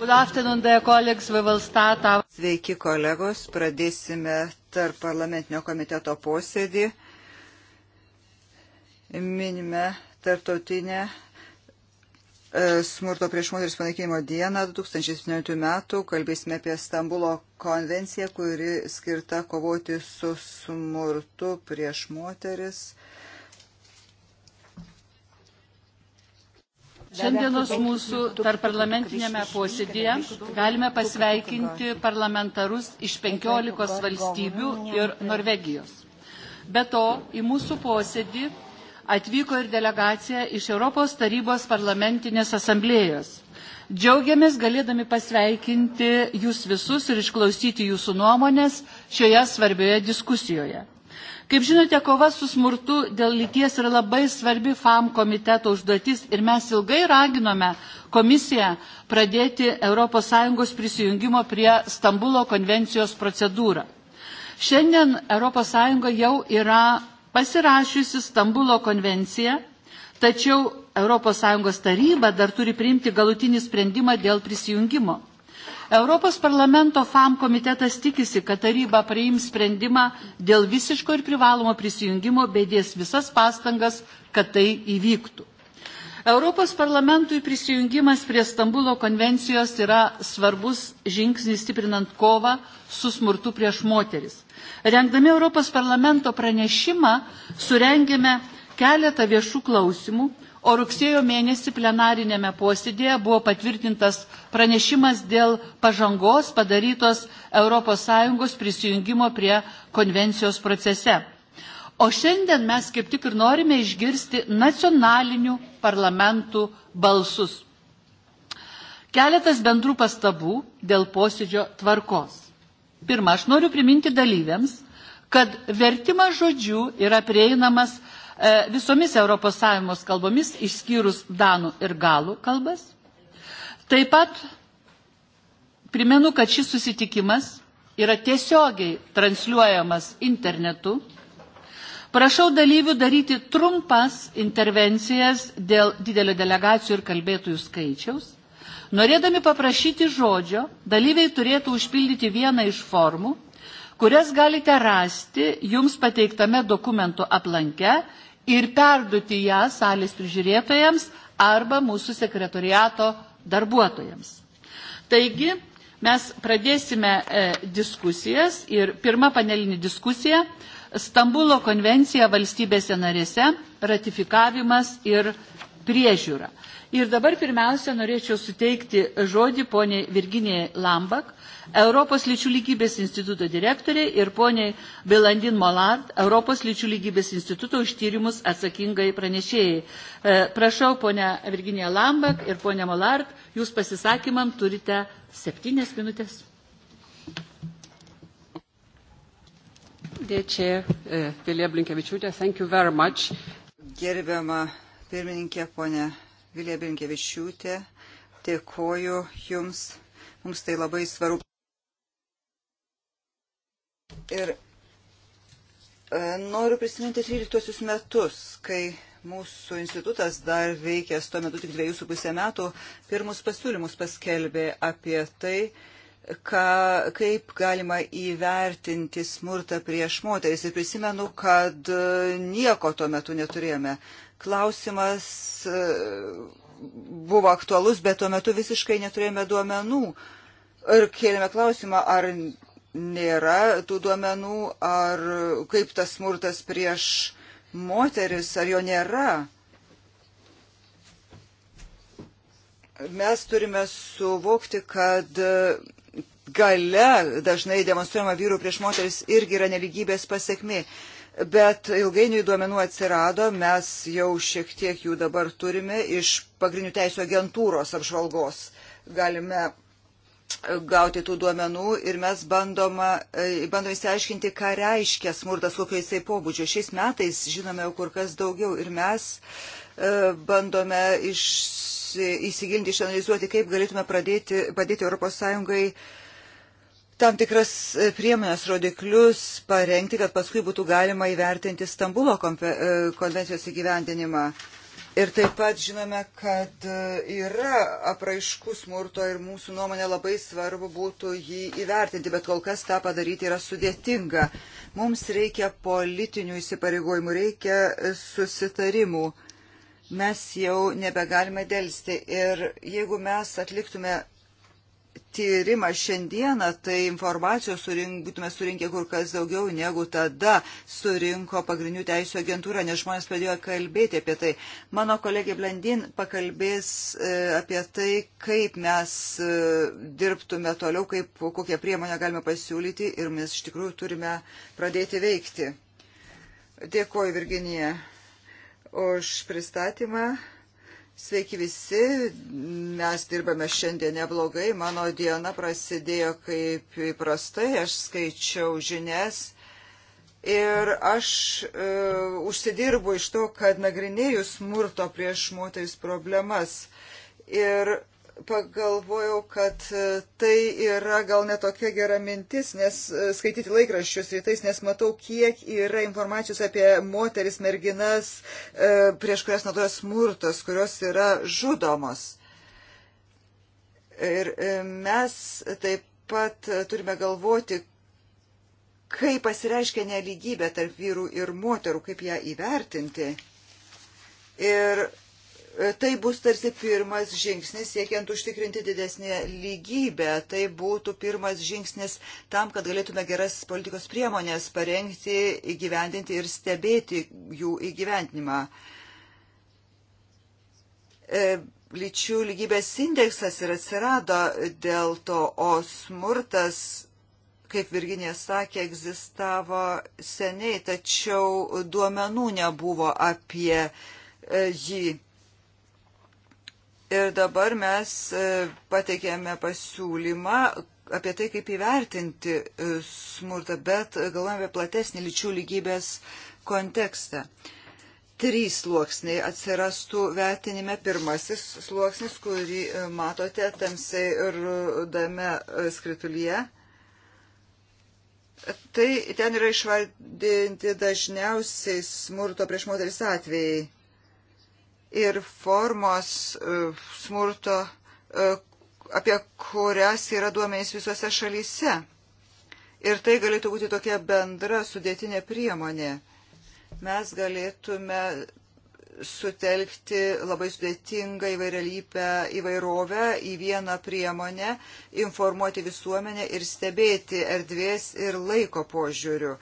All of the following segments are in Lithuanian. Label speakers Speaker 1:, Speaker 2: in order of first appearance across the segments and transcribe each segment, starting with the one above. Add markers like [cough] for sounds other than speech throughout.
Speaker 1: Sveiki kolegos, pradėsime tarp parlamentinio komiteto posėdį. Minime tarptautinę e, smurto prieš moteris panaikinimo dieną 2017 metų. Kalbėsime apie Stambulo konvenciją, kuri skirta kovoti su smurtu prieš moteris. Uh,
Speaker 2: Šiandienos mūsų tarparlamentinėme
Speaker 3: posėdėje galime pasveikinti parlamentarus iš 15 valstybių ir Norvegijos. Be to, į mūsų posėdį atvyko ir delegacija iš Europos tarybos parlamentinės asamblėjos. Džiaugiamės galėdami pasveikinti jūs visus ir išklausyti jūsų nuomonės šioje svarbioje diskusijoje. Kaip žinote, kova su smurtu dėl lyties yra labai svarbi FAM komiteto užduotis ir mes ilgai raginome komisiją pradėti ES prisijungimo prie Stambulo konvencijos procedūrą. Šiandien ES jau yra pasirašiusi Stambulo konvenciją, tačiau ES taryba dar turi priimti galutinį sprendimą dėl prisijungimo. Europos parlamento FAM komitetas tikisi, kad taryba priims sprendimą dėl visiško ir privalomo prisijungimo, bei dės visas pastangas, kad tai įvyktų. Europos parlamentui prisijungimas prie Stambulo konvencijos yra svarbus žingsnis stiprinant kovą su smurtu prieš moteris. Rengdami Europos parlamento pranešimą surengėme keletą viešų klausimų, o rugsėjo mėnesį plenarinėme posėdėje buvo patvirtintas pranešimas dėl pažangos padarytos ES prisijungimo prie konvencijos procese. O šiandien mes kaip tik ir norime išgirsti nacionalinių parlamentų balsus. Keletas bendrų pastabų dėl posėdžio tvarkos. Pirma, aš noriu priminti dalyviams, kad vertimas žodžių yra prieinamas E, visomis ES kalbomis, išskyrus danų ir galų kalbas. Taip pat primenu, kad šis susitikimas yra tiesiogiai transliuojamas internetu. Prašau dalyvių daryti trumpas intervencijas dėl didelio delegacijų ir kalbėtojų skaičiaus. Norėdami paprašyti žodžio, dalyviai turėtų užpildyti vieną iš formų, kurias galite rasti jums pateiktame dokumento aplanke ir perduoti ją salės prižiūrėtojams arba mūsų sekretoriato darbuotojams. Taigi, mes pradėsime e, diskusijas ir pirma panelinė diskusija Stambulo konvencija valstybėse narėse ratifikavimas ir priežiūra. Ir dabar pirmiausia norėčiau suteikti žodį poniai Virginijai Lambak, Europos lyčių lygybės instituto direktorė ir poniai Belandin Moland, Europos lyčių lygybės instituto už tyrimus atsakingai pranešėjai. E, prašau, ponia Virginija Lambak ir ponia Molard, jūs pasisakymam turite septynės minutės. Dear Chair, uh, Vilija Blinkevičiūtė,
Speaker 1: thank you very much. Gerbiama pirmininkė, ponia Vilija Binkievičiūtė. Dėkoju Jums. Mums tai labai svarbu. Ir e, noriu prisiminti 13 metus, kai mūsų institutas dar veikęs tuo metu tik dviejų su pusė metų, pirmus pasiūlymus paskelbė apie tai, ka, kaip galima įvertinti smurtą prieš moteris. Ir prisimenu, kad e, nieko tuo metu neturėjome klausimas e, buvo aktualus, bet tuo metu visiškai neturėjome duomenų. Ir kėlėme klausimą, ar nėra tų duomenų, ar kaip tas smurtas prieš moteris, ar jo nėra. Mes turime suvokti, kad gale dažnai demonstruojama vyrų prieš moteris irgi yra neligybės pasiekmi. Bet ilgainiui duomenų atsirado, mes jau šiek tiek jų dabar turime iš pagrindinių teisų agentūros apžvalgos. Galime e, gauti tų duomenų ir mes bandoma, e, bandome įsiaiškinti, ką reiškia smurtas, kokio jisai pobūdžio. Šiais metais žinome jau kur kas daugiau ir mes e, bandome iš, įsigilinti, išanalizuoti, kaip galėtume pradėti, padėti ES tam tikras e, priemonės rodiklius parengti, kad paskui būtų galima įvertinti Stambulo e, konvencijos įgyvendinimą. Ir taip pat žinome, kad e, yra apraiškų smurto ir mūsų nuomonė labai svarbu būtų jį įvertinti, bet kol kas tą padaryti yra sudėtinga. Mums reikia politinių įsipareigojimų, reikia susitarimų. Mes jau nebegalime dėlsti ir jeigu mes atliktume tyrimą šiandieną, tai informacijos surink, būtume surinkę kur kas daugiau negu tada surinko pagrindinių teisų agentūra, nes žmonės pradėjo kalbėti apie tai. Mano kolegė Blendin pakalbės e, apie tai, kaip mes e, dirbtume toliau, kaip, kokią priemonę galime pasiūlyti ir mes iš tikrųjų turime pradėti veikti. Dėkoju, Virginija, už pristatymą. Sveiki visi, mes dirbame šiandien neblogai, mano diena prasidėjo kaip įprastai, aš skaičiau žinias ir aš e, užsidirbu iš to, kad nagrinėjus smurto prieš moteris problemas. Ir pagalvojau, kad e, tai yra gal netokia gera mintis, nes e, skaityti laikraščius rytais, nes matau, kiek yra informacijos apie moteris, merginas, e, prieš kurias naudoja smurtas, kurios yra žudomos. Ir mes taip pat turime galvoti, kaip pasireiškia neligybė tarp vyrų ir moterų, kaip ją įvertinti. Ir Tai bus tarsi pirmas žingsnis siekiant užtikrinti didesnį lygybę. Tai būtų pirmas žingsnis tam, kad galėtume geras politikos priemonės parengti, įgyvendinti ir stebėti jų įgyvendinimą. E, lyčių lygybės indeksas ir atsirado dėl to, o smurtas kaip Virginija sakė, egzistavo seniai, tačiau duomenų nebuvo apie e, jį. Ir dabar mes e, pateikėme pasiūlymą apie tai, kaip įvertinti e, smurtą, bet galvojame apie platesnį lyčių lygybės kontekstą. Trys sluoksniai atsirastų vertinime. Pirmasis sluoksnis, kurį e, matote tamsiai rudame skritulyje. Tai ten yra išvardinti dažniausiai smurto prieš moteris atvejai ir formos e, smurto, e, apie kurias yra duomenys visose šalyse. Ir tai galėtų būti tokia bendra sudėtinė priemonė. Mes galėtume sutelkti labai sudėtingą įvairialypę įvairovę į vieną priemonę, informuoti visuomenę ir stebėti erdvės ir laiko požiūrių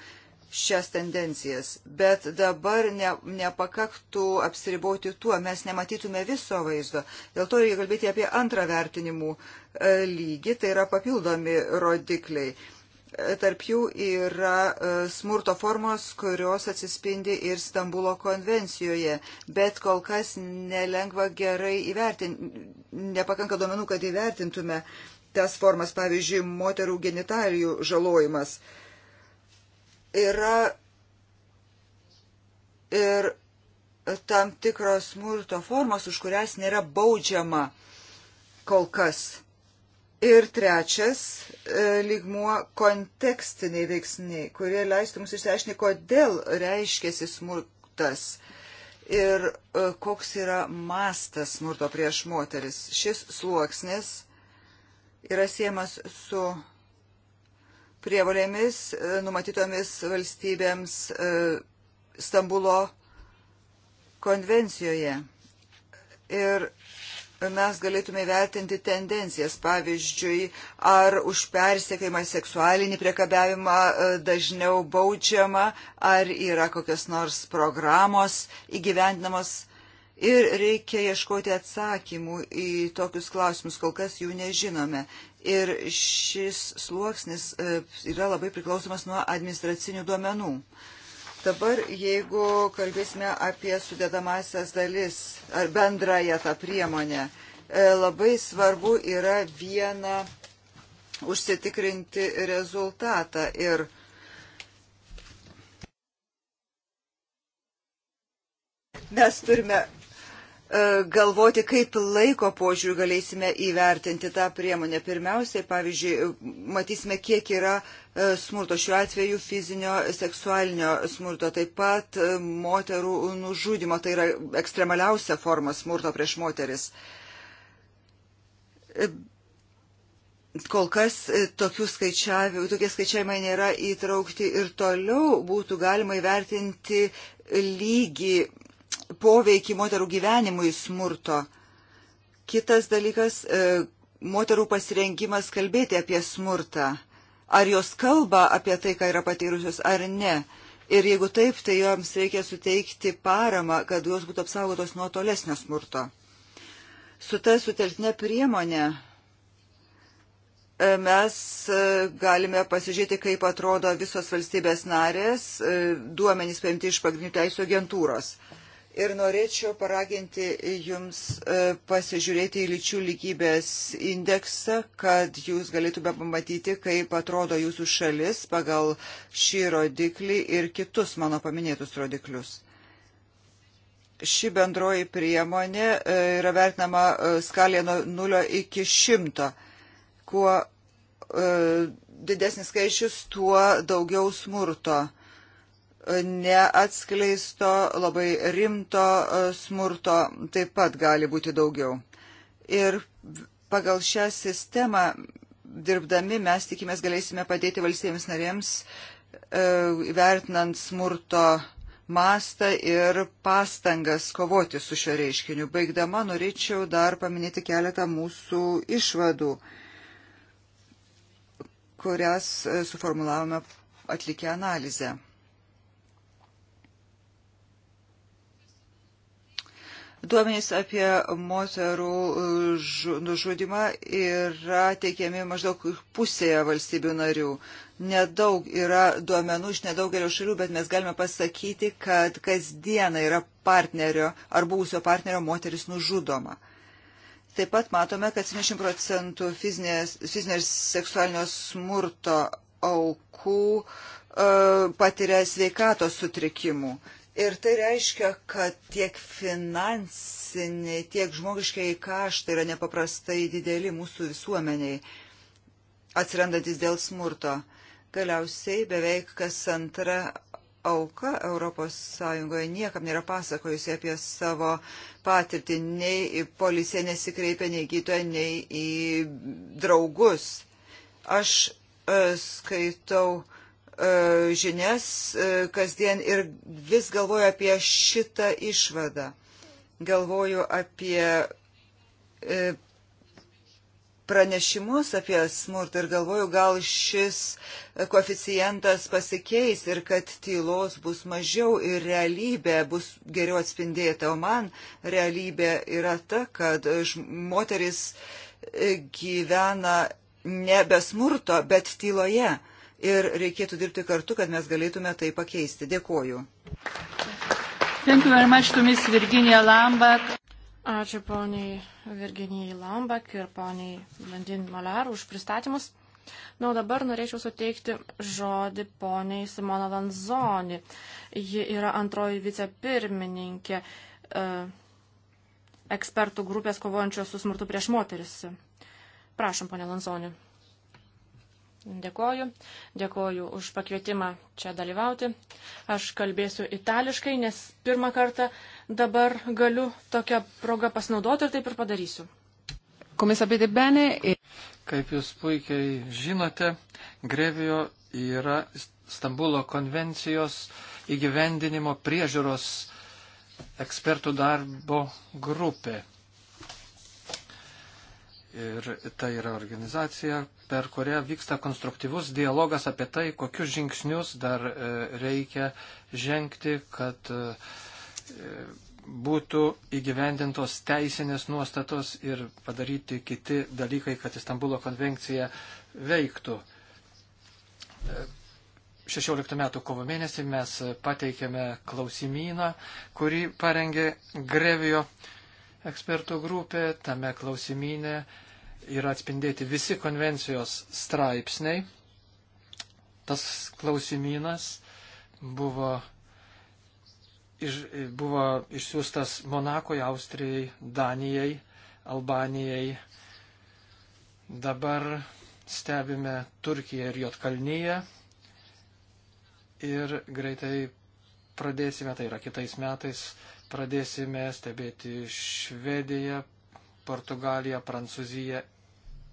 Speaker 1: šias tendencijas, bet dabar ne, nepakaktų apsiriboti tuo, mes nematytume viso vaizdo. Dėl to reikia kalbėti apie antrą vertinimų e, lygį, tai yra papildomi rodikliai. E, tarp jų yra e, smurto formos, kurios atsispindi ir Stambulo konvencijoje, bet kol kas nelengva gerai įvertinti, nepakanka duomenų, kad įvertintume tas formas, pavyzdžiui, moterų genitalijų žalojimas. Uh, yra ir tam tikros smurto formos, už kurias nėra baudžiama kol kas. Ir trečias e, lygmuo - kontekstiniai veiksniai, kurie leistų mums išsiaiškinti, kodėl reiškėsi smurtas ir e, koks yra mastas smurto prieš moteris. Šis sluoksnis yra siemas su prievolėmis e, numatytomis valstybėms e, Stambulo konvencijoje. Ir mes galėtume vertinti tendencijas, pavyzdžiui, ar už persiekimą seksualinį priekabiavimą e, dažniau baudžiama, ar yra kokios nors programos įgyvendinamos ir reikia ieškoti atsakymų į tokius klausimus, kol kas jų nežinome. Ir šis sluoksnis e, yra labai priklausomas nuo administracinių duomenų. Dabar, jeigu kalbėsime apie sudėdamasias dalis ar bendrąją tą priemonę, e, labai svarbu yra viena užsitikrinti rezultatą ir mes turime E, galvoti, kaip laiko požiūrį galėsime įvertinti tą priemonę. Pirmiausiai, pavyzdžiui, matysime, kiek yra e, smurto, šiuo atveju fizinio, seksualinio smurto, taip pat e, moterų nužudimo, tai yra ekstremaliausia forma smurto prieš moteris. Kol kas tokių skaičiavimų, tokie skaičiavimai nėra įtraukti ir toliau būtų galima įvertinti lygį poveikį moterų gyvenimui smurto. Kitas dalykas e, - moterų pasirengimas kalbėti apie smurtą. Ar jos kalba apie tai, ką yra patyrusios, ar ne. Ir jeigu taip, tai joms reikia suteikti paramą, kad jos būtų apsaugotos nuo tolesnio smurto. Su ta sutelkne priemonė e, mes e, galime pasižiūrėti, kaip atrodo visos valstybės narės, duomenys paimti iš pagrindinių teisų agentūros ir norėčiau paraginti jums e, pasižiūrėti į lyčių lygybės indeksą, kad jūs galėtume pamatyti, kaip atrodo jūsų šalis pagal šį rodiklį ir kitus mano paminėtus rodiklius. Ši bendroji priemonė e, yra vertinama e, skalėje nuo 0 iki 100. Kuo didesnis skaičius, tuo daugiau smurto neatskleisto, labai rimto e, smurto taip pat gali būti daugiau. Ir pagal šią sistemą dirbdami mes tikimės galėsime padėti valstybėms narėms, e, vertinant smurto mastą ir pastangas kovoti su šio reiškiniu. Baigdama norėčiau dar paminėti keletą mūsų išvadų, kurias e, suformulavome atlikę analizę. Duomenys apie moterų e, nužudimą yra teikiami maždaug pusėje valstybių narių. Nedaug yra duomenų iš nedaugelio šalių, bet mes galime pasakyti, kad kasdieną yra partnerio ar būsio partnerio moteris nužudoma. Taip pat matome, kad 70 procentų fizinio ir seksualinio smurto aukų e, patiria sveikatos sutrikimų. Ir tai reiškia, kad tiek finansiniai, tiek žmogiškiai kaštai yra nepaprastai dideli mūsų visuomeniai, atsirandantis dėl smurto. Galiausiai beveik kas antra auka ES niekam nėra pasakojusi apie savo patirtį, nei į policiją nesikreipia, nei gytoje, nei į draugus. Aš e, skaitau E, žinias e, kasdien ir vis galvoju apie šitą išvadą. Galvoju apie e, pranešimus apie smurtą ir galvoju, gal šis koeficientas pasikeis ir kad tylos bus mažiau ir realybė bus geriau atspindėta. O man realybė yra ta, kad moteris gyvena ne be smurto, bet tyloje ir reikėtų dirbti kartu, kad mes galėtume tai pakeisti. Dėkoju.
Speaker 3: Ačiū poniai Virginijai
Speaker 4: Lambak ir poniai Landin Malar už pristatymus. Na, o dabar norėčiau suteikti žodį poniai Simona Lanzoni. Ji yra antroji vicepirmininkė e, ekspertų grupės kovojančios su smurtu prieš moteris. Prašom, ponė Lanzoni. Dėkoju. Dėkoju už pakvietimą čia dalyvauti. Aš kalbėsiu itališkai, nes pirmą kartą dabar galiu tokią progą pasinaudoti ir taip ir padarysiu.
Speaker 3: E-
Speaker 5: Kaip jūs puikiai žinote, Grevijo yra Stambulo konvencijos įgyvendinimo priežiūros ekspertų darbo grupė. Ir tai yra organizacija, per kurią vyksta konstruktyvus dialogas apie tai, kokius žingsnius dar e, reikia žengti, kad e, būtų įgyvendintos teisinės nuostatos ir padaryti kiti dalykai, kad Istanbulo konvencija veiktų. 16 e, metų kovo mėnesį mes pateikėme klausimyną, kurį parengė Grevijo ekspertų grupė. Tame klausimyne yra atspindėti visi konvencijos straipsniai. Tas klausimynas buvo, iš, buvo išsiųstas Monakoje, Austrijai, Danijai, Albanijai. Dabar stebime Turkiją ir Jotkalnyje ir greitai pradėsime, tai yra kitais metais, pradėsime stebėti Švediją, Portugaliją, Prancūziją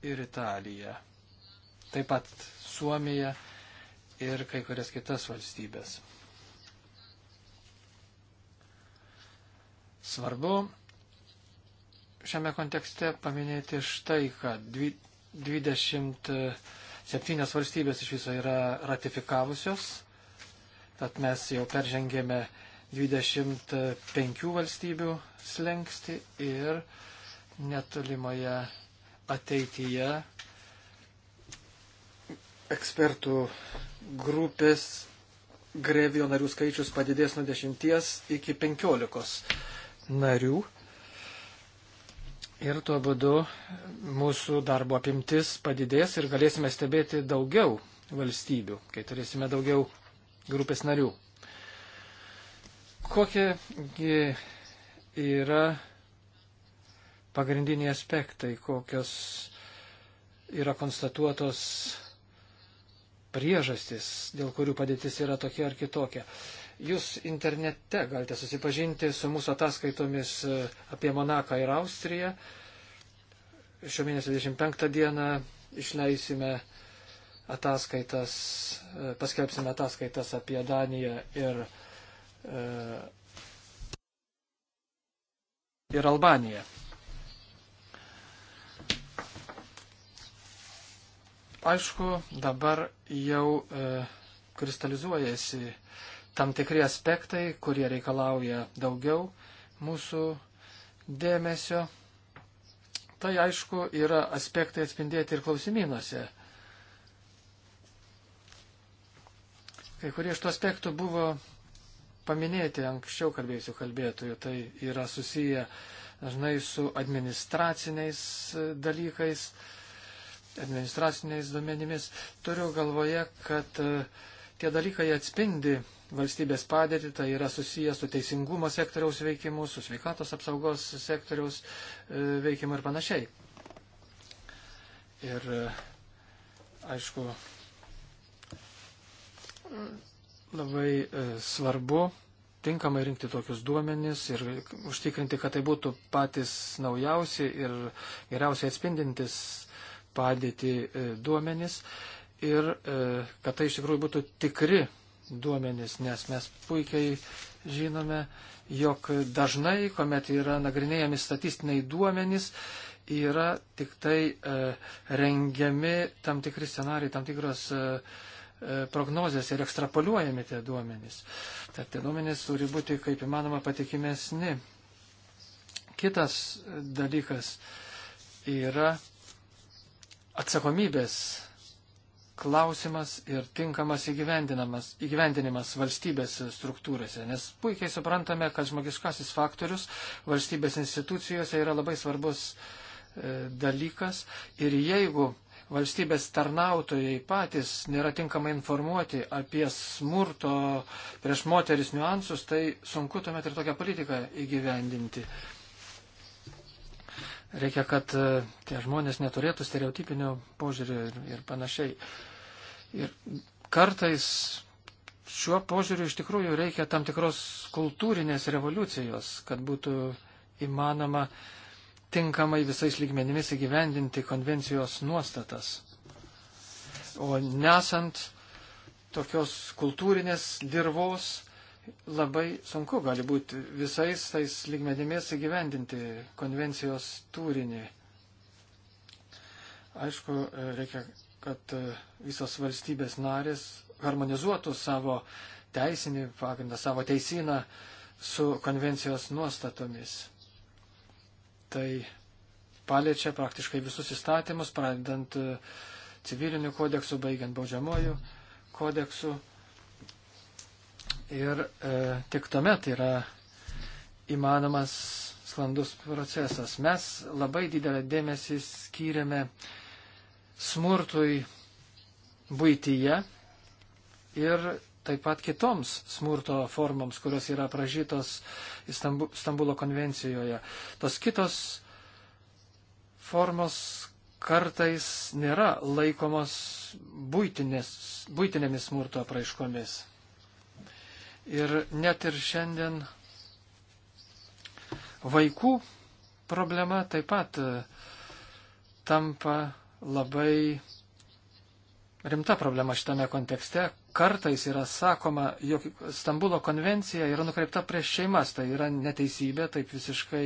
Speaker 5: ir Italiją. Taip pat Suomiją ir kai kurias kitas valstybės. Svarbu šiame kontekste paminėti štai, kad 27 e, valstybės iš viso yra ratifikavusios, tad mes jau peržengėme 25 e, valstybių slengsti ir netolimoje ateityje ekspertų grupės grevio narių skaičius padidės nuo 10 iki 15 narių. Ir tuo būdu mūsų darbo apimtis padidės ir galėsime stebėti daugiau valstybių, kai turėsime daugiau grupės narių. Kokiagi yra pagrindiniai aspektai, kokios yra konstatuotos priežastis, dėl kurių padėtis yra tokia ar kitokia. Jūs internete galite susipažinti su mūsų ataskaitomis e, apie Monaką ir Austriją. Šio mėnesio 25 dieną išleisime ataskaitas, e, paskelbsime ataskaitas apie Daniją ir, e, ir Albaniją. Aišku, dabar jau e, kristalizuojasi tam tikri aspektai, kurie reikalauja daugiau mūsų dėmesio. Tai aišku, yra aspektai atspindėti ir klausimynuose. Kai kurie iš tų aspektų buvo paminėti anksčiau kalbėjusių kalbėtojų, tai yra susiję dažnai su administraciniais e, dalykais, administraciniais duomenimis. Turiu galvoje, kad e, tie dalykai atspindi valstybės padėtį, tai yra susijęs su teisingumo sektoriaus veikimu, su sveikatos apsaugos sektoriaus e, veikimu ir panašiai. Ir e, aišku, labai svarbu tinkamai rinkti tokius duomenis ir užtikrinti, kad tai būtų patys naujausi ir geriausiai atspindintis padėtį e, duomenis ir e, kad tai iš tikrųjų būtų tikri duomenis, nes mes puikiai žinome, jog dažnai, kuomet yra nagrinėjami statistiniai duomenys, yra tik tai e, rengiami tam tikri scenarijai, tam tikros prognozės ir ekstrapoliuojami tie duomenys. Tad tie duomenys turi būti kaip įmanoma patikimesni. Kitas dalykas yra atsakomybės klausimas ir tinkamas įgyvendinimas valstybės struktūrose, nes puikiai suprantame, kad žmogiškasis faktorius valstybės institucijose yra labai svarbus e, dalykas ir jeigu valstybės tarnautojai patys nėra tinkamai informuoti apie smurto prieš moteris niuansus, tai sunku tuomet ir tokią politiką įgyvendinti. Reikia, kad e, tie žmonės neturėtų stereotipinio požiūrio ir, ir panašiai. Ir kartais šiuo požiūriu iš tikrųjų reikia tam tikros kultūrinės revoliucijos, kad būtų įmanoma tinkamai visais lygmenimis įgyvendinti konvencijos nuostatas. O nesant tokios kultūrinės dirvos, labai sunku gali būti visais tais lygmenimis įgyvendinti konvencijos turinį. Aišku, reikia, kad e, visos valstybės narės harmonizuotų savo teisinį pagrindą, savo teisiną su konvencijos nuostatomis. Tai paliečia praktiškai visus įstatymus, pradedant e, civiliniu kodeksu, baigiant baudžiamoju kodeksu ir e, tik tuomet yra įmanomas sklandus procesas. Mes labai didelę dėmesį skiriame smurtui būtyje ir taip pat kitoms smurto formoms, kurios yra pražytos Stambulo konvencijoje. Tos kitos formos kartais nėra laikomos būtinės, būtinėmis smurto apraiškomis. Ir net ir šiandien vaikų problema taip pat e, tampa labai rimta problema šitame kontekste. Kartais yra sakoma, jog Stambulo konvencija yra nukreipta prieš šeimas, tai yra neteisybė, taip visiškai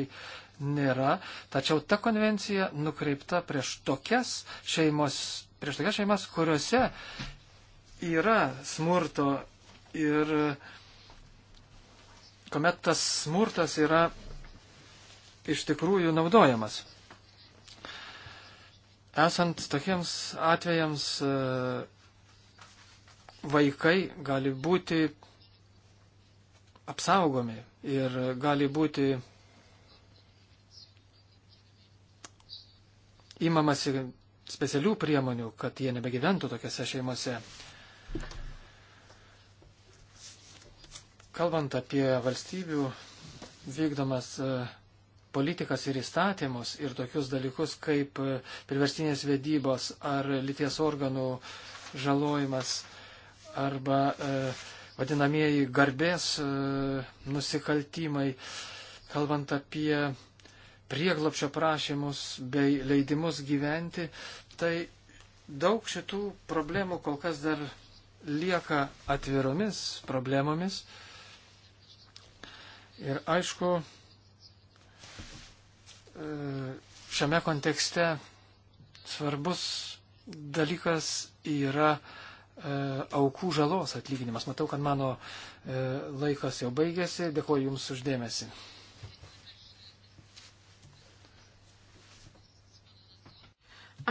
Speaker 5: nėra. Tačiau ta konvencija nukreipta prieš tokias šeimos, prieš tokias šeimas, kuriuose yra smurto ir uh, kuomet tas smurtas yra iš tikrųjų naudojamas. Esant tokiems atvejams e, vaikai gali būti apsaugomi ir gali būti įmamasi specialių priemonių, kad jie nebegyventų tokiuose šeimose. Kalbant apie valstybių vykdomas e, politikas ir įstatymus ir tokius dalykus kaip e, priverstinės vedybos ar lities organų žalojimas arba e, vadinamieji garbės e, nusikaltimai, kalbant apie prieglopšio prašymus bei leidimus gyventi, tai daug šitų problemų kol kas dar lieka atviromis problemomis. E, Ir aišku, e, šiame kontekste svarbus dalykas yra e, aukų žalos atlyginimas. Matau, kad mano e, laikas jau baigėsi. Dėkuoju Jums uždėmesi.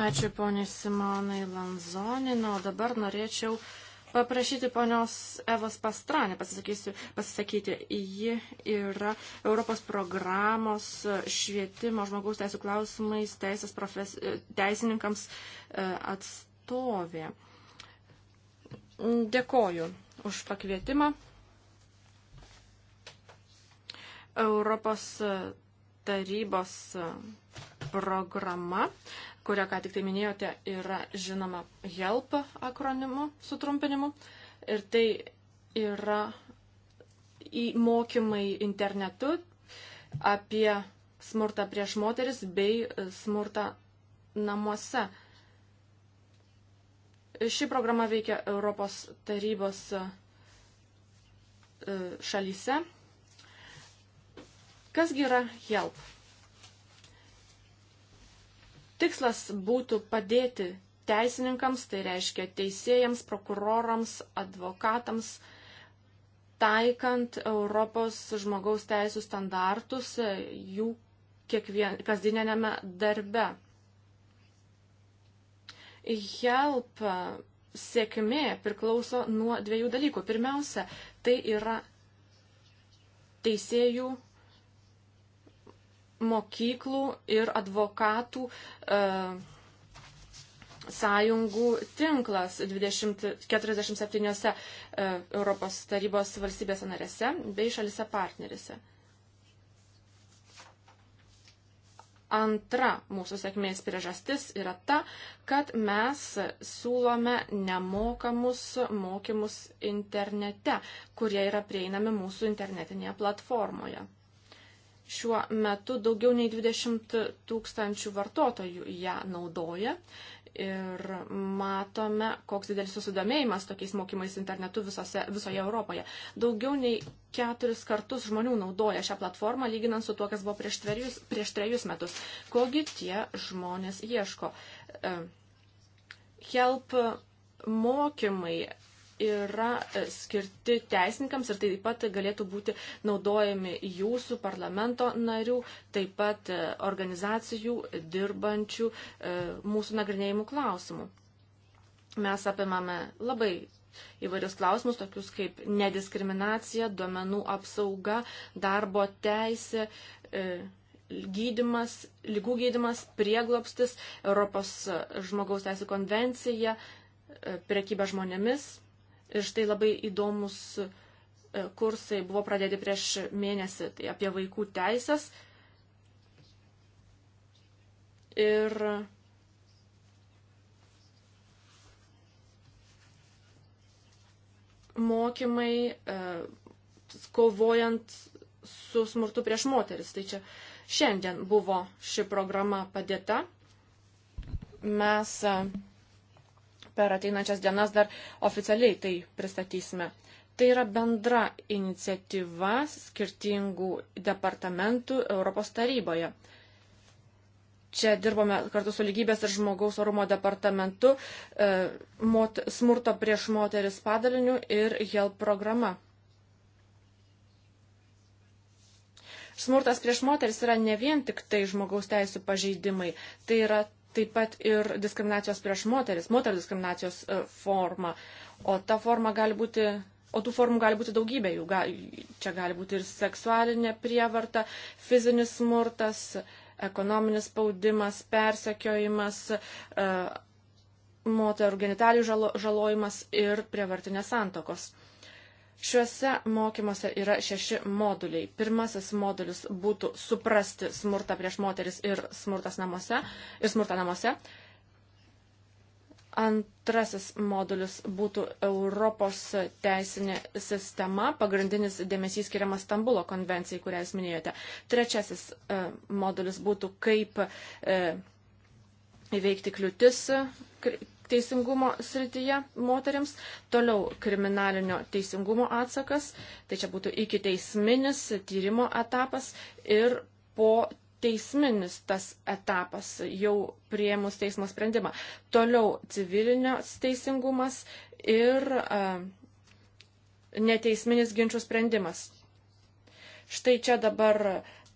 Speaker 4: Ačiū poniai Simonai Lanzoninau. Dabar norėčiau uh, paprašyti ponios Evos Pastranė pasisakyti. Ji yra Europos programos e, švietimo žmogaus teisų klausimais teisės profes, e, teisininkams e, atstovė. Dėkoju už pakvietimą. Europos tarybos programa kurią ką tik tai minėjote, yra žinoma HELP akronimu, sutrumpinimu. Ir tai yra mokymai internetu apie smurtą prieš moteris bei smurtą namuose. Ši programa veikia Europos tarybos e, šalyse. Kasgi yra HELP? Tikslas būtų padėti teisininkams, tai reiškia teisėjams, prokurorams, advokatams, taikant Europos žmogaus teisų standartus e, jų kiekvien, kasdieninėme darbe. Help e, sėkmė priklauso nuo dviejų dalykų. Pirmiausia, tai yra teisėjų mokyklų ir advokatų e, sąjungų tinklas 20, 47 e, Europos tarybos valstybėse narėse bei šalise partnerėse. Antra mūsų sėkmės priežastis yra ta, kad mes siūlome nemokamus mokymus internete, kurie yra prieinami mūsų internetinėje platformoje. Šiuo metu daugiau nei 20 tūkstančių vartotojų ją naudoja ir matome, koks didelis susidomėjimas tokiais mokymais internetu visose, visoje Europoje. Daugiau nei keturis kartus žmonių naudoja šią platformą, lyginant su tuo, kas buvo prieš trejus, prieš trejus metus. Kogi tie žmonės ieško? Help mokymai yra e, skirti teisininkams ir taip pat galėtų būti naudojami jūsų parlamento narių, taip pat e, organizacijų dirbančių e, mūsų nagrinėjimų klausimų. Mes apimame labai įvairius klausimus, tokius kaip nediskriminacija, duomenų apsauga, darbo teisė, gydimas, lygų gydimas, prieglopstis, Europos žmogaus teisų konvencija, prekyba žmonėmis Ir štai labai įdomus e, kursai buvo pradėti prieš mėnesį, tai apie vaikų teisės. Ir mokymai e, kovojant su smurtu prieš moteris. Tai čia šiandien buvo ši programa padėta. Mes uh, per ateinančias dienas dar oficialiai tai pristatysime. Tai yra bendra iniciatyva skirtingų departamentų Europos taryboje. Čia dirbome kartu su lygybės ir žmogaus orumo departamentu, e, mot, smurto prieš moteris padaliniu ir HELP programa. Smurtas prieš moteris yra ne vien tik tai žmogaus teisų pažeidimai, tai yra taip pat ir diskriminacijos prieš moteris, moterų diskriminacijos e, forma. O ta forma gali būti, o tų formų gali būti daugybė jų. Gali, čia gali būti ir seksualinė prievarta, fizinis smurtas, ekonominis spaudimas, persekiojimas, e, moterų genitalių žalo, žalojimas ir prievartinės santokos. Šiuose mokymuose yra šeši moduliai. Pirmasis modulis būtų suprasti smurtą prieš moteris ir, namuose, ir smurtą namuose. Antrasis modulis būtų Europos teisinė sistema, pagrindinis dėmesys skiriamas Stambulo konvencijai, kurią jūs minėjote. Trečiasis e, modulis būtų kaip e, įveikti kliūtis teisingumo srityje moteriams, toliau kriminalinio teisingumo atsakas, tai čia būtų iki teisminis tyrimo etapas ir po teisminis tas etapas jau prieimus teismo sprendimą. Toliau civilinės teisingumas ir a, e, neteisminis ginčių sprendimas. Štai čia dabar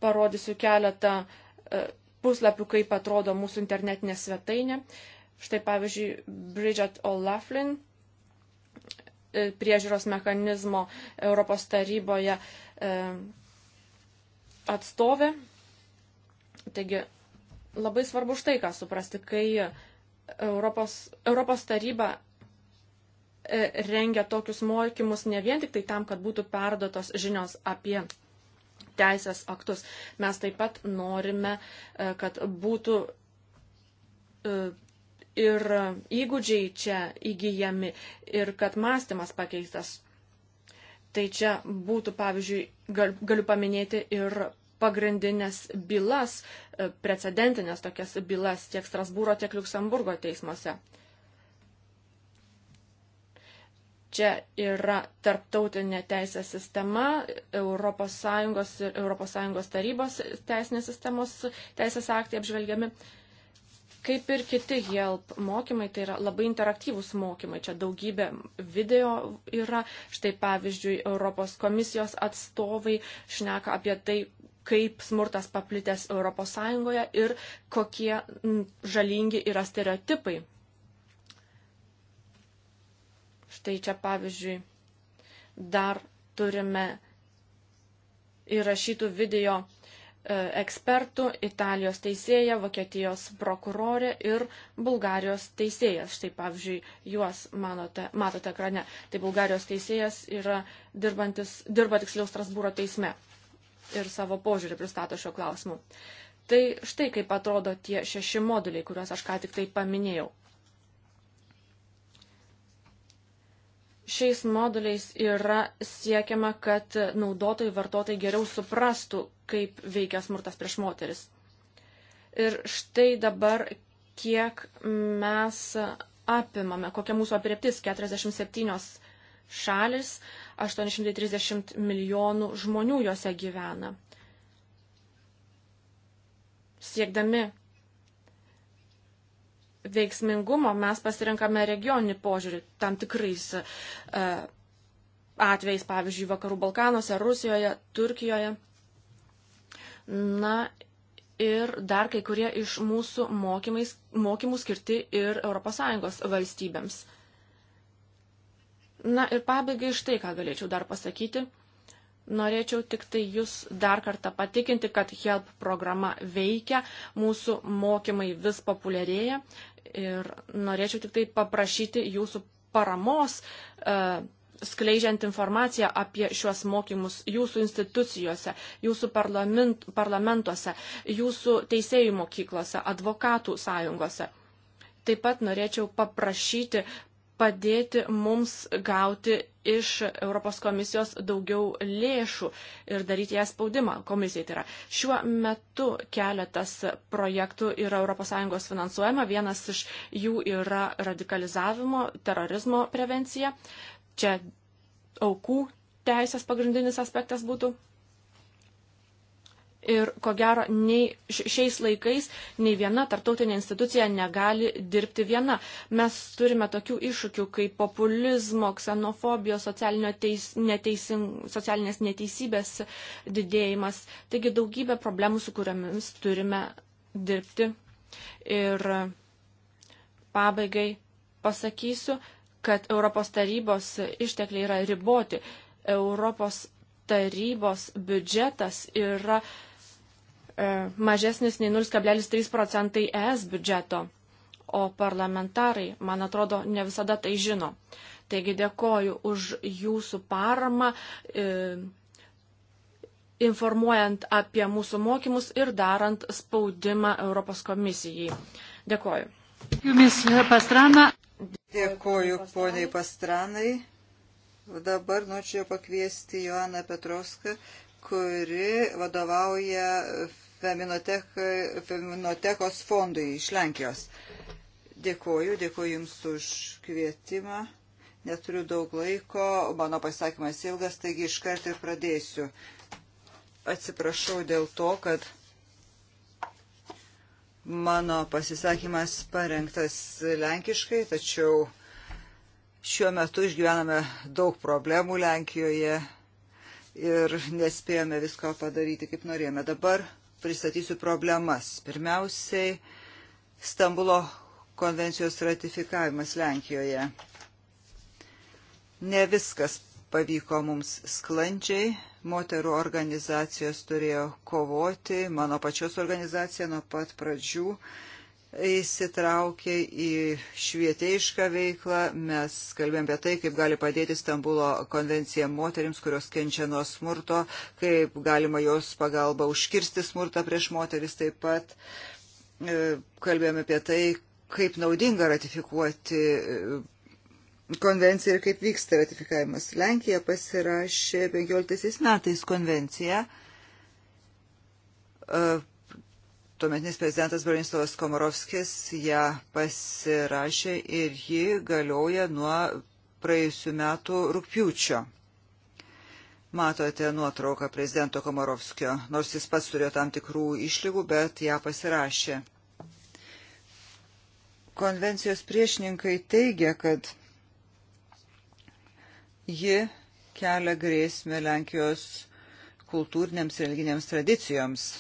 Speaker 4: parodysiu keletą a, e, puslapių, kaip atrodo mūsų internetinė svetainė. A, Štai pavyzdžiui, Bridget O'Laughlin e, priežiūros mechanizmo Europos taryboje e, atstovė. Taigi labai svarbu štai ką suprasti, kai Europos, Europos taryba e, rengia tokius mokymus ne vien tik tai tam, kad būtų perdotos žinios apie teisės aktus. Mes taip pat norime, kad būtų ir įgūdžiai čia įgyjami ir kad mąstymas pakeistas. Tai čia būtų, pavyzdžiui, gal, galiu paminėti ir pagrindinės bylas, e, precedentinės tokias bylas tiek Strasbūro, tiek Luksemburgo teismuose. Čia yra tarptautinė teisės sistema, ES ir ES tarybos teisinės sistemos teisės aktai apžvelgiami. Kaip ir kiti HELP mokymai, tai yra labai interaktyvūs mokymai. Čia daugybė video yra. Štai pavyzdžiui, Europos komisijos atstovai šneka apie tai, kaip smurtas paplitęs ES ir kokie žalingi yra stereotipai. Štai čia pavyzdžiui, dar turime įrašytų video E, ekspertų - Italijos teisėja, Vokietijos prokurorė ir Bulgarijos teisėjas. Štai pavyzdžiui, juos manote, matote ekrane. Tai Bulgarijos teisėjas yra dirbantis, dirba tiksliau Strasbūro teisme ir savo požiūrį pristato šio klausimu. Tai štai kaip atrodo tie šeši moduliai, kuriuos aš ką tik tai paminėjau. Šiais moduliais yra siekiama, kad naudotojai vartotojai geriau suprastų, kaip veikia smurtas prieš moteris. Ir štai dabar, kiek mes apimame, kokia mūsų apriptis - 47 šalis, 830 milijonų žmonių juose gyvena. Siekdami veiksmingumo mes pasirinkame regioninį požiūrį tam tikrais e, atvejais, pavyzdžiui, Vakarų Balkanuose, Rusijoje, Turkijoje. Na ir dar kai kurie iš mūsų mokymais, mokymų skirti ir ES valstybėms. Na ir pabaigai štai ką galėčiau dar pasakyti. Norėčiau tik tai jūs dar kartą patikinti, kad HELP programa veikia, mūsų mokymai vis populiarėja. Ir norėčiau tik tai paprašyti jūsų paramos uh, skleidžiant informaciją apie šiuos mokymus jūsų institucijose, jūsų parlament, parlamentuose, jūsų teisėjų mokyklose, advokatų sąjungose. Taip pat norėčiau paprašyti padėti mums gauti iš Europos komisijos daugiau lėšų ir daryti ją spaudimą komisijai. Tai yra, šiuo metu keletas projektų yra ES finansuojama, vienas iš jų yra radikalizavimo, terorizmo prevencija. Čia aukų teisės pagrindinis aspektas būtų Ir ko gero, nei šiais laikais nei viena tartautinė institucija negali dirbti viena. Mes turime tokių iššūkių kaip populizmo, ksenofobijos, teis, neteisin, socialinės neteisybės didėjimas. Taigi daugybė problemų, su kuriamis turime dirbti. Ir pabaigai pasakysiu, kad Europos tarybos ištekliai yra riboti. Europos tarybos biudžetas yra E, mažesnis nei 0,3 procentai ES biudžeto, o parlamentarai, man atrodo, ne visada tai žino. Taigi dėkoju už jūsų paramą, e, informuojant apie mūsų mokymus ir darant spaudimą Europos komisijai.
Speaker 3: Dėkoju. Jumis pastrana.
Speaker 1: Dėkoju poniai pastranai. Dabar norėčiau pakviesti Joaną Petrovską, kuri vadovauja feminotek, Feminotekos fondui iš Lenkijos. Dėkuoju, dėkuoju Jums už kvietimą. Neturiu daug laiko, mano pasakymas ilgas, taigi iškart ir pradėsiu. Atsiprašau dėl to, kad mano pasisakymas parengtas lenkiškai, tačiau šiuo metu išgyvename daug problemų Lenkijoje ir nespėjome visko padaryti, kaip norėjome. Dabar pristatysiu problemas. Pirmiausiai, Stambulo konvencijos ratifikavimas Lenkijoje. Ne viskas pavyko mums sklandžiai, moterų organizacijos turėjo kovoti, mano pačios organizacija nuo pat pradžių. Uh, įsitraukė į švietėjišką veiklą. Mes kalbėjom apie tai, kaip gali padėti Stambulo konvencija moteriams, kurios kenčia nuo smurto, kaip galima jos pagalba užkirsti smurtą prieš moteris. Taip pat e, kalbėjome apie tai, kaip naudinga ratifikuoti e, konvenciją ir kaip vyksta ratifikavimas. Lenkija pasirašė 15 metais konvenciją e, tuometinis prezidentas Bronislavas Komorovskis ją pasirašė ir ji galioja nuo praėjusių metų rūpjūčio. Matote nuotrauką prezidento Komorovskio, nors jis pats turėjo tam tikrų išlygų, bet ją pasirašė. Konvencijos priešininkai teigia, kad ji kelia grėsmę Lenkijos kultūrinėms religinėms tradicijoms.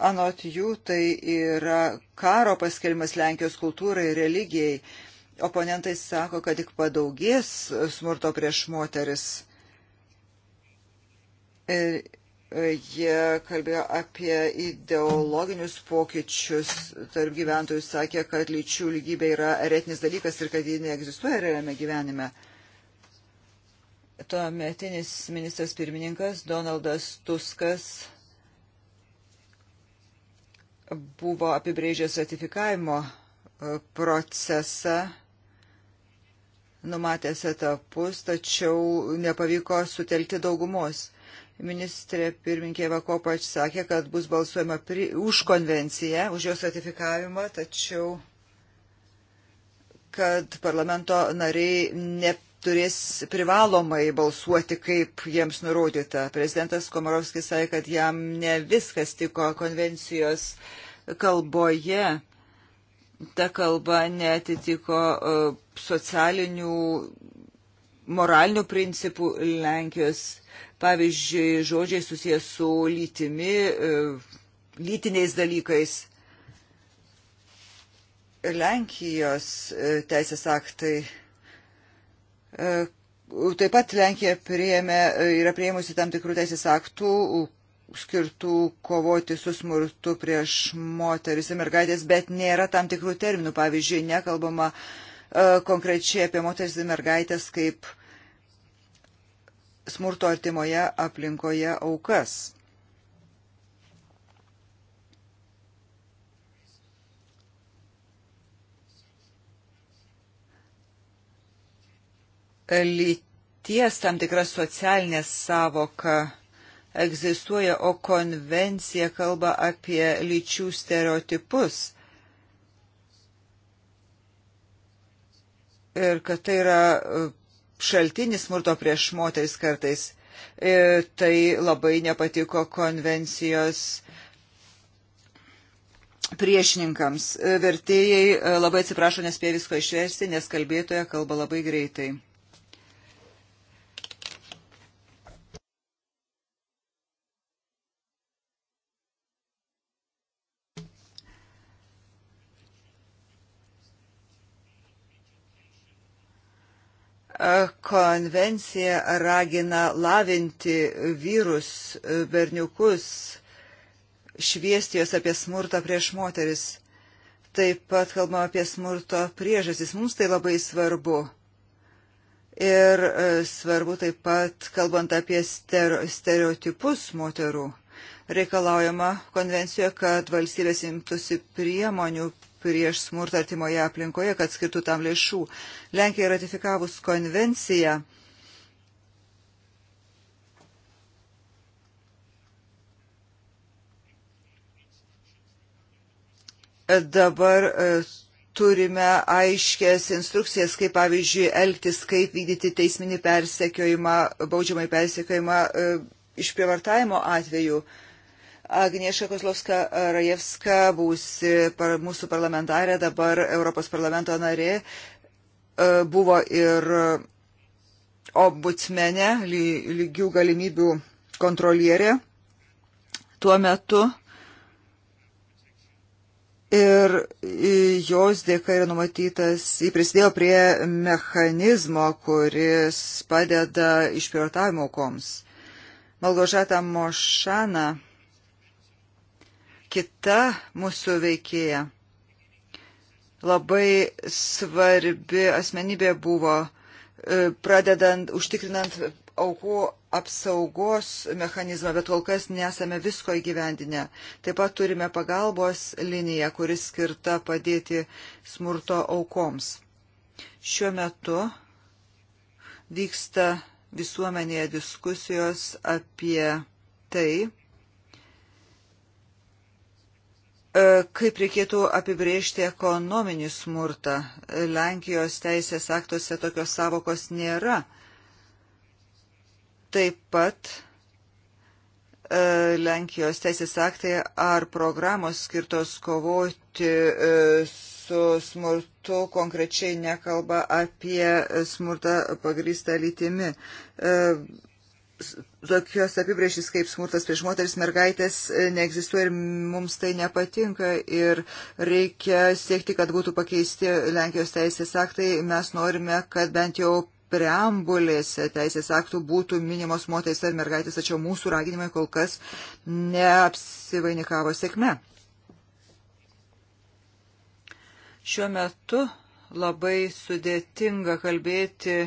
Speaker 1: Anot jų tai yra karo paskelimas Lenkijos kultūrai ir religijai. Oponentai sako, kad tik padaugės smurto prieš moteris. Ir e, jie kalbėjo apie ideologinius pokyčius tarp gyventojų, sakė, kad lyčių lygybė yra retinis dalykas ir kad ji neegzistuoja realiame gyvenime. Tuometinis ministras pirmininkas Donaldas Tuskas buvo apibrėžęs ratifikavimo e, procesą, numatęs etapus, tačiau nepavyko sutelkti daugumos. Ministrė pirminkė Vakopač sakė, kad bus balsuojama pri, už konvenciją, už jos ratifikavimą, tačiau kad parlamento nariai ne turės privalomai balsuoti, kaip jiems nurodyta. Prezidentas Komarovskis sakė, kad jam ne viskas tiko konvencijos kalboje. Ta kalba netitiko e, socialinių, moralinių principų Lenkijos. Pavyzdžiui, žodžiai susijęs su lytimi, e, lytiniais dalykais. Lenkijos e, teisės aktai E, taip pat Lenkija priėmė, yra priėmusi tam tikrų teisės aktų skirtų kovoti su smurtu prieš moteris ir mergaitės, bet nėra tam tikrų terminų. Pavyzdžiui, nekalbama e, konkrečiai apie moteris ir mergaitės kaip smurto artimoje aplinkoje aukas. lyties tam tikra socialinė savoka egzistuoja, o konvencija kalba apie lyčių stereotipus. Ir kad tai yra e, šaltinis smurto prieš moteris kartais. Ir e, tai labai nepatiko konvencijos priešininkams. E, vertėjai labai atsiprašo, nespėjo visko išversti, nes kalbėtoja kalba labai greitai. Konvencija ragina lavinti vyrus, berniukus, šviesti juos apie smurtą prieš moteris. Taip pat kalbama apie smurto priežasis. Mums tai labai svarbu. Ir e, svarbu taip pat, kalbant apie stereotipus moterų, reikalaujama konvencijoje, kad valstybės imtųsi priemonių prieš smurtą artimoje aplinkoje, kad skirtų tam lėšų. Lenkija ratifikavus konvenciją dabar e, turime aiškės instrukcijas, kaip pavyzdžiui elgtis, kaip vykdyti teisminį persekiojimą, baudžiamai persekiojimą e, išprievartavimo atveju. atveju Agnieška Kozlovska Rajevska, būsi par, mūsų parlamentarė, dabar Europos parlamento narė, e, buvo ir ombudsmenė, lygių galimybių kontrolierė tuo metu. Ir jos dėka yra numatytas, jį prisidėjo prie mechanizmo, kuris padeda išpirotavimo aukoms. Malgožata Mošana kita mūsų veikėja labai svarbi asmenybė buvo, e, pradedant užtikrinant aukų apsaugos mechanizmą, bet kol kas nesame visko įgyvendinę. Taip pat turime pagalbos liniją, kuris skirta padėti smurto aukoms. Šiuo metu vyksta visuomenėje diskusijos apie tai, E, kaip reikėtų apibrėžti ekonominį smurtą? Lenkijos teisės aktuose tokios savokos nėra. Taip pat e, Lenkijos teisės aktai ar programos skirtos kovoti e, su smurtu konkrečiai nekalba apie smurtą pagrįstą lytimi tokios apibrėžys kaip smurtas prieš moteris, mergaitės e, neegzistuoja ir mums tai nepatinka ir reikia siekti, kad būtų pakeisti Lenkijos teisės aktai. Mes norime, kad bent jau preambulėse teisės aktų būtų minimos moteris ar mergaitės, tačiau mūsų raginimai kol kas neapsivainikavo sėkme. Šiuo metu labai sudėtinga kalbėti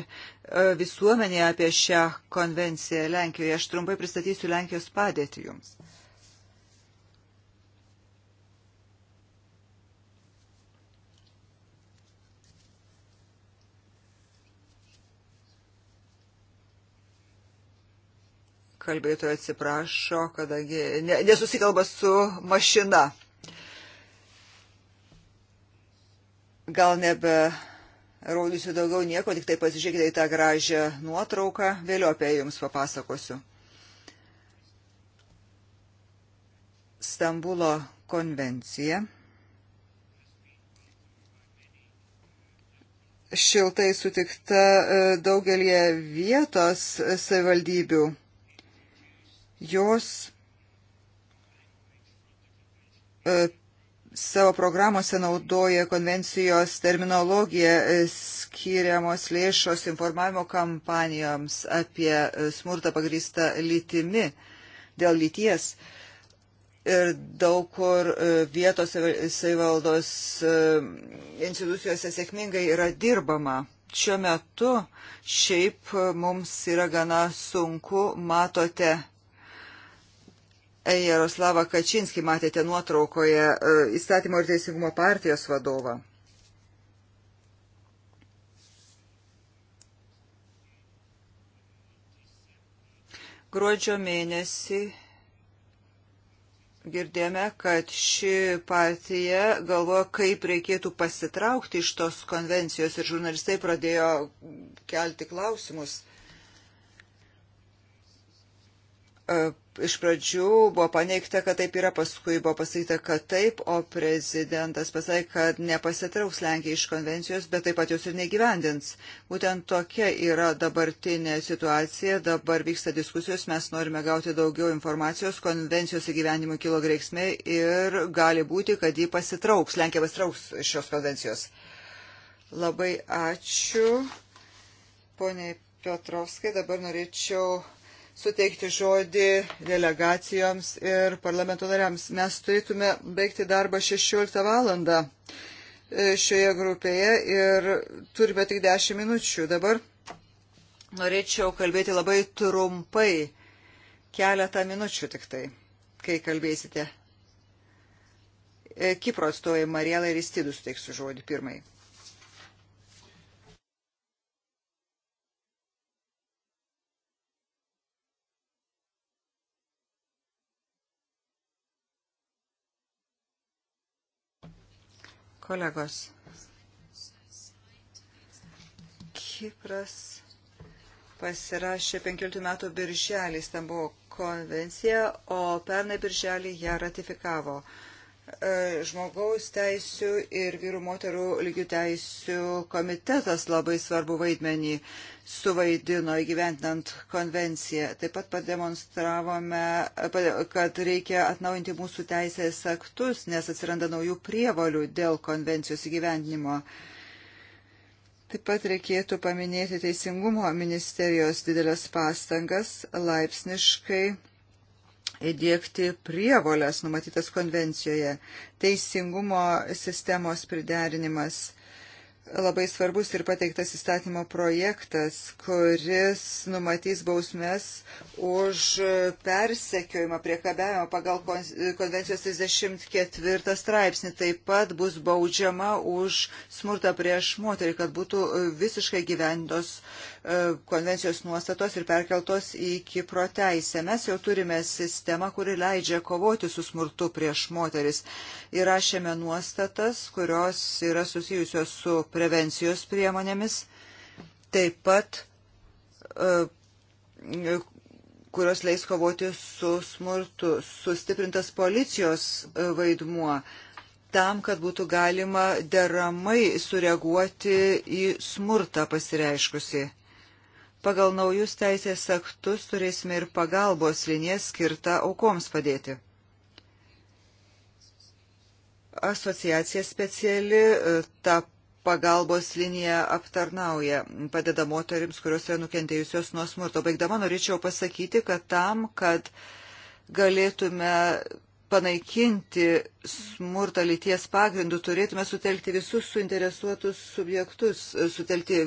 Speaker 1: E, visuomenėje apie šią konvenciją Lenkijoje. Aš trumpai pristatysiu Lenkijos padėtį jums. kalbėtoja atsiprašo, kadangi ne, nesusikalba su mašina. Gal nebe rodysiu daugiau nieko, tik tai pasižiūrėkite į tą gražią nuotrauką, vėliau apie jums papasakosiu. Stambulo konvencija. Šiltai sutikta e, daugelie vietos savivaldybių. Jos e, savo programuose naudoja konvencijos terminologiją e, skiriamos lėšos informavimo kampanijoms apie e, smurtą pagrįstą lytimi dėl lyties. Ir daug kur e, vietos savivaldos institucijose sėkmingai yra dirbama. Šiuo metu šiaip mums yra gana sunku, matote, Jaroslavą Kačinskį, matėte nuotraukoje e, įstatymo ir teisingumo partijos vadovą. Gruodžio mėnesį girdėjome, kad ši partija galvoja, kaip reikėtų pasitraukti iš tos konvencijos ir žurnalistai pradėjo kelti klausimus – E, iš pradžių buvo paneigta, kad taip yra, paskui buvo pasakyta, kad taip, o prezidentas pasakė, kad nepasitrauks Lenkija iš konvencijos, bet taip pat jos ir negyvendins. Būtent tokia yra dabartinė situacija, dabar vyksta diskusijos, mes norime gauti daugiau informacijos, konvencijos įgyvendimui kilo greiksmė ir gali būti, kad ji pasitrauks, Lenkija pasitrauks iš šios konvencijos. Labai ačiū, poniai Piotrovskai, dabar norėčiau suteikti žodį delegacijoms ir parlamento nariams. Mes turėtume baigti darbą 16 valandą e, šioje grupėje ir turime tik 10 minučių. Dabar norėčiau kalbėti labai trumpai, keletą minučių tik tai, kai kalbėsite. E, Kipro atstovai Marielai Ristidus teiksiu žodį pirmai. Kolegos, Kipras pasirašė 15 metų birželį Stambulo konvenciją, o pernai birželį ją ratifikavo. E, žmogaus teisų ir vyrų moterų lygių teisų komitetas labai svarbu vaidmenį suvaidino įgyventinant konvenciją. Taip pat pademonstravome, kad reikia atnaujinti mūsų teisės aktus, nes atsiranda naujų prievalių dėl konvencijos įgyventinimo. Taip pat reikėtų paminėti Teisingumo ministerijos didelės pastangas laipsniškai įdėkti prievolės numatytas konvencijoje. Teisingumo sistemos priderinimas labai svarbus ir pateiktas įstatymo projektas, kuris numatys bausmes už persekiojimą priekabiavimą pagal konvencijos 34 straipsnį. Taip pat bus baudžiama už smurtą prieš moterį, kad būtų visiškai gyventos E, konvencijos nuostatos ir perkeltos į Kipro teisę. Mes jau turime sistemą, kuri leidžia kovoti su smurtu prieš moteris. Įrašėme nuostatas, kurios yra susijusios su prevencijos priemonėmis, taip pat e, kurios leis kovoti su smurtu, sustiprintas policijos e, vaidmuo tam, kad būtų galima deramai sureaguoti į smurtą pasireiškusi. Pagal naujus teisės aktus turėsime ir pagalbos liniją skirtą aukoms padėti. Asociacija speciali e, tą pagalbos liniją aptarnauja, padeda moterims, kurios yra nukentėjusios nuo smurto. Baigdama norėčiau pasakyti, kad tam, kad galėtume panaikinti smurtą lyties pagrindų, turėtume sutelkti visus suinteresuotus subjektus, e, sutelkti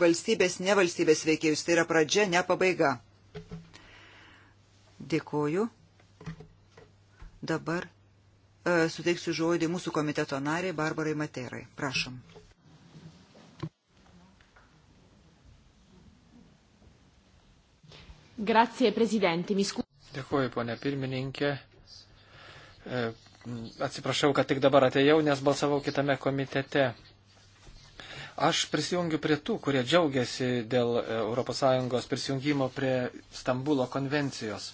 Speaker 1: valstybės, nevalstybės veikėjus. Tai yra pradžia, ne pabaiga. Dėkuoju. Dabar e, suteiksiu žodį mūsų komiteto nariai Barbarai Materai. Prašom.
Speaker 4: Grazie, prezidentė. Misku...
Speaker 5: Dėkuoju, ponia pirmininkė. E, atsiprašau, kad tik dabar atėjau, nes balsavau kitame komitete. Aš prisijungiu prie tų, kurie džiaugiasi dėl ES prisijungimo prie Stambulo konvencijos.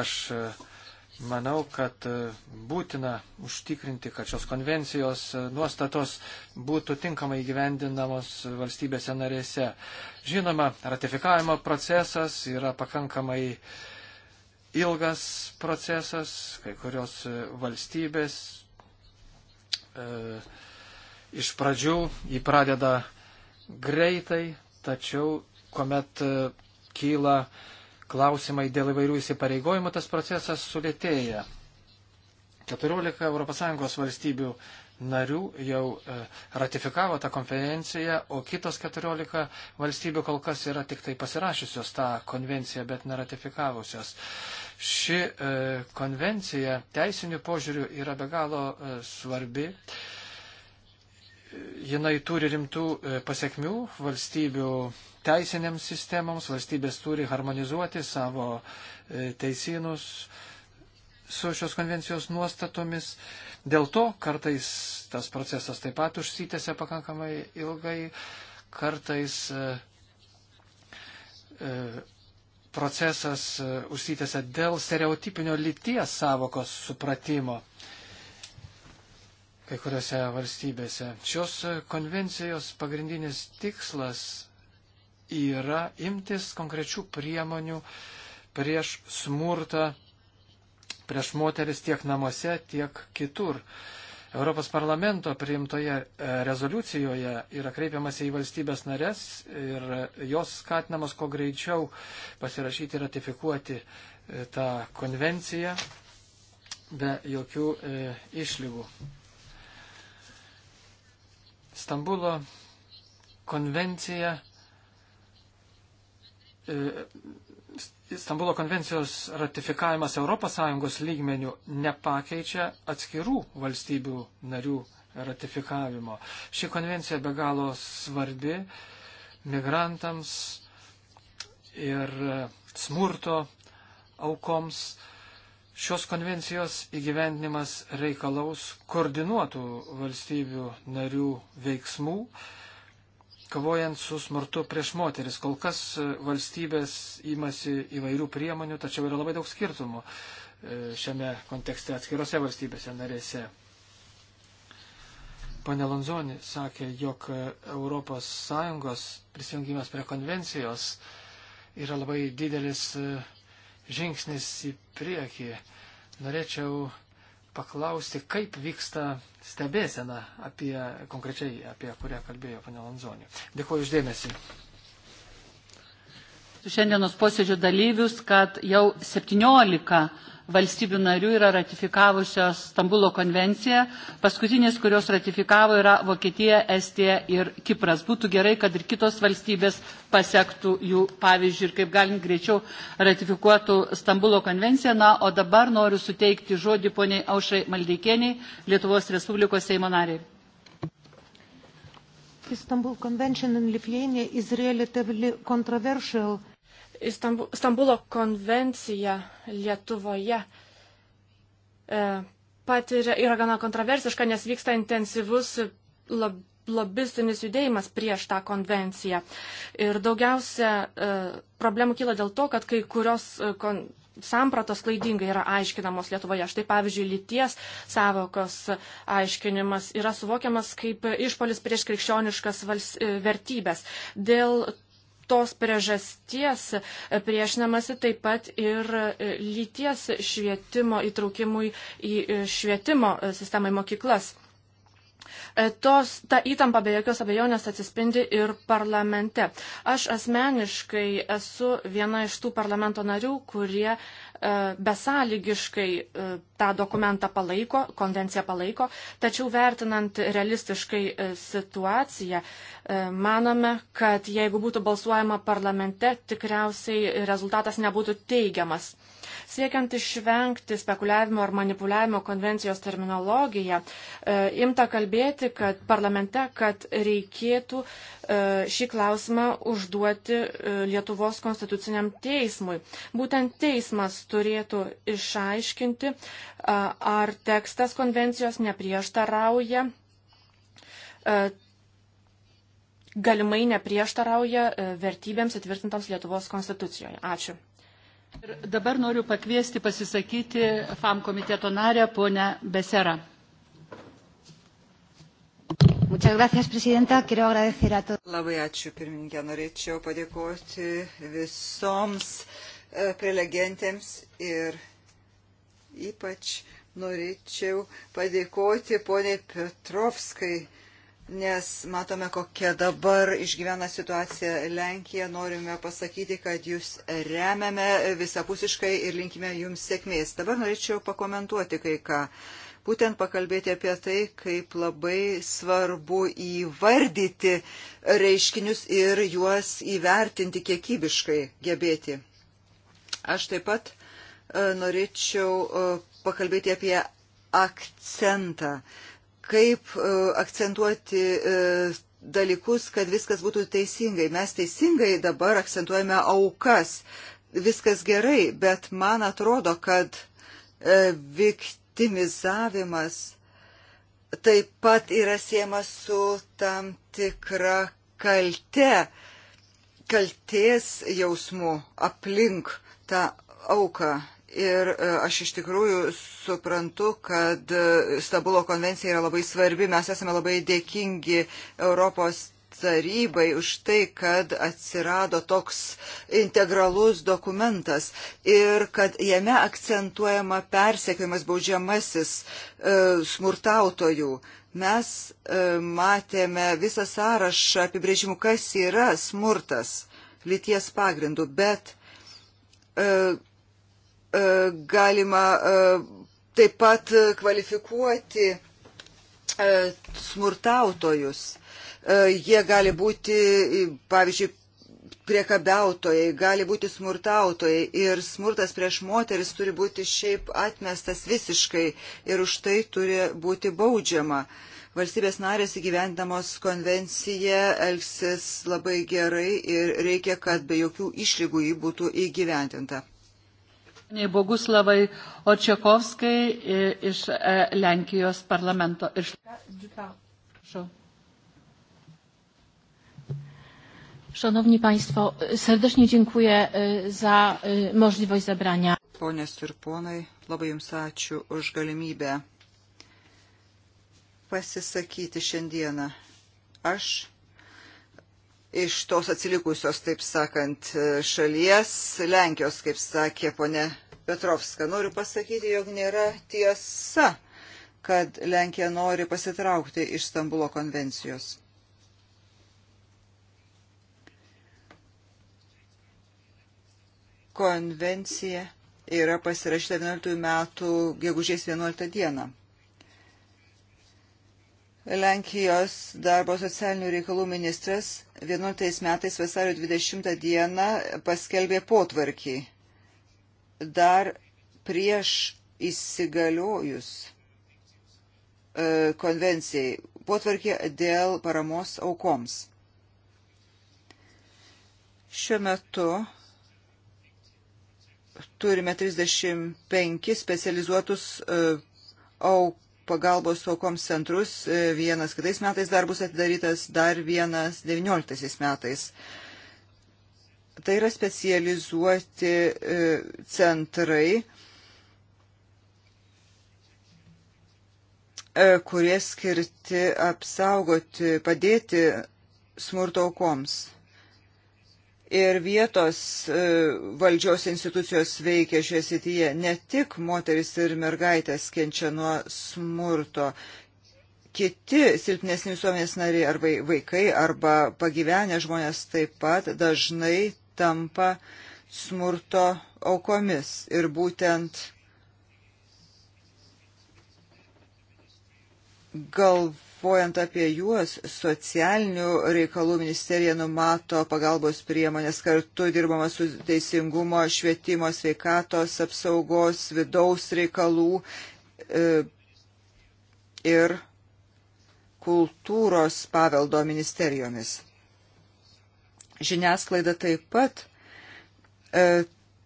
Speaker 5: Aš e, manau, kad e, būtina užtikrinti, kad šios konvencijos nuostatos būtų tinkamai gyvendinamos valstybėse narėse. Žinoma, ratifikavimo procesas yra pakankamai uh, ilgas procesas, kai kurios valstybės e, iš pradžių jį pradeda greitai, tačiau kuomet e, kyla klausimai dėl įvairių įsipareigojimų, tas procesas sulėtėja. 14 ES valstybių narių jau e, ratifikavo tą konvenciją, o kitos 14 valstybių kol kas yra tik tai pasirašysios tą konvenciją, bet neratifikavusios. Ši e, konvencija teisinių požiūrių yra be galo e, svarbi. Jinai turi rimtų pasiekmių valstybių teisinėms sistemoms, valstybės turi harmonizuoti savo teisinus, su šios konvencijos nuostatomis. Dėl to kartais tas procesas taip pat užsitęsia pakankamai ilgai, kartais e, e, procesas e, užsitęsia dėl stereotipinio lyties savokos supratimo kai kuriuose valstybėse. Šios konvencijos pagrindinis tikslas yra imtis konkrečių priemonių prieš smurtą prieš moteris tiek namuose, tiek kitur. Europos parlamento priimtoje e, rezoliucijoje yra kreipiamasi į valstybės narės ir jos skatinamos kuo greičiau pasirašyti ir ratifikuoti e, tą konvenciją be jokių e, išlygų. Stambulo konvencija e, Stambulo konvencijos ratifikavimas ES lygmenių nepakeičia atskirų valstybių narių ratifikavimo. Ši konvencija be galo svarbi migrantams ir smurto aukoms. Šios konvencijos įgyvendinimas reikalaus koordinuotų valstybių narių veiksmų kovojant su smurtu prieš moteris. Kol kas e, valstybės imasi įvairių priemonių, tačiau yra labai daug skirtumų e, šiame kontekste atskirose valstybėse narėse. Pane Lonzoni sakė, jog ES prisijungimas prie konvencijos yra labai didelis e, žingsnis į priekį. Norėčiau paklausti, kaip vyksta stebėsena apie, konkrečiai apie kurią kalbėjo panė Lanzonė. Dėkuoju uždėmesi.
Speaker 3: Šiandienos posėdžio dalyvius, kad jau 17 valstybių narių yra ratifikavusios Stambulo konvenciją. Paskutinis, kurios ratifikavo, yra Vokietija, Estija ir Kipras. Būtų gerai, kad ir kitos valstybės pasiektų jų pavyzdžių ir kaip galim greičiau ratifikuotų Stambulo konvenciją. Na, o dabar noriu suteikti žodį poniai Aušai Maldeikieniai, Lietuvos Respublikos Seimo nariai.
Speaker 1: Istanbul Convention in Lithuania is relatively
Speaker 4: controversial Stambulo konvencija Lietuvoje e, patiria, yra gana kontroversiška, nes vyksta intensyvus lab, lobistinis judėjimas prieš tą konvenciją. Ir daugiausia e, problemų kyla dėl to, kad kai kurios e, kon, sampratos klaidingai yra aiškinamos Lietuvoje. Štai pavyzdžiui, lyties savokos aiškinimas yra suvokiamas kaip išpolis prieš krikščioniškas vals, e, vertybės. Dėl tos priežasties priešinamasi taip pat ir e, lyties švietimo įtraukimui į e, švietimo e, sistemą į mokyklas. E, tos, ta įtampa be jokios abejonės atsispindi ir parlamente. Aš asmeniškai esu viena iš tų parlamento narių, kurie e, besąlygiškai e, tą dokumentą palaiko, konvenciją palaiko, tačiau vertinant realistiškai situaciją, manome, kad jeigu būtų balsuojama parlamente, tikriausiai rezultatas nebūtų teigiamas. Siekiant išvengti spekuliavimo ar manipuliavimo konvencijos terminologiją, e, imta kalbėti kad parlamente, kad reikėtų e, šį klausimą užduoti e, Lietuvos konstituciniam teismui. Būtent teismas turėtų išaiškinti, e, ar tekstas konvencijos neprieštarauja. E, galimai neprieštarauja e, vertybėms
Speaker 3: įtvirtintoms Lietuvos konstitucijoje. Ačiū. Ir dabar noriu pakviesti pasisakyti FAM komiteto narę ponę Beserą.
Speaker 1: Gracias, to... Labai ačiū pirmininkė. Norėčiau padėkoti visoms e, prelegentėms ir ypač norėčiau padėkoti poniai Petrovskai nes matome, kokia dabar išgyvena situacija Lenkija. Norime pasakyti, kad jūs remiame visapusiškai ir linkime jums sėkmės. Dabar norėčiau pakomentuoti kai ką. Būtent pakalbėti apie tai, kaip labai svarbu įvardyti reiškinius ir juos įvertinti kiekybiškai, gebėti. Aš taip pat e, norėčiau e, pakalbėti apie akcentą. Uh, kaip e, akcentuoti e, dalykus, kad viskas būtų teisingai. Mes teisingai dabar akcentuojame aukas. Viskas gerai, bet man atrodo, kad e, viktimizavimas taip pat yra siemas su tam tikra kalte, kaltės jausmu aplink tą auką. Ir e, aš iš tikrųjų suprantu, kad e, Stabulo konvencija yra labai svarbi. Mes esame labai dėkingi Europos tarybai už tai, kad atsirado toks integralus dokumentas ir kad jame akcentuojama persekiojimas baudžiamasis e, smurtautojų. Mes e, matėme visą sąrašą apibrėžimų, kas yra smurtas lyties pagrindų, bet e, E, galima e, taip pat kvalifikuoti e, smurtautojus. Jie gali būti, pavyzdžiui, priekabiautojai, gali būti smurtautojai ir smurtas prieš moteris turi būti šiaip atmestas visiškai ir už tai turi būti baudžiama. Valstybės narės įgyvendamos konvenciją elgsis labai gerai ir reikia, kad be jokių išlygų jį būtų įgyvendinta.
Speaker 3: Boguslavai Očiakovskai iš e, Lenkijos parlamento. Iš... Szanowni Państwo,
Speaker 4: serdecznie dziękuję e, za e, możliwość zabrania.
Speaker 1: Ponės ir ponai, labai Jums ačiū už galimybę pasisakyti šiandieną. Aš iš tos atsilikusios, taip sakant, šalies, Lenkijos, kaip sakė ponė Petrovska. Noriu pasakyti, jog nėra tiesa, kad Lenkija nori pasitraukti iš Stambulo konvencijos. Konvencija yra pasirašyta 11 metų gegužės 11 dieną. Lenkijos darbo socialinių reikalų ministras 11 metais vasario 20 dieną paskelbė potvarkį. Dar prieš įsigaliojus e, konvencijai potvarkį dėl paramos aukoms. Šiuo metu turime 35 specializuotus e, auk pagalbos aukoms centrus. E, vienas kitais metais dar bus atidarytas, dar vienas 19 metais. Tai yra specializuoti e, centrai, e, kurie skirti apsaugoti, padėti smurto aukoms ir vietos e, valdžios institucijos veikia šioje srityje. Ne tik moteris ir mergaitės kenčia nuo smurto. Kiti silpnesni visuomenės nariai arba vaikai arba pagyvenę žmonės taip pat dažnai tampa smurto aukomis. Ir būtent galv Galvojant apie juos, socialinių reikalų ministerija numato pagalbos priemonės, kartu dirbama su teisingumo, švietimo, sveikatos, apsaugos, vidaus reikalų e, ir kultūros paveldo ministerijomis. Žiniasklaida taip pat e,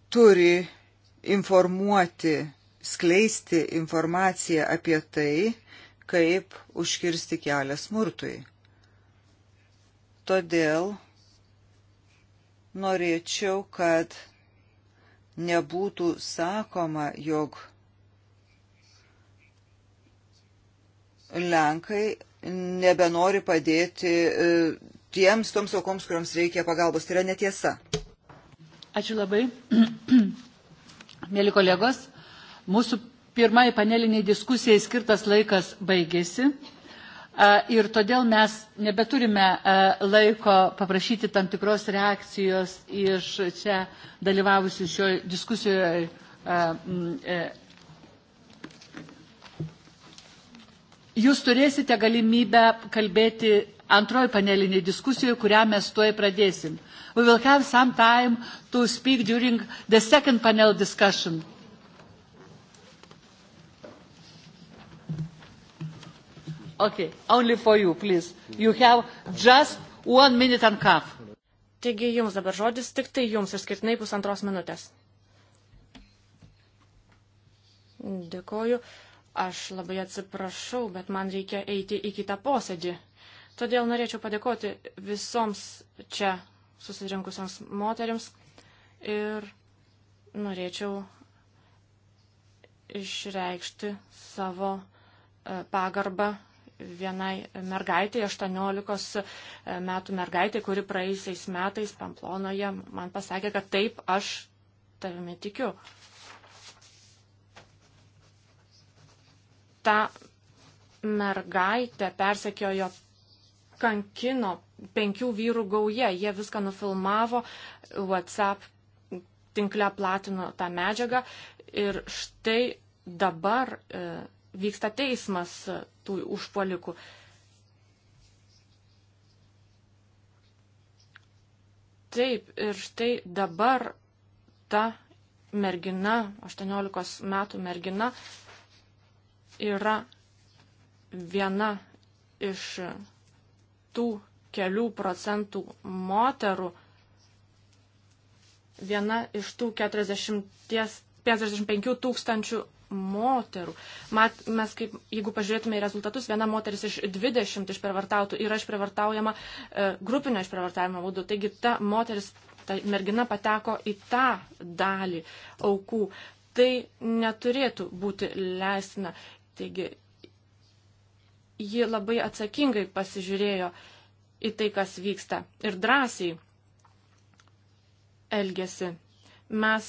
Speaker 1: turi informuoti, skleisti informaciją apie tai, kaip užkirsti kelią smurtui. Todėl norėčiau, kad nebūtų sakoma, jog Lenkai nebenori padėti e, tiems toms aukoms, kuriuoms reikia pagalbos. Tai yra netiesa.
Speaker 3: Ačiū labai. [clears throat] Mėly kolegos, mūsų pirmai paneliniai diskusijai skirtas laikas baigėsi. Ir todėl mes nebeturime laiko paprašyti tam tikros reakcijos iš čia dalyvavusių šioje diskusijoje e. Jūs turėsite galimybę kalbėti antroji panelinė diskusija, kurią mes tuoj pradėsim. We will have some time to speak during the second panel discussion. Okay, only for you, please. You have just one minute and half. Taigi jums dabar žodis, tik
Speaker 4: tai jums išskirtinai pusantros minutės. Dėkoju. Aš labai atsiprašau, bet man reikia eiti į kitą posėdį. Todėl norėčiau padėkoti visoms čia susirinkusiams moteriams ir norėčiau išreikšti savo e, pagarbą vienai mergaitė, 18 e, metų mergaitė, kuri praeisiais metais Pamplonoje man pasakė, kad taip, aš tavimi tikiu. Ta mergaitė persekiojo kankino penkių vyrų gauja, jie viską nufilmavo, WhatsApp tinkle platino tą medžiagą ir štai dabar e, vyksta teismas tų užpuolikų. Taip, ir štai dabar ta mergina, 18 metų mergina, yra viena iš tų kelių procentų moterų, viena iš tų 40, 55 tūkstančių moterų. Mat, mes kaip, jeigu pažiūrėtume į rezultatus, viena moteris iš 20 išprievartautų yra išprievartaujama e, grupinio išprievartavimo būdu. Taigi ta moteris, ta mergina pateko į tą dalį aukų. Tai neturėtų būti leisna. Taigi ji labai atsakingai pasižiūrėjo į tai, kas vyksta ir drąsiai elgesi. Mes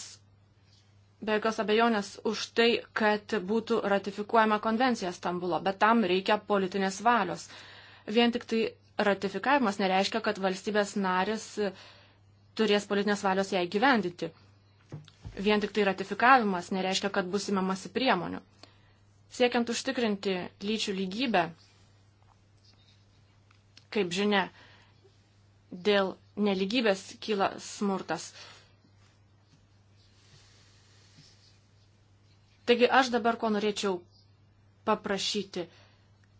Speaker 4: be jokios abejonės už tai, kad būtų ratifikuojama konvencija Stambulo, bet tam reikia politinės valios. Vien tik tai ratifikavimas nereiškia, kad valstybės narės turės politinės valios ją įgyvendinti. Vien tik tai ratifikavimas nereiškia, kad bus imamasi priemonių. Siekiant užtikrinti lyčių lygybę, kaip žinia, dėl neligybės kyla smurtas. Taigi aš dabar ko norėčiau paprašyti.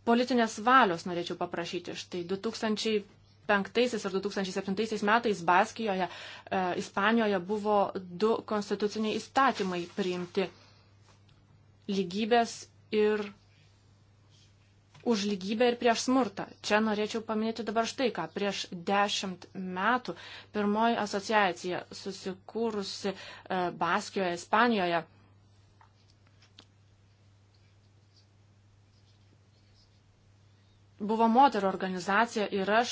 Speaker 4: Politinės valios norėčiau paprašyti. Štai 2005 ir 2007 metais Baskijoje, e, Ispanijoje buvo du konstituciniai įstatymai priimti lygybės ir už lygybę ir prieš smurtą. Čia norėčiau paminėti dabar štai ką. Prieš dešimt metų pirmoji asociacija susikūrusi e, Baskijoje, Ispanijoje buvo moterų organizacija ir aš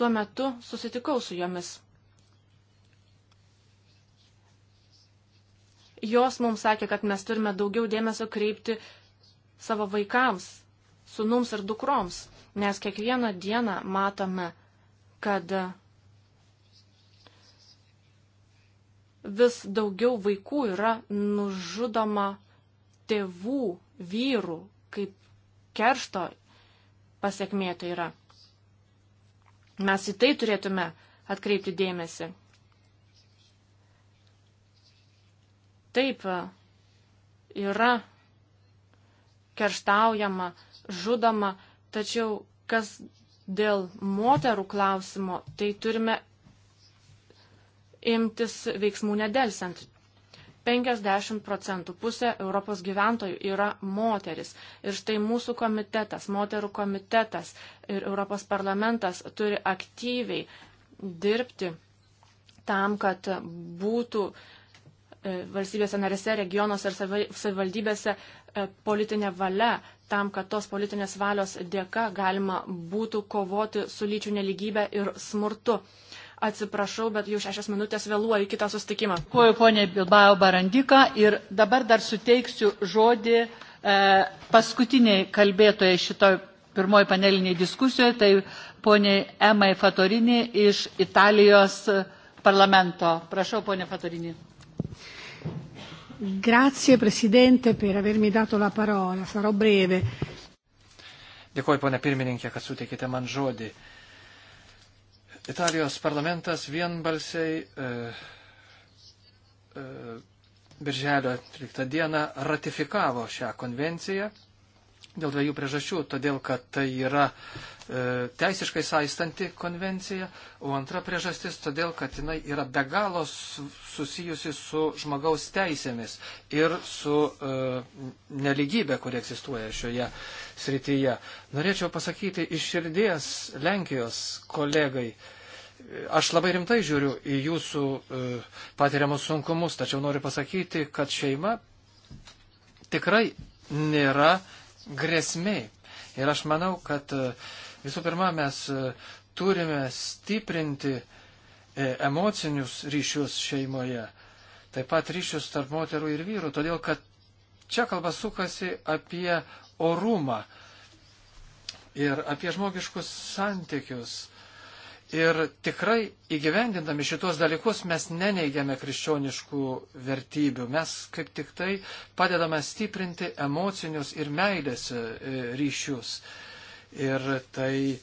Speaker 4: tuo metu susitikau su jomis. Jos mums sakė, kad mes turime daugiau dėmesio kreipti savo vaikams, sunums ir dukroms, nes kiekvieną dieną matome, kad vis daugiau vaikų yra nužudoma tėvų, vyrų, kaip keršto pasiekmė tai yra. Mes į tai turėtume atkreipti dėmesį. Taip yra kerštaujama, žudoma, tačiau kas dėl moterų klausimo, tai turime imtis veiksmų nedelsant. 50 procentų pusė Europos gyventojų yra moteris. Ir štai mūsų komitetas, moterų komitetas ir Europos parlamentas turi aktyviai dirbti tam, kad būtų e, valstybėse narėse, regionuose ir savivaldybėse e, politinė valia, tam, kad tos politinės valios dėka galima būtų kovoti su lyčių neligybė ir smurtu. Atsiprašau, bet jau šešias minutės vėluoju
Speaker 3: kitą sustikimą. Kuoju ponė Bilbao Barandika ir dabar dar suteiksiu žodį e, paskutiniai kalbėtojai šito pirmoji paneliniai diskusijoje, tai poniai Emai Fatorini iš Italijos parlamento. Prašau, ponė Fatorini.
Speaker 4: Grazie, Presidente, per avermi dato la parola. Sarò breve.
Speaker 5: Dėkuoju, ponė pirmininkė, kad suteikite man žodį. Uh, Italijos parlamentas vienbalsiai e, e, Birželio 13 dieną ratifikavo šią konvenciją dėl dviejų priežasčių. Todėl, kad tai yra e, teisiškai saistanti konvencija, o antra priežastis, todėl, kad jinai yra be galo susijusi su žmogaus teisėmis ir su e, neligybė, kuri egzistuoja šioje srityje. Norėčiau pasakyti iš širdies Lenkijos kolegai. Aš labai rimtai žiūriu į jūsų e, patiriamus sunkumus, tačiau noriu pasakyti, kad šeima tikrai nėra grėsmė. Ir aš manau, kad e, visų pirma mes e, turime stiprinti e, emocinius ryšius šeimoje, taip pat ryšius tarp moterų ir vyrų, todėl kad čia kalba sukasi apie orumą ir apie žmogiškus santykius. Ir tikrai įgyvendindami šitos dalykus mes neneigiame krikščioniškų vertybių, mes kaip tik tai padedame stiprinti emocinius ir meilės e, ryšius. Ir tai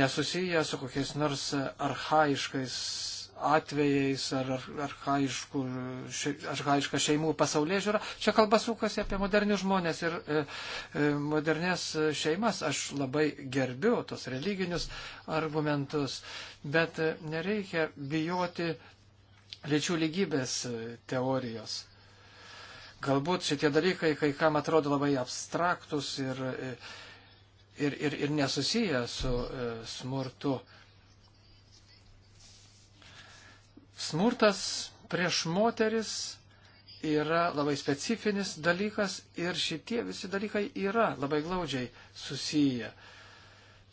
Speaker 5: nesusiję su kokiais nors arhaiškais atvejais ar arhaiškų, arhaišką šeimų pasaulyje žiūrą. Čia kalba sukasi apie modernius žmonės ir e, e modernės šeimas. Aš labai gerbiu tos religinius argumentus, bet e, nereikia bijoti lyčių lygybės e, teorijos. Galbūt šitie dalykai kai kam atrodo labai abstraktus ir, ir, ir, ir nesusiję su smurtu. E, Smurtas prieš moteris yra labai specifinis dalykas ir šitie visi dalykai yra labai glaudžiai susiję.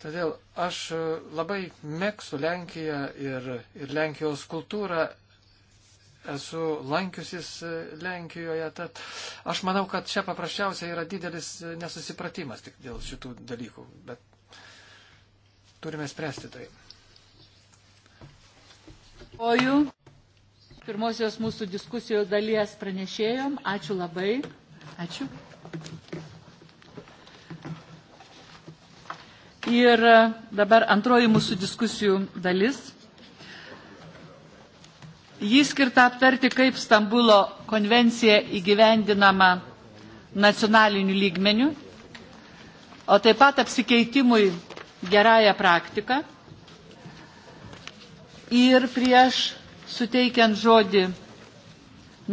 Speaker 5: Todėl aš labai mėgstu Lenkiją ir, ir Lenkijos kultūrą, esu lankiusis Lenkijoje, tad aš manau, kad čia paprasčiausiai yra didelis nesusipratimas tik dėl šitų dalykų, bet turime spręsti tai.
Speaker 3: Oju pirmosios mūsų diskusijų dalies pranešėjom. Ačiū labai. Ačiū. Ir e, dabar antroji mūsų diskusijų dalis. Jį skirta aptarti, kaip Stambulo konvencija įgyvendinama nacionaliniu lygmeniu, o taip pat apsikeitimui gerąją praktiką. Ir prieš suteikiant žodį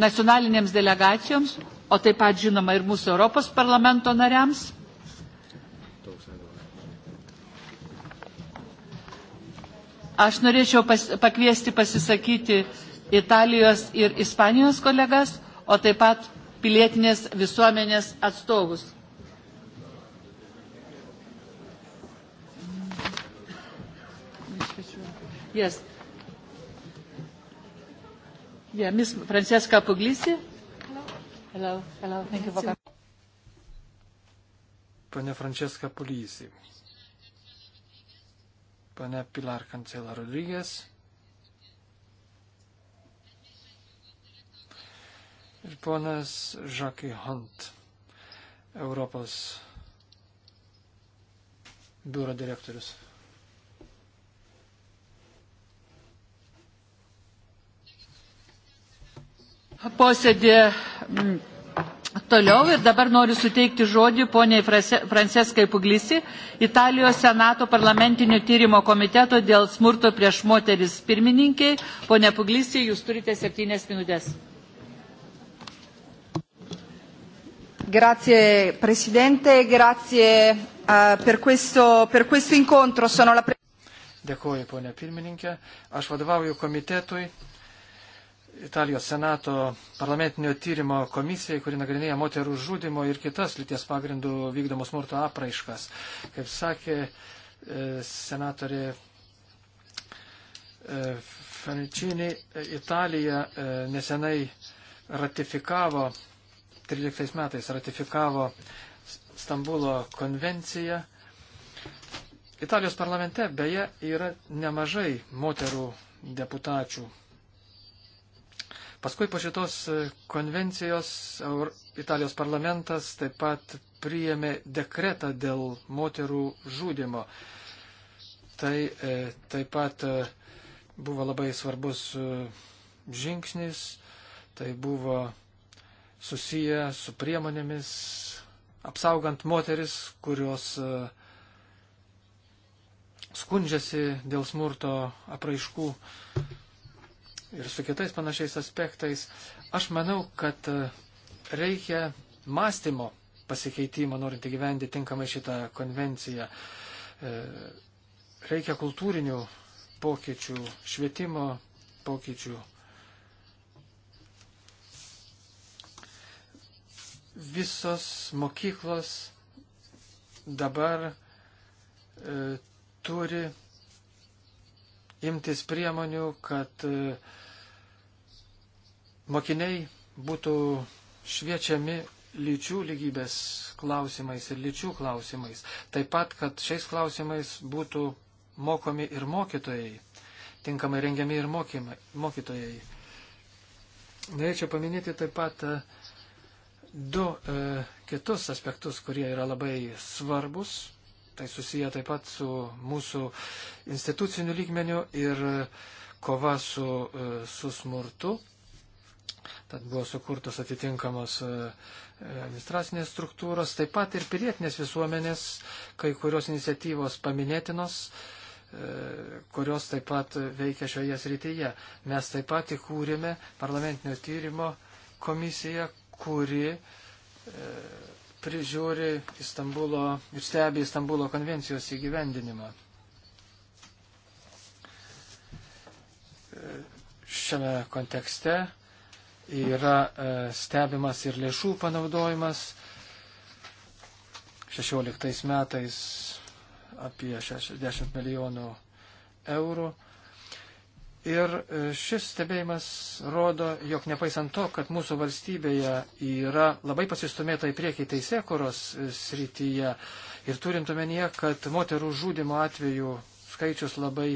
Speaker 3: nacionalinėms delegacijoms, o taip pat žinoma ir mūsų Europos parlamento nariams. Aš norėčiau pas, pakviesti pasisakyti Italijos ir Ispanijos kolegas, o taip pat pilietinės visuomenės atstovus. Yes. Yeah, Ms. Francesca Puglisi. Hello. Hello. Hello. Thank you for coming.
Speaker 5: Pane Francesca Puglisi. Pane Pilar Cancela Rodriguez. Ir ponas Žakai Hunt, Europos biuro direktorius.
Speaker 3: posėdį mm, toliau ir dabar noriu suteikti žodį poniai Franceskai Puglisi, Italijos Senato parlamentinio tyrimo komiteto dėl smurto prieš moteris pirmininkiai. Pone Puglisi, jūs turite septynės minutės.
Speaker 1: Grazie Presidente, grazie uh, per, questo, per questo incontro. Sono la
Speaker 5: pre... Dėkuoju, ponia pirmininkė. Aš vadovauju komitetui Italijos Senato parlamentinio tyrimo komisijai, kuri nagrinėja moterų žudimo ir kitas lyties pagrindų vykdomos smurto apraiškas. Kaip sakė e, senatorė e, Fenicini, Italija e, nesenai ratifikavo, 13 metais ratifikavo Stambulo konvenciją. Italijos parlamente beje yra nemažai moterų deputačių Paskui po šitos e, konvencijos Italijos parlamentas taip pat priėmė dekretą dėl moterų žudimo. Tai e, taip pat e, buvo labai svarbus žingsnis, tai buvo susiję su priemonėmis apsaugant moteris, kurios skundžiasi dėl smurto apraiškų ir su kitais panašiais aspektais, aš manau, kad e, reikia mąstymo pasikeitimo, norint įgyvendinti tinkamai šitą konvenciją. E, reikia kultūrinių pokyčių, švietimo pokyčių. Visos mokyklos dabar e, turi imtis priemonių, kad e, mokiniai būtų šviečiami lyčių lygybės klausimais ir lyčių klausimais. Taip pat, kad šiais klausimais būtų mokomi ir mokytojai, tinkamai rengiami ir mokymai, mokytojai. Norėčiau paminėti taip pat e, du e, kitus aspektus, kurie yra labai svarbus Tai susiję taip pat su mūsų instituciniu lygmeniu ir kova su, e, su smurtu. Tad buvo sukurtos atitinkamos e, administracinės struktūros, taip pat ir pilietinės visuomenės, kai kurios iniciatyvos paminėtinos, e, kurios taip pat veikia šioje srityje. Mes taip pat įkūrėme parlamentinio tyrimo komisiją, kuri prižiūri Istanbulo ir stebi Istanbulo konvencijos įgyvendinimą. Šiame kontekste yra e, stebimas ir lėšų panaudojimas. 16 metais apie 60 milijonų eurų Ir e, šis stebėjimas rodo, jog nepaisant to, kad mūsų valstybėje yra labai pasistumėta į priekį teisėkuros e, srityje ir turint omenyje, kad moterų žudimo atveju skaičius labai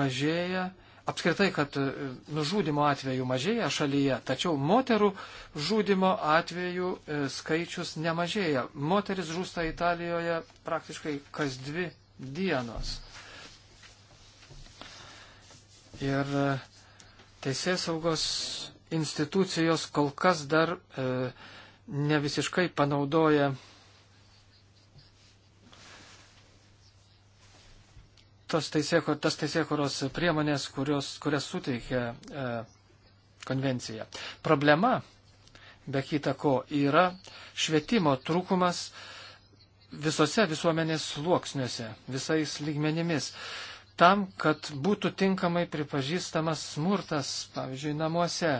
Speaker 5: mažėja, apskritai, kad e, nužudimo atveju mažėja šalyje, tačiau moterų žudimo atveju skaičius nemažėja. Moteris žūsta Italijoje praktiškai kas dvi dienos. Ir e, teisės saugos institucijos kol kas dar e, ne visiškai panaudoja tas teisėkuros teisėko, priemonės, kurios, kurias suteikia e, konvencija. Problema, be kita ko, yra švietimo trūkumas visose visuomenės sluoksniuose, visais lygmenimis. E, tam, kad būtų tinkamai pripažįstamas smurtas, pavyzdžiui, namuose.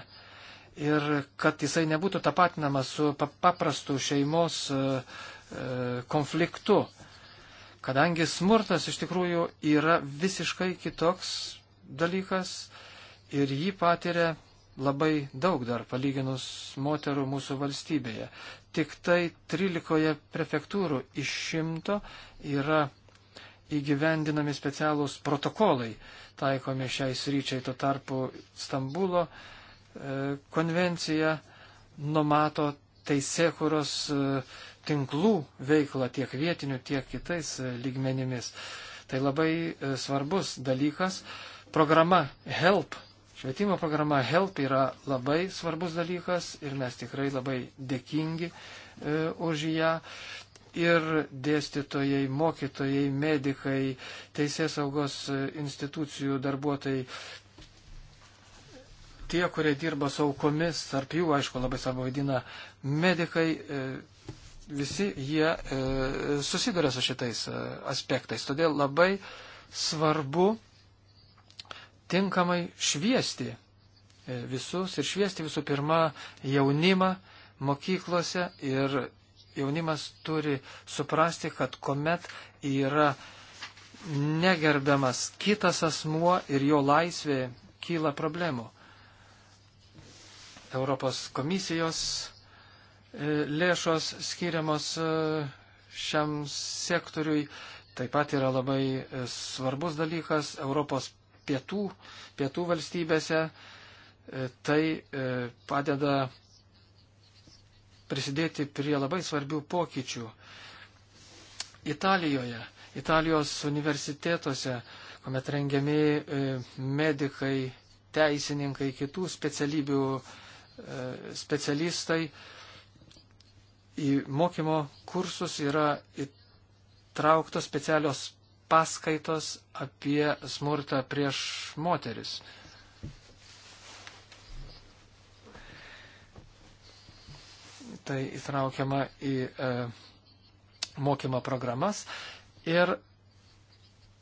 Speaker 5: Ir kad jisai nebūtų tapatinamas su paprastu šeimos e, e, konfliktu. Kadangi smurtas iš tikrųjų yra visiškai kitoks dalykas ir jį patiria labai daug dar palyginus moterų mūsų valstybėje. Tik tai 13 prefektūrų iš šimto yra įgyvendinami specialūs protokolai taikomi šiai sryčiai. Tuo tarpu Stambulo e, konvencija numato teisėkuros e, tinklų veiklą tiek vietiniu, tiek kitais e, lygmenimis. Tai labai svarbus dalykas. Programa HELP, švietimo programa HELP yra labai svarbus dalykas ir mes tikrai labai dėkingi e, už ją ir dėstytojai, mokytojai, medikai, teisės saugos institucijų darbuotojai. Tie, kurie dirba saukomis, tarp jų, aišku, labai savo vaidina medikai, e, visi jie e, susiduria su šitais e, aspektais. Todėl labai svarbu tinkamai šviesti visus ir šviesti visų pirma jaunimą mokyklose ir jaunimas turi suprasti, kad kuomet yra negerbiamas kitas asmuo ir jo laisvė kyla problemų. Europos komisijos e, lėšos skiriamos e, šiam sektoriui taip pat yra labai e, svarbus dalykas Europos pietų, pietų valstybėse. Tai padeda prisidėti prie labai svarbių pokyčių. Italijoje, Italijos universitetuose, kuomet rengiami e, medikai, teisininkai, kitų specialybių e, specialistai, į mokymo kursus yra įtrauktos specialios paskaitos apie smurtą prieš moteris. tai įtraukiama į e, mokymo programas. Ir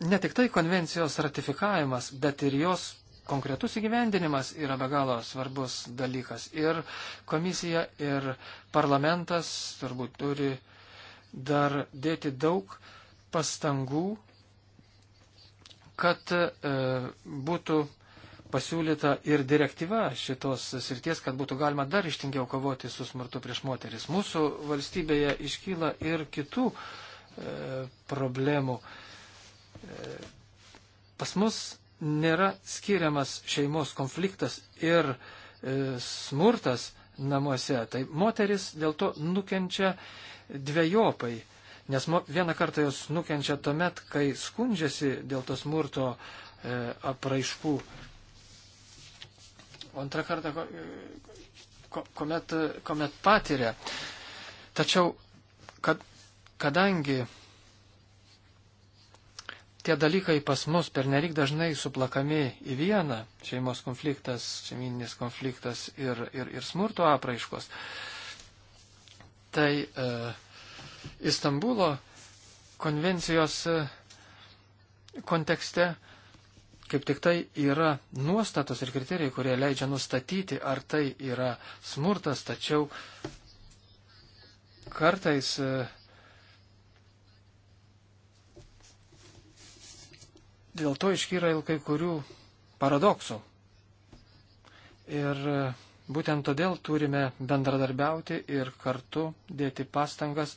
Speaker 5: ne tik tai konvencijos ratifikavimas, bet ir jos konkretus įgyvendinimas yra be galo svarbus dalykas. Ir komisija, ir parlamentas turbūt turi dar dėti daug pastangų, kad e, būtų pasiūlyta ir direktyva šitos srities, kad būtų galima dar ištingiau kovoti su smurtu prieš moteris. Mūsų valstybėje iškyla ir kitų e, problemų. E, pas mus nėra skiriamas šeimos konfliktas ir e, smurtas namuose. Tai moteris dėl to nukenčia dviejopai. Nes vieną kartą jos nukenčia tuomet, kai skundžiasi dėl to smurto e, apraiškų o antrą kartą, kuomet, kuomet patiria. Tačiau, kad, kadangi tie dalykai pas mus per nelik dažnai suplakami į vieną - šeimos konfliktas, šeimininis konfliktas ir, ir, ir smurto apraiškos. Tai e, Istanbulo konvencijos e, kontekste kaip tik tai yra nuostatos ir kriterijai, kurie leidžia nustatyti, ar tai yra smurtas, tačiau kartais e, dėl to iškyra ir kai kurių paradoksų. Ir e, būtent todėl turime bendradarbiauti ir kartu dėti pastangas,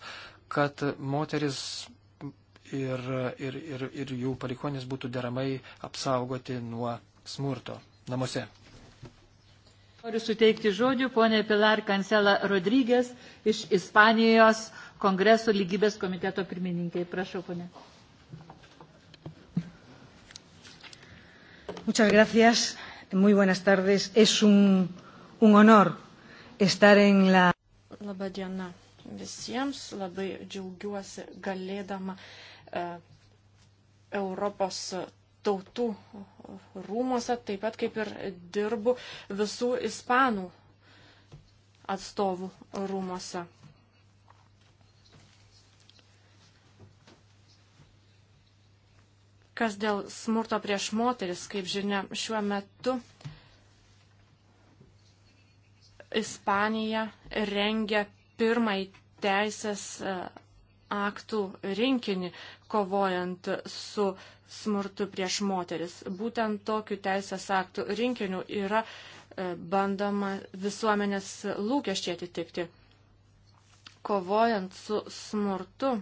Speaker 5: kad moteris ir, ir, ir, ir jų palikonis būtų deramai apsaugoti nuo smurto namuose.
Speaker 3: Noriu suteikti žodžių ponė Pilar Kancela Rodrygės iš Ispanijos kongreso lygybės komiteto pirmininkai. Prašau, ponė.
Speaker 1: Muchas gracias. Muy buenas tardes. Es un, un honor estar en la.
Speaker 4: Labadiena visiems. Labai džiaugiuosi galėdama uh, E, Europos tautų rūmose, taip pat kaip ir dirbu visų ispanų atstovų rūmose. Kas dėl smurto prieš moteris, kaip žinia, šiuo metu Ispanija rengia pirmąjį teisės aktų rinkinį, kovojant su smurtu prieš moteris. Būtent tokiu teisės aktų rinkiniu yra e, bandoma visuomenės lūkesčiai atitikti. Kovojant su smurtu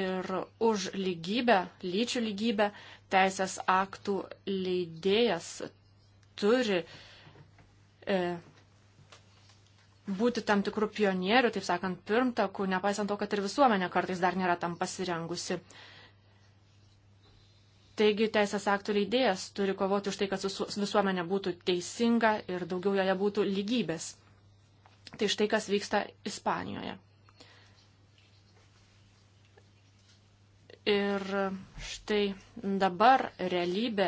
Speaker 4: ir už lygybę, lyčių lygybę, teisės aktų leidėjas turi e, būti tam tikrų pionierių, taip sakant, pirmtakų, nepaisant to, kad ir visuomenė kartais dar nėra tam pasirengusi. Taigi teisės aktų leidėjas turi kovoti už tai, kad visuomenė būtų teisinga ir daugiau joje būtų lygybės. Tai štai kas vyksta Ispanijoje. Ir štai dabar realybė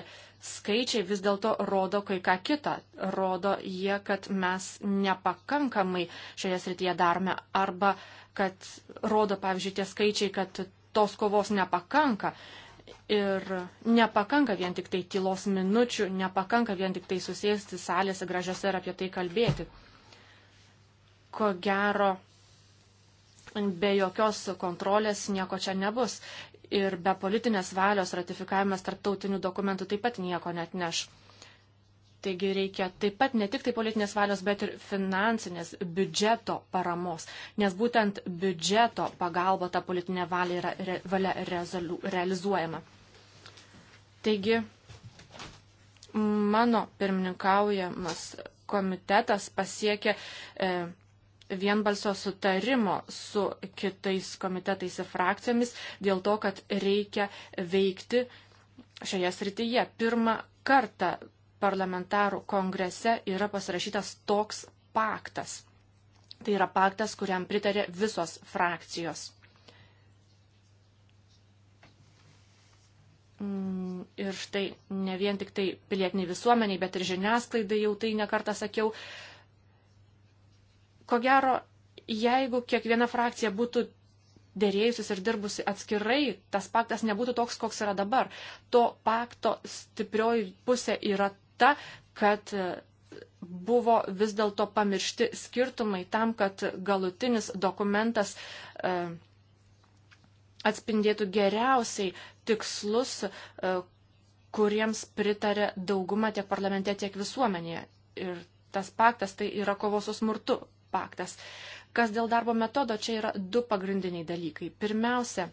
Speaker 4: skaičiai vis dėlto rodo kai ką kitą. Rodo jie, kad mes nepakankamai šioje srityje darome arba kad rodo, pavyzdžiui, tie skaičiai, kad tos kovos nepakanka. Ir nepakanka vien tik tai tylos minučių, nepakanka vien tik tai susėsti salėse gražiose ir apie tai kalbėti. Ko gero, be jokios kontrolės nieko čia nebus ir be politinės valios ratifikavimas tarptautinių dokumentų taip pat nieko net neš. Taigi reikia taip pat ne tik tai politinės valios, bet ir finansinės biudžeto paramos, nes būtent biudžeto pagalba ta politinė valia yra re, valia rezolu, realizuojama. Taigi mano pirmininkaujamas komitetas pasiekė e, vienbalsio sutarimo su kitais komitetais ir frakcijomis dėl to, kad reikia veikti šioje srityje. Pirmą kartą parlamentarų kongrese yra pasirašytas toks paktas. Tai yra paktas, kuriam pritarė visos frakcijos. Mm, ir štai ne vien tik tai pilietiniai visuomeniai, bet ir žiniasklaidai jau tai nekartą sakiau, Ko gero, jeigu kiekviena frakcija būtų dėrėjusis ir dirbusi atskirai, tas paktas nebūtų toks, koks yra dabar. To pakto stiprioji pusė yra ta, kad e, buvo vis dėlto pamiršti skirtumai tam, kad galutinis dokumentas e, atspindėtų geriausiai tikslus, e, kuriems pritarė dauguma tiek parlamente, tiek visuomenėje. Ir tas paktas tai yra kovos su smurtu paktas. Kas dėl darbo metodo, čia yra du pagrindiniai dalykai. Pirmiausia,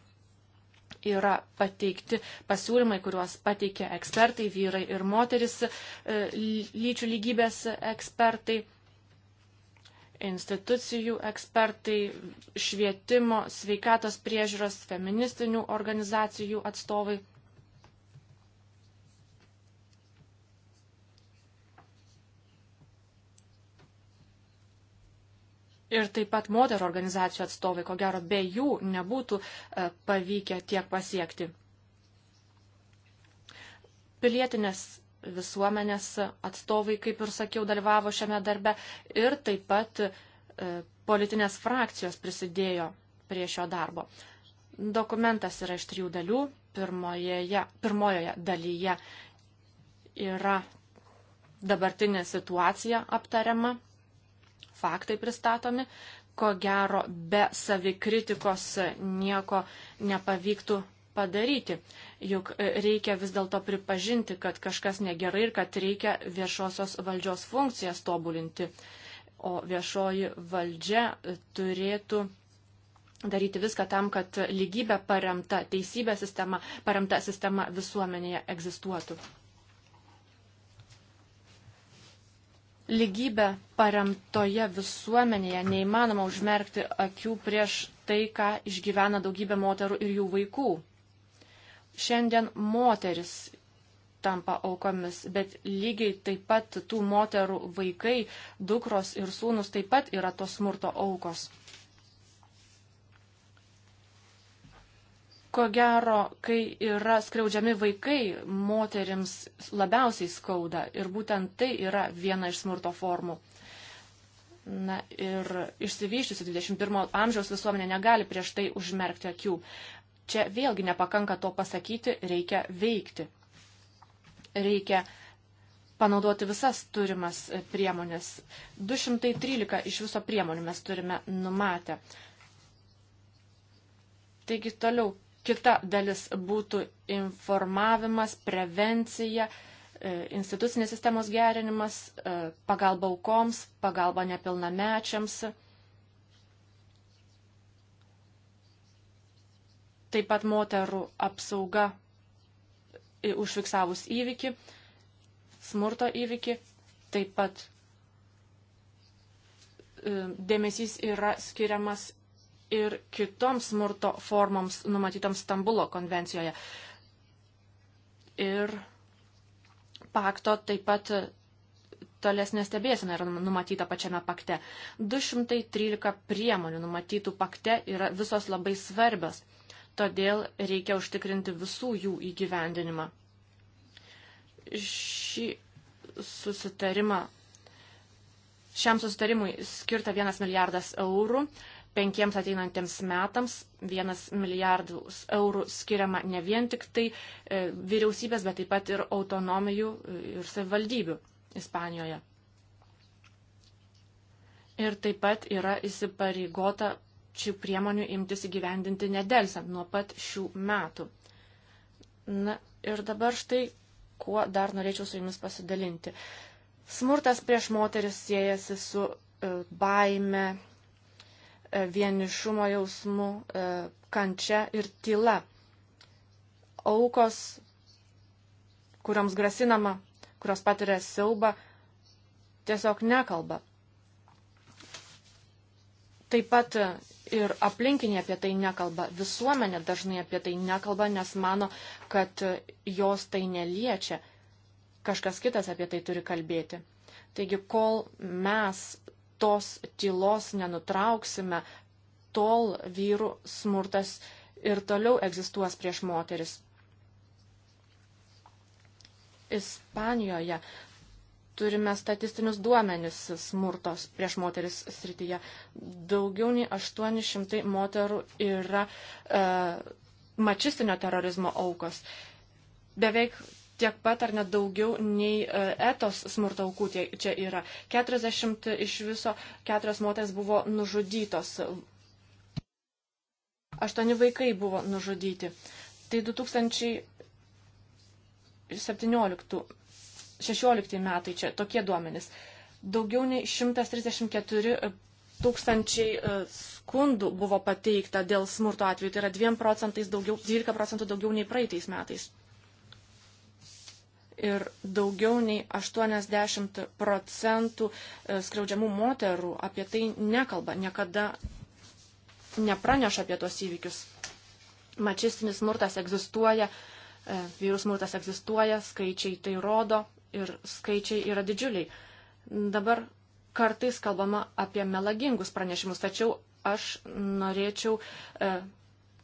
Speaker 4: yra pateikti pasiūlymai, kuriuos pateikė ekspertai, vyrai ir moteris, e, lyčių lygybės ekspertai, institucijų ekspertai, švietimo, sveikatos priežiūros, feministinių organizacijų atstovai. ir taip pat moterų organizacijų atstovai, ko gero be jų nebūtų e, pavykę tiek pasiekti. Pilietinės visuomenės atstovai, kaip ir sakiau, dalyvavo šiame darbe ir taip pat e, politinės frakcijos prisidėjo prie šio darbo. Dokumentas yra iš trijų dalių. Pirmojoje, pirmojoje dalyje yra dabartinė situacija aptariama, faktai pristatomi. Ko gero, be savikritikos nieko nepavyktų padaryti. Juk e, reikia vis dėlto pripažinti, kad kažkas negerai ir kad reikia viešosios valdžios funkcijas tobulinti. O viešoji valdžia e, turėtų daryti viską tam, kad lygybė paremta, teisybė sistema, paremta sistema visuomenėje egzistuotų. lygybę paremtoje visuomenėje neįmanoma užmerkti akių prieš tai, ką išgyvena daugybė moterų ir jų vaikų. Šiandien moteris tampa aukomis, bet lygiai taip pat tų moterų vaikai, dukros ir sūnus taip pat yra tos smurto aukos. Ko gero, kai yra skriaudžiami vaikai, moterims labiausiai skauda ir būtent tai yra viena iš smurto formų. Na ir išsivyščiusi 21 amžiaus visuomenė negali prieš tai užmerkti akių. Čia vėlgi nepakanka to pasakyti, reikia veikti. Reikia panaudoti visas turimas priemonės. 213 iš viso priemonių mes turime numatę. Taigi toliau Kita dalis būtų informavimas, prevencija, e, institucinės sistemos gerinimas, e, pagalba aukoms, pagalba nepilnamečiams. Taip pat moterų apsauga užfiksavus įvykį, smurto įvykį, taip pat e, dėmesys yra skiriamas ir kitoms smurto formoms numatytoms Stambulo konvencijoje. Ir pakto taip pat tolesnė stebėsena yra numatyta pačiame pakte. 213 priemonių numatytų pakte yra visos labai svarbios, todėl reikia užtikrinti visų jų įgyvendinimą. Šį susitarimą Šiam susitarimui skirta 1 milijardas eurų, penkiems ateinantiems metams vienas milijardus eurų skiriama ne vien tik tai e, vyriausybės, bet taip pat ir autonomijų e, ir savivaldybių Ispanijoje. Ir taip pat yra įsipareigota šių priemonių imtis įgyvendinti nedelsant nuo pat šių metų. Na ir dabar štai, kuo dar norėčiau su jumis pasidalinti. Smurtas prieš moteris siejasi su e, baime, E, vienišumo jausmu, e, kančia ir tyla. Aukos, kurioms grasinama, kurios patiria siaubą, tiesiog nekalba. Taip pat ir aplinkiniai apie tai nekalba, visuomenė dažnai apie tai nekalba, nes mano, kad jos tai neliečia. Kažkas kitas apie tai turi kalbėti. Taigi, kol mes tos tylos nenutrauksime, tol vyrų smurtas ir toliau egzistuos prieš moteris. Ispanijoje turime statistinius duomenis smurtos prieš moteris srityje. Daugiau nei 800 moterų yra e, mačistinio terorizmo aukos. Beveik tiek pat ar net daugiau nei e, etos smurto aukų čia yra. 40 iš viso keturios moteris buvo nužudytos. Aštuoni vaikai buvo nužudyti. Tai 2017-16 metai čia tokie duomenys. Daugiau nei 134 e, tūkstančiai e, skundų buvo pateikta dėl smurto atveju. Tai yra 2 procentais daugiau, 12 procentų daugiau nei praeitais metais ir daugiau nei 80 procentų e, skriaudžiamų moterų apie tai nekalba, niekada nepraneša apie tos įvykius. Mačistinis smurtas egzistuoja, e, vyrų smurtas egzistuoja, skaičiai tai rodo ir skaičiai yra didžiuliai. Dabar kartais kalbama apie melagingus pranešimus, tačiau aš norėčiau e,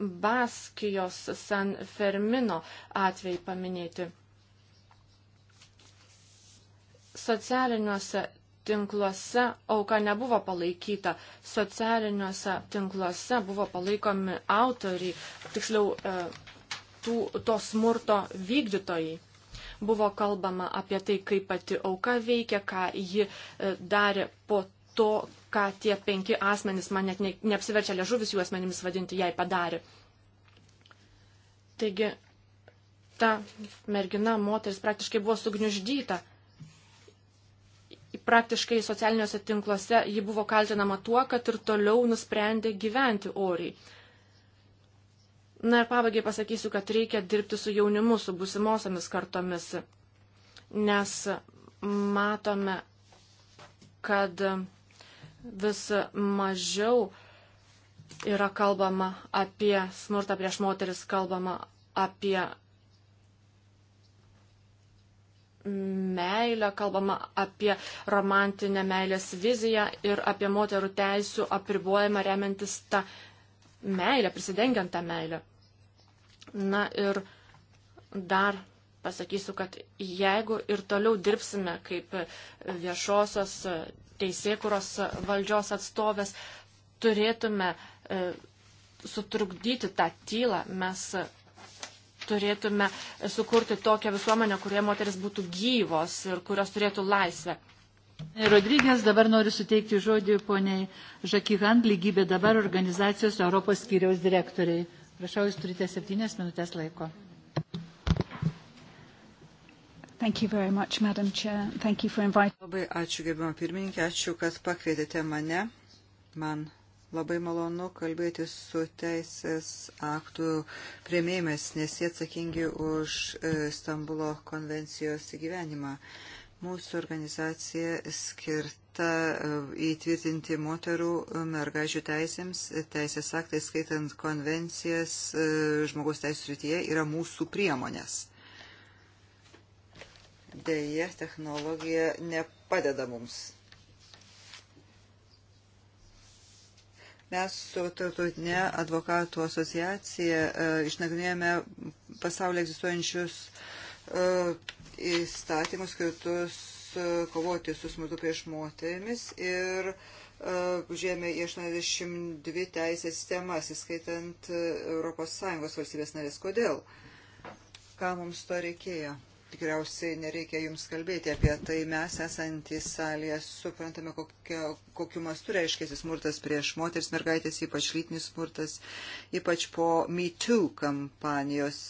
Speaker 4: Baskijos San Fermino atvejį paminėti socialiniuose tinkluose auka nebuvo palaikyta. Socialiniuose tinkluose buvo palaikomi autoriai, tiksliau e, tų, to smurto vykdytojai. Buvo kalbama apie tai, kaip pati auka veikia, ką ji e, darė po to, ką tie penki asmenys, man net ne, neapsiverčia liežuvis jų asmenimis vadinti, jai padarė. Taigi ta mergina, moteris praktiškai buvo sugniuždyta praktiškai socialiniuose tinkluose ji buvo kaltinama tuo, kad ir toliau nusprendė gyventi oriai. Na ir pabaigai pasakysiu, kad reikia dirbti su jaunimu, su busimosiamis kartomis, nes matome, kad vis mažiau yra kalbama apie smurtą prieš moteris, kalbama apie meilę, kalbama apie romantinę meilės viziją ir apie moterų teisų apribojimą remiantis tą meilę, prisidengiant tą meilę. Na ir dar pasakysiu, kad jeigu ir toliau dirbsime kaip viešosios teisėkuros valdžios atstovės, turėtume e, sutrukdyti tą tylą, mes turėtume sukurti tokią visuomenę, kurioje moteris būtų gyvos ir kurios turėtų laisvę.
Speaker 3: E, Rodrygės dabar noriu suteikti žodį poniai Žakyhan, lygybė dabar organizacijos Europos skyriaus direktoriai. Prašau, jūs turite septynės minutės laiko.
Speaker 1: Much, Labai ačiū, gerbimo pirmininkė, ačiū, kad pakvietėte mane. Man Labai malonu kalbėti su teisės aktų prieimėjimis, nes jie atsakingi už e, Stambulo konvencijos įgyvenimą. Mūsų organizacija skirta e, įtvirtinti moterų e, mergažių teisėms, teisės aktai skaitant konvencijas žmogaus teisų rytyje yra mūsų priemonės. Deja, technologija nepadeda mums Mes su Tartutinė advokatų asociacija e, išnagrinėjome pasaulio egzistuojančius e, įstatymus skirtus e, kovoti su smurtu prieš moterimis ir žėmė į 82 teisės sistemas, įskaitant ES valstybės narės. Kodėl? Ką mums to reikėjo? tikriausiai nereikia jums kalbėti apie tai. Mes esantys salėje suprantame, kokio, kokiu mastu reiškia smurtas prieš moteris mergaitės, ypač lytinis smurtas, ypač po MeToo kampanijos.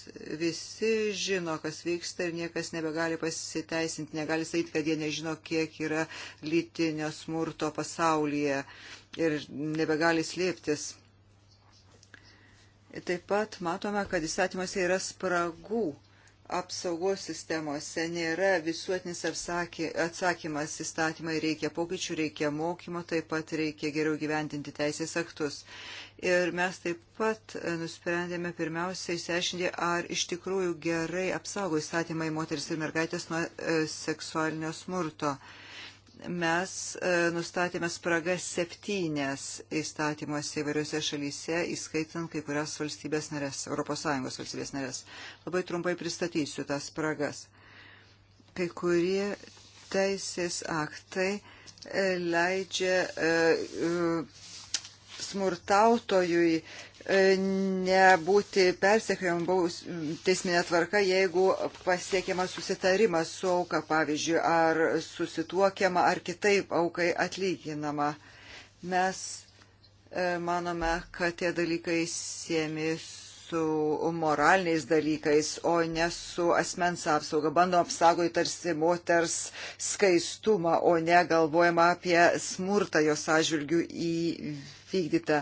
Speaker 1: Visi žino, kas vyksta ir niekas nebegali pasiteisinti, negali sakyti, kad jie nežino, kiek yra lytinio smurto pasaulyje ir nebegali slėptis. Taip pat matome, kad įstatymuose yra spragų apsaugos sistemose nėra visuotinis atsakymas įstatymai reikia pokyčių, reikia mokymo, taip pat reikia geriau gyventinti teisės aktus. Ir mes taip pat e, nusprendėme pirmiausia įsiaiškinti, ar iš tikrųjų gerai apsaugo įstatymai moteris ir mergaitės nuo e, seksualinio smurto. E, mes e, nustatėme spragas septynės įstatymuose įvairiose šalyse, įskaitant kai kurias valstybės narės, ES valstybės narės. Labai trumpai pristatysiu tas spragas. Kai kurie teisės aktai e, leidžia e, smurtautojui E, nebūti persekiojam teisminė tvarka, jeigu pasiekiamas susitarimas su auka, pavyzdžiui, ar susituokiama, ar kitaip aukai atlyginama. Mes e, manome, kad tie dalykai siemi su moraliniais dalykais, o ne su asmens apsauga. Bandom apsaugoti tarsi moters skaistumą, o ne galvojama apie smurtą jos atžvilgių įvykdytą.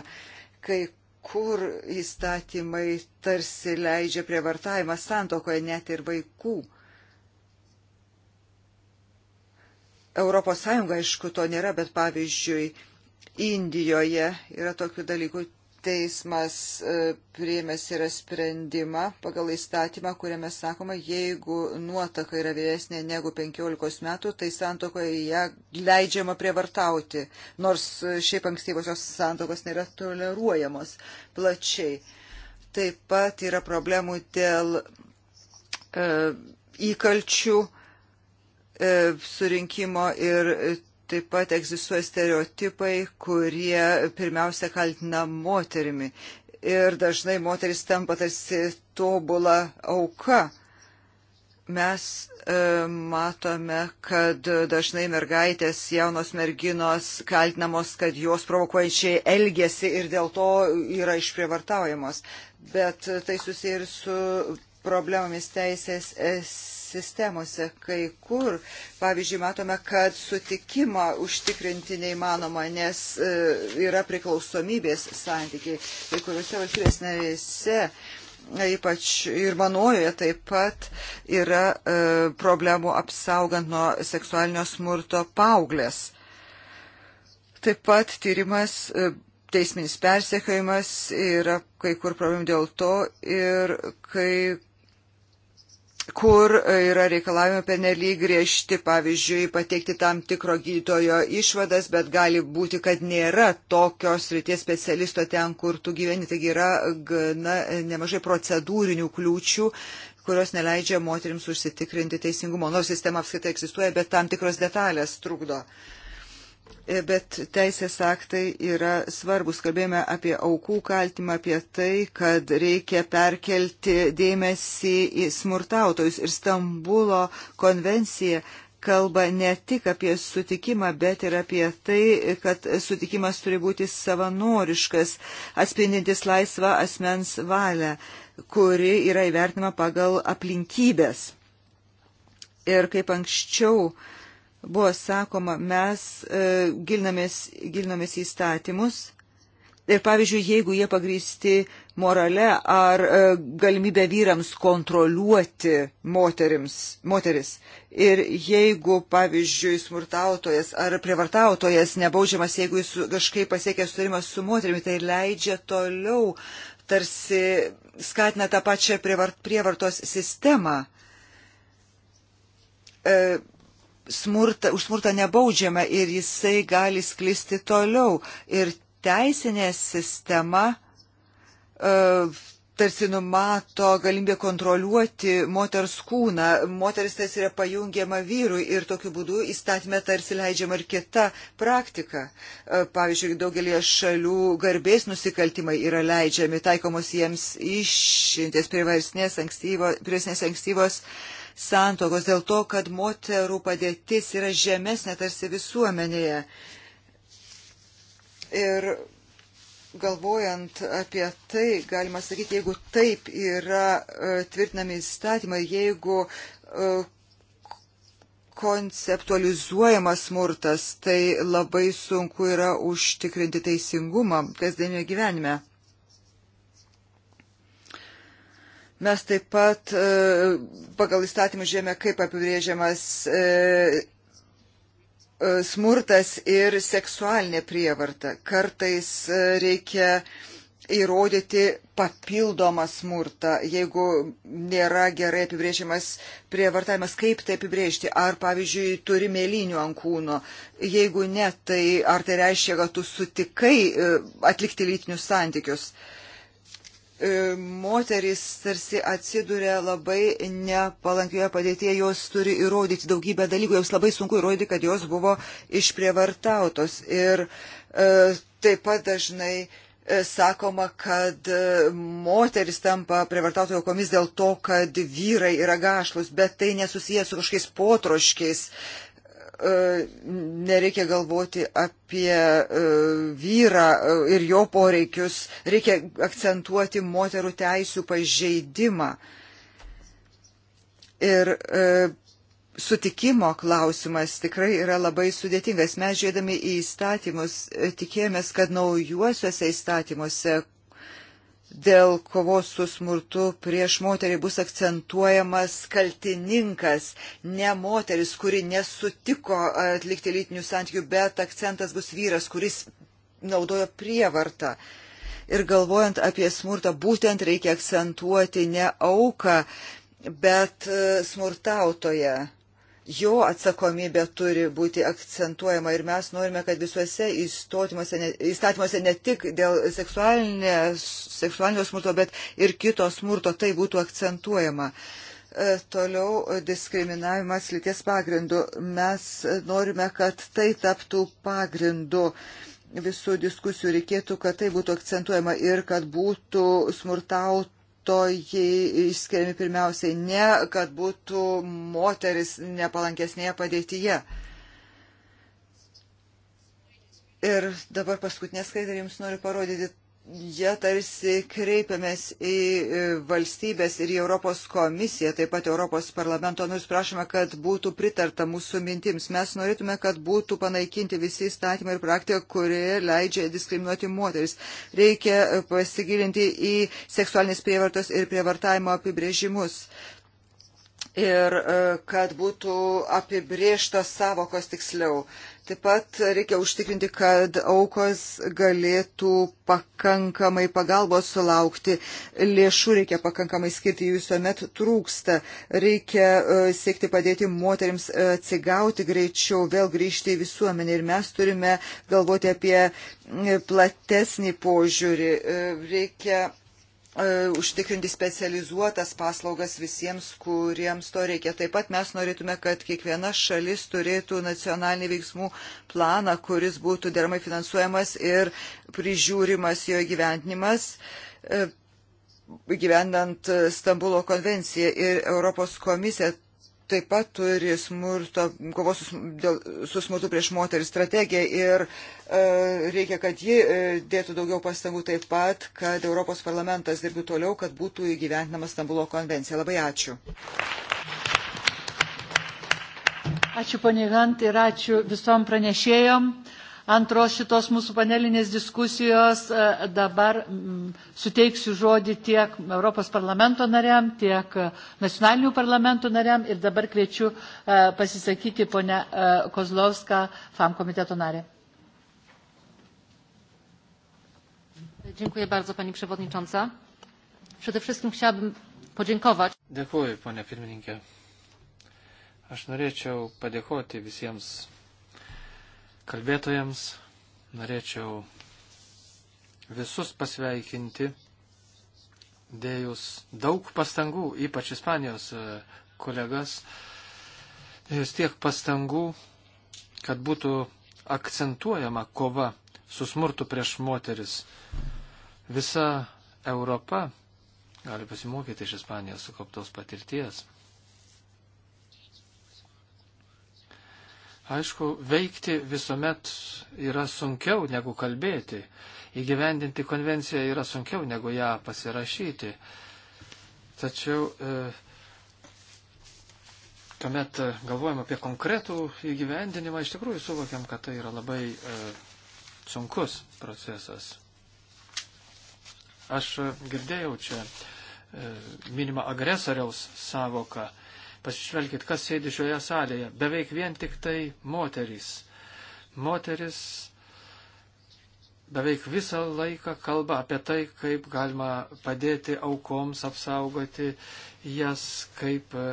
Speaker 1: Kai kur įstatymai tarsi leidžia prievartavimą santokoje net ir vaikų. Europos Sąjunga, aišku, to nėra, bet pavyzdžiui, Indijoje yra tokių dalykų teismas e, priėmęs yra sprendimą pagal įstatymą, kuriame sakoma, jeigu nuotaka yra vyresnė negu 15 metų, tai santokoje ją leidžiama prievartauti, nors šiaip ankstyvosios santokos nėra toleruojamos plačiai. Taip pat yra problemų dėl e, įkalčių e, surinkimo ir Taip pat egzistuoja stereotipai, kurie pirmiausia kaltina moterimi. Ir dažnai moteris tampa tarsi tobula auka. Mes e, matome, kad dažnai mergaitės, jaunos merginos kaltinamos, kad jos provokuojančiai elgesi ir dėl to yra išprievartaujamos. Bet tai susiję ir su problemomis teisės es sistemose. Kai kur, pavyzdžiui, matome, kad sutikimą užtikrinti neįmanoma, nes e, yra priklausomybės santykiai. Kai kuriuose valstybės narėse e, ypač ir manojoje taip pat yra e, problemų apsaugant nuo seksualinio smurto paauglės. Taip pat tyrimas, e, teisminis persekiojimas yra kai kur problemų dėl to ir kai kur e, yra reikalavimai pernelyg griežti, pavyzdžiui, pateikti tam tikro gydytojo išvadas, bet gali būti, kad nėra tokios ryties specialisto ten, kur tu gyveni. Taigi yra gana e, nemažai procedūrinių kliūčių, kurios neleidžia moteriams užsitikrinti teisingumo. Nors sistema apskritai egzistuoja, bet tam tikros detalės trukdo. Uh, E, bet teisės aktai yra svarbus. Kalbėjome apie aukų kaltimą, apie tai, kad reikia perkelti dėmesį į smurtautojus. Ir Stambulo konvencija kalba ne tik apie sutikimą, bet ir apie tai, kad sutikimas turi būti savanoriškas, atspindintis laisvą asmens valią, kuri yra įvertinama pagal aplinkybės. Ir kaip anksčiau uh, buvo sakoma, mes e, gilinamės, gilinamės į įstatymus ir, pavyzdžiui, jeigu jie pagrysti morale ar e, galimybę vyrams kontroliuoti moterims, moteris ir jeigu, pavyzdžiui, smurtautojas ar prievartautojas nebaudžiamas, jeigu jis kažkaip pasiekia sutarimas su moterimi, tai leidžia toliau tarsi skatina tą pačią prievart, prievartos sistemą. E, smurta, už smurtą nebaudžiama ir jisai gali sklisti toliau. Ir teisinė sistema uh, tarsi numato galimybę kontroliuoti moters kūną. Moteris tarsi yra pajungiama vyrui ir tokiu būdu įstatymė tarsi leidžiama ir kita praktika. Uh, pavyzdžiui, daugelie šalių garbės nusikaltimai yra leidžiami, taikomos jiems išimties priversnės ankstyvos. Priversnės ankstyvos uh, santokos, dėl to, kad moterų padėtis yra žemesnė tarsi visuomenėje. Ir galvojant apie tai, galima sakyti, jeigu taip yra e, tvirtinami įstatymai, jeigu e, konceptualizuojamas smurtas, tai labai sunku yra užtikrinti teisingumą kasdienio gyvenime. Mes taip pat e, pagal įstatymą žiūrėjome, kaip apibrėžiamas e, e, smurtas ir seksualinė prievarta. Kartais reikia įrodyti papildomą smurtą, jeigu nėra gerai apibrėžiamas prievartavimas, kaip tai apibrėžti, ar pavyzdžiui turi mėlynių ant kūno, jeigu ne, tai ar tai reiškia, kad tu sutikai atlikti lytinius santykius. Uh, E, moteris tarsi atsiduria labai nepalankioje padėtėje, jos turi įrodyti daugybę dalykų, joms labai sunku įrodyti, kad jos buvo išprievartautos. Ir e, taip pat dažnai e, sakoma, kad e, moteris tampa prievartautojo komis dėl to, kad vyrai yra gašlus, bet tai nesusiję su kažkokiais potroškiais. E, E, nereikia galvoti apie e, vyrą e, ir jo poreikius, reikia akcentuoti moterų teisų pažeidimą. Ir sutikimo klausimas tikrai yra labai sudėtingas. Mes žiūrėdami į įstatymus tikėjomės, kad naujuosiuose įstatymuose, dėl kovos su smurtu prieš moterį bus akcentuojamas kaltininkas, ne moteris, kuri nesutiko atlikti lytinių santykių, bet akcentas bus vyras, kuris naudojo prievartą. Ir galvojant apie smurtą, būtent reikia akcentuoti ne auką, bet smurtautoje jo atsakomybė turi būti akcentuojama ir mes norime, kad visuose įstatymuose ne tik dėl seksualinio smurto, bet ir kito smurto tai būtų akcentuojama. E, toliau diskriminavimas lyties pagrindu. Mes norime, kad tai taptų pagrindu visų diskusijų. Reikėtų, kad tai būtų akcentuojama ir kad būtų smurtautų darbuotojai išskiriami pirmiausiai ne, kad būtų moteris nepalankesnėje padėtyje. Ir dabar paskutinę skaidrą jums noriu parodyti ja tarsi kreipiamės į e, valstybės ir į Europos komisiją, taip pat Europos parlamento, nors prašome, kad būtų pritarta mūsų mintims. Mes norėtume, kad būtų panaikinti visi įstatymai ir praktika, kurie leidžia diskriminuoti moteris. Reikia e, pasigilinti į seksualinės prievartos ir prievartavimo apibrėžimus. Ir e, kad būtų apibrėžtos savokos tiksliau. Uh, Taip pat reikia užtikrinti, kad aukos galėtų pakankamai pagalbos sulaukti, lėšų reikia pakankamai skirti, jų visuomet trūksta, reikia e, siekti padėti moteriams e, atsigauti greičiau, vėl grįžti į visuomenę ir mes turime galvoti apie platesnį požiūrį, e, reikia E, užtikrinti specializuotas paslaugas visiems, kuriems to reikia. Taip pat mes norėtume, kad kiekviena šalis turėtų nacionalinį veiksmų planą, kuris būtų deramai finansuojamas ir prižiūrimas jo gyventinimas e, gyvendant Stambulo konvenciją ir Europos komisija taip pat turi smurto, kovos su, dėl, su smurtu prieš moterį strategiją ir e, reikia, kad ji e, dėtų daugiau pastangų taip pat, kad Europos parlamentas dirbtų toliau, kad būtų įgyventinama Stambulo konvencija. Labai ačiū.
Speaker 3: Ačiū ponė Gant ir ačiū visom pranešėjom antros šitos mūsų panelinės diskusijos e, dabar suteiksiu žodį tiek Europos parlamento nariam, tiek nacionalinių parlamentų nariam ir dabar kviečiu e, pasisakyti ponę e, Kozlovską, FAM komiteto narę. Dziękuję bardzo Pani Przewodnicząca. Przede wszystkim chciałabym podziękować.
Speaker 5: Dziękuję Panie Pirmininkė. Aš norėčiau padėkoti visiems kalbėtojams. Norėčiau visus pasveikinti, dėjus daug pastangų, ypač Ispanijos e, kolegas, dėjus tiek pastangų, kad būtų akcentuojama kova su smurtu prieš moteris. Visa Europa gali pasimokyti iš Ispanijos sukauptos patirties. Aišku, veikti visuomet yra sunkiau negu kalbėti. Įgyvendinti konvenciją yra sunkiau negu ją pasirašyti. Tačiau e, tuomet galvojam apie konkretų įgyvendinimą, iš tikrųjų suvokiam, kad tai yra labai e, sunkus procesas. Aš girdėjau čia e, minimą agresoriaus savoką. Pasižvelkit, kas sėdi šioje salėje. Beveik vien tik tai moterys. Moteris beveik visą laiką kalba apie tai, kaip galima padėti aukoms, apsaugoti jas, kaip e,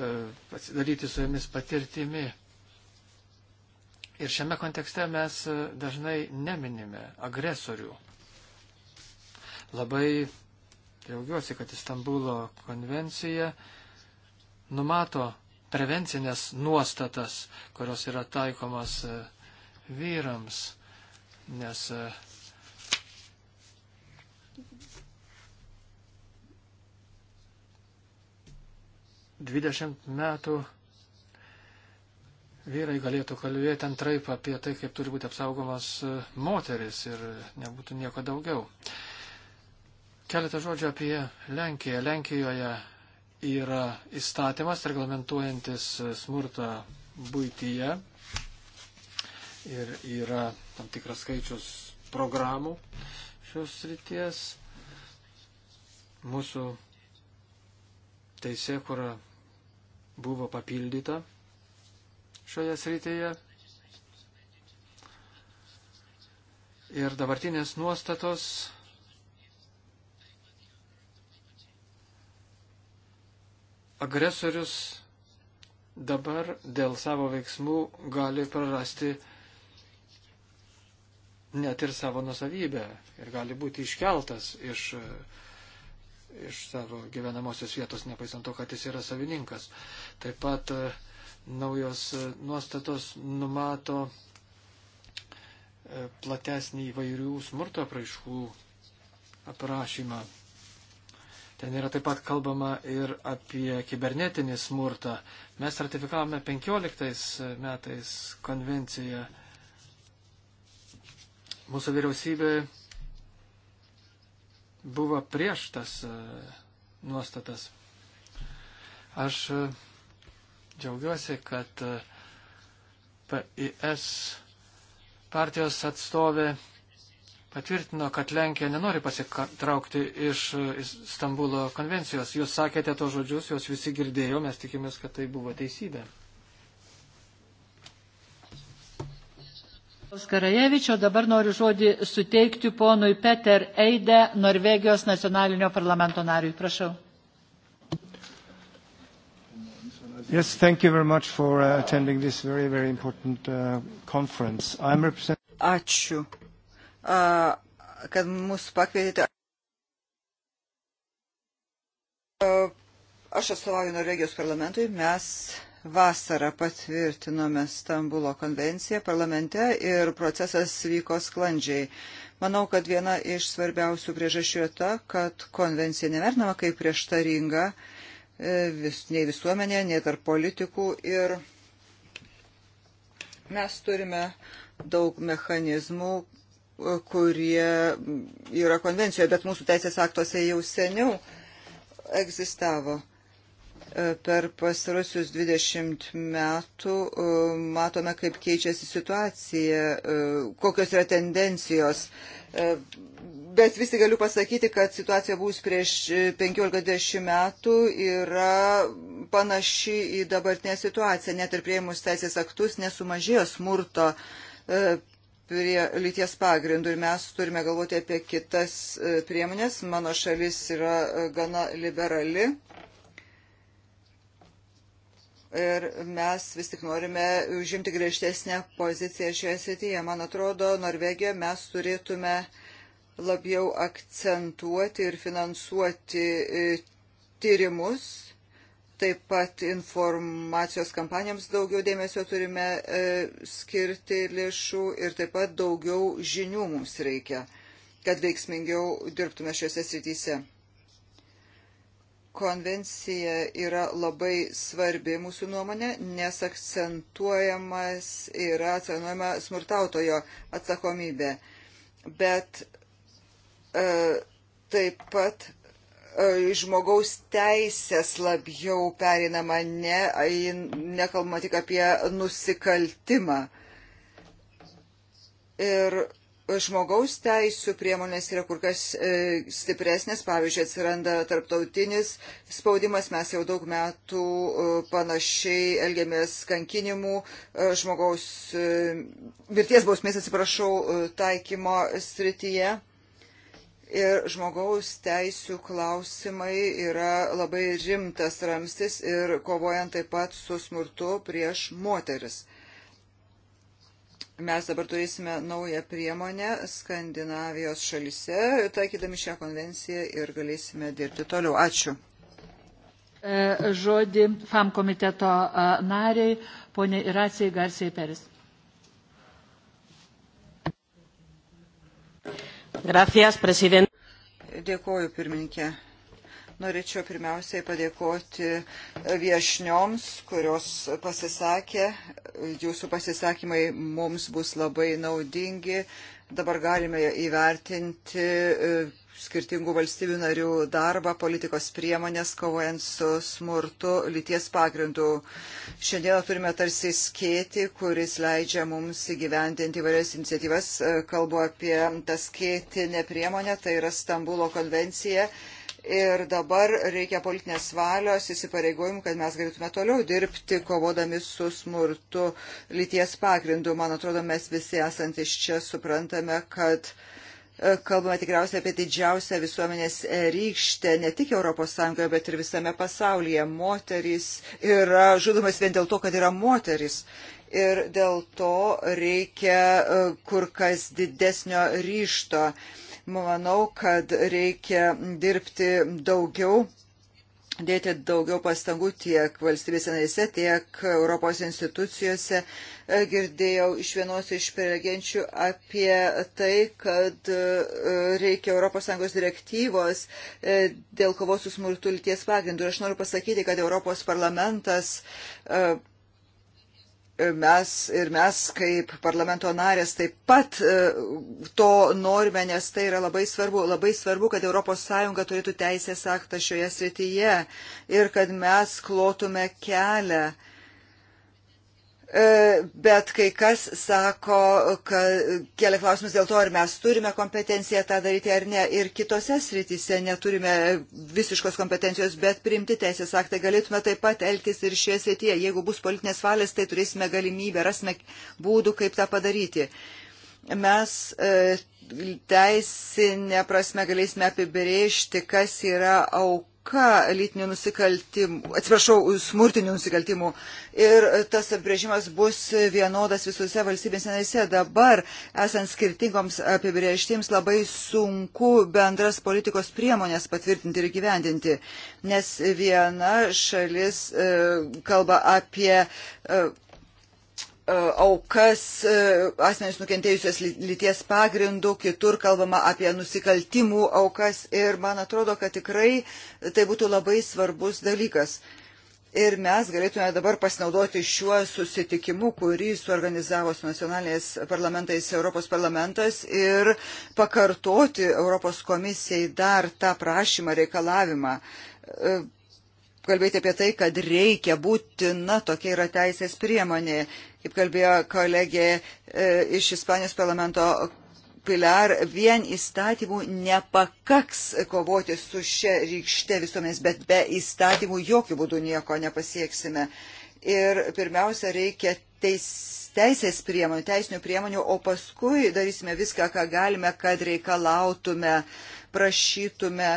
Speaker 5: e pasidaryti su jomis patirtimi. Ir šiame kontekste mes e, dažnai neminime agresorių. Labai džiaugiuosi, kad Istanbulo konvencija numato prevencinės nuostatas, kurios yra taikomas e, vyrams, nes e, dvidešimt metų vyrai galėtų kalbėti antraip apie tai, kaip turi būti apsaugomas e, moteris ir nebūtų nieko daugiau. Keletą žodžių apie Lenkiją. Lenkijoje yra įstatymas reglamentuojantis smurtą būtyje ir yra tam tikras skaičius programų šios ryties. Mūsų teisė, kur buvo papildyta šioje srityje. Ir dabartinės nuostatos agresorius dabar dėl savo veiksmų gali prarasti net ir savo nusavybę ir gali būti iškeltas iš, iš savo gyvenamosios vietos, nepaisant to, kad jis yra savininkas. Taip pat e, naujos e, nuostatos numato e, platesnį įvairių smurto apraiškų aprašymą. Ten yra taip pat kalbama ir apie kibernetinį smurtą. Mes ratifikavome 15 metais konvenciją. Mūsų vyriausybė buvo prieš tas e, nuostatas. Aš e, džiaugiuosi, kad e, PIS partijos atstovė patvirtino, kad Lenkija nenori pasitraukti iš Stambulo konvencijos. Jūs sakėte to žodžius, juos visi girdėjo, mes tikimės, kad tai buvo teisybė.
Speaker 3: Skarajevič, o dabar noriu žodį suteikti ponui Peter Eide, Norvegijos nacionalinio parlamento nariui. Prašau.
Speaker 1: Yes,
Speaker 5: thank you very much for uh, attending this very, very important uh, conference. I'm representing...
Speaker 1: Ačiū kad mūsų pakvietėte. Aš atstovauju Norvegijos parlamentui, mes vasarą patvirtinome Stambulo konvenciją parlamente ir procesas vyko sklandžiai. Manau, kad viena iš svarbiausių priežasčių yra ta, kad konvencija nevertinama kaip prieštaringa e, vis, nei visuomenė, nei tarp politikų ir mes turime daug mechanizmų, kurie yra konvencijoje, bet mūsų teisės aktuose jau seniau egzistavo. E, per pastarusius 20 metų e, matome, kaip keičiasi situacija, e, kokios yra tendencijos. Bet vis tik galiu pasakyti, kad situacija bus prieš 15-20 metų yra panaši į dabartinę situaciją. Net ir prieimus teisės aktus nesumažėjo smurto prie lyties pagrindų ir mes turime galvoti apie kitas e, priemonės. Mano šalis yra e, gana liberali ir mes vis tik norime užimti griežtesnę poziciją šioje srityje. Man atrodo, Norvegijoje mes turėtume labiau akcentuoti ir finansuoti e, tyrimus Taip pat informacijos kampanijoms daugiau dėmesio turime e, skirti lėšų ir taip pat daugiau žinių mums reikia, kad veiksmingiau dirbtume šiuose srityse. Konvencija yra labai svarbi mūsų nuomonė, nes akcentuojamas yra akcentuojama smurtautojo atsakomybė. Bet e, taip pat E, žmogaus teisės labiau perinama, ne, nekalbama tik apie nusikaltimą. Ir žmogaus teisų priemonės yra kur kas e, stipresnės. Pavyzdžiui, atsiranda tarptautinis spaudimas, mes jau daug metų e, panašiai elgiamės kankinimų, e, žmogaus e, mirties bausmės, atsiprašau, e, taikymo srityje. E, Ir žmogaus teisų klausimai yra labai rimtas ramstis ir kovojant taip pat su smurtu prieš moteris. Mes dabar turėsime naują priemonę Skandinavijos šalise, taikydami šią konvenciją ir galėsime dirbti toliau. Ačiū. E,
Speaker 3: žodį FAM komiteto e, nariai, ponė Iracijai Garsiai Peris.
Speaker 4: Gracias, prezident.
Speaker 1: Dėkuoju, pirmininkė. Norėčiau pirmiausiai padėkoti viešnioms, kurios pasisakė. Jūsų pasisakymai mums bus labai naudingi. Dabar galime įvertinti e, skirtingų valstybių narių darbą, politikos priemonės, kovojant su smurtu lyties pagrindu. Šiandieną turime tarsi skėti, kuris leidžia mums įgyvendinti įvairias iniciatyvas. E, kalbu apie tą skėtinę priemonę, tai yra Stambulo konvencija ir dabar reikia politinės valios įsipareigojimų, kad mes galėtume toliau dirbti, kovodami su smurtu lyties pagrindu. Man atrodo, mes visi esantis čia suprantame, kad e, kalbame tikriausiai apie didžiausią visuomenės rykštę, ne tik ES, bet ir visame pasaulyje. Moterys yra žudomas vien dėl to, kad yra moteris. Ir dėl to reikia e, kur kas didesnio ryšto. Uh, Manau, kad reikia dirbti daugiau dėti daugiau pastangų tiek valstybės narėse, tiek Europos institucijose. E, girdėjau iš vienos iš prelegenčių apie tai, kad e, reikia ES direktyvos e, dėl kovos su smurtu lyties pagrindu. Ir aš noriu pasakyti, kad Europos parlamentas mes ir mes kaip parlamento narės taip pat e, to norime, nes tai yra labai svarbu. Labai svarbu, kad ES turėtų teisės aktą šioje srityje ir kad mes klotume kelią E, bet kai kas sako, kad kelia klausimus dėl to, ar mes turime kompetenciją tą daryti ar ne. Ir kitose srityse neturime visiškos kompetencijos, bet priimti teisės aktai galėtume taip pat elgtis ir šioje srityje. Jeigu bus politinės valės, tai turėsime galimybę, rasime būdų, kaip tą padaryti. Mes e, teisinė prasme galėsime apibrėžti, kas yra auka auka lytinių nusikaltimų, atsiprašau, smurtinių nusikaltimų. Ir tas apibrėžimas bus vienodas visose valstybėse narėse. Dabar, esant skirtingoms apibrėžtims, labai sunku bendras politikos priemonės patvirtinti ir gyvendinti. Nes viena šalis e, kalba apie e, E, aukas, e, asmenys nukentėjusios lyties pagrindų, kitur kalbama apie nusikaltimų aukas ir man atrodo, kad tikrai tai būtų labai svarbus dalykas. Ir mes galėtume dabar pasinaudoti šiuo susitikimu, kurį suorganizavo su nacionaliniais parlamentais Europos parlamentas ir pakartoti Europos komisijai dar tą prašymą, reikalavimą e, kalbėti apie tai, kad reikia būtina, tokia yra teisės priemonė. Kaip kalbėjo kolegė e, iš Ispanijos parlamento Pilar, vien įstatymų nepakaks kovoti su šia rykšte visomis, bet be įstatymų jokių būdų nieko nepasieksime. Ir pirmiausia, reikia teis, teisės priemonių, teisinių priemonių, o paskui darysime viską, ką galime, kad reikalautume, prašytume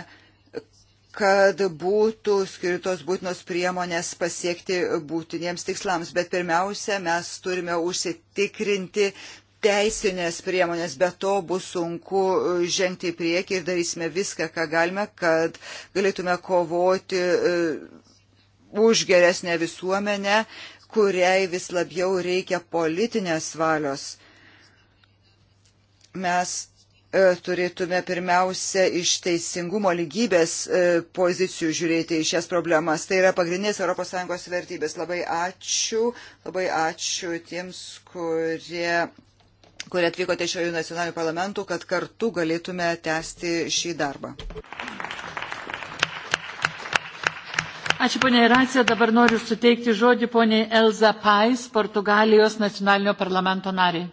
Speaker 1: kad būtų skirtos būtinos priemonės pasiekti būtiniems tikslams. Bet pirmiausia, mes turime užsitikrinti teisinės priemonės, bet to bus sunku žengti į priekį ir darysime viską, ką galime, kad galėtume kovoti e, už geresnę visuomenę, kuriai vis labiau reikia politinės valios. Mes E, turėtume pirmiausia iš teisingumo lygybės e, pozicijų žiūrėti į šias problemas. Tai yra pagrindinės ES vertybės. Labai ačiū, labai ačiū tiems, kurie kurie atvykote iš šių nacionalinių parlamentų, kad kartu galėtume tęsti šį darbą.
Speaker 3: Ačiū ponė Racija, dabar noriu suteikti žodį poniai Elza Pais, Portugalijos nacionalinio parlamento nariai.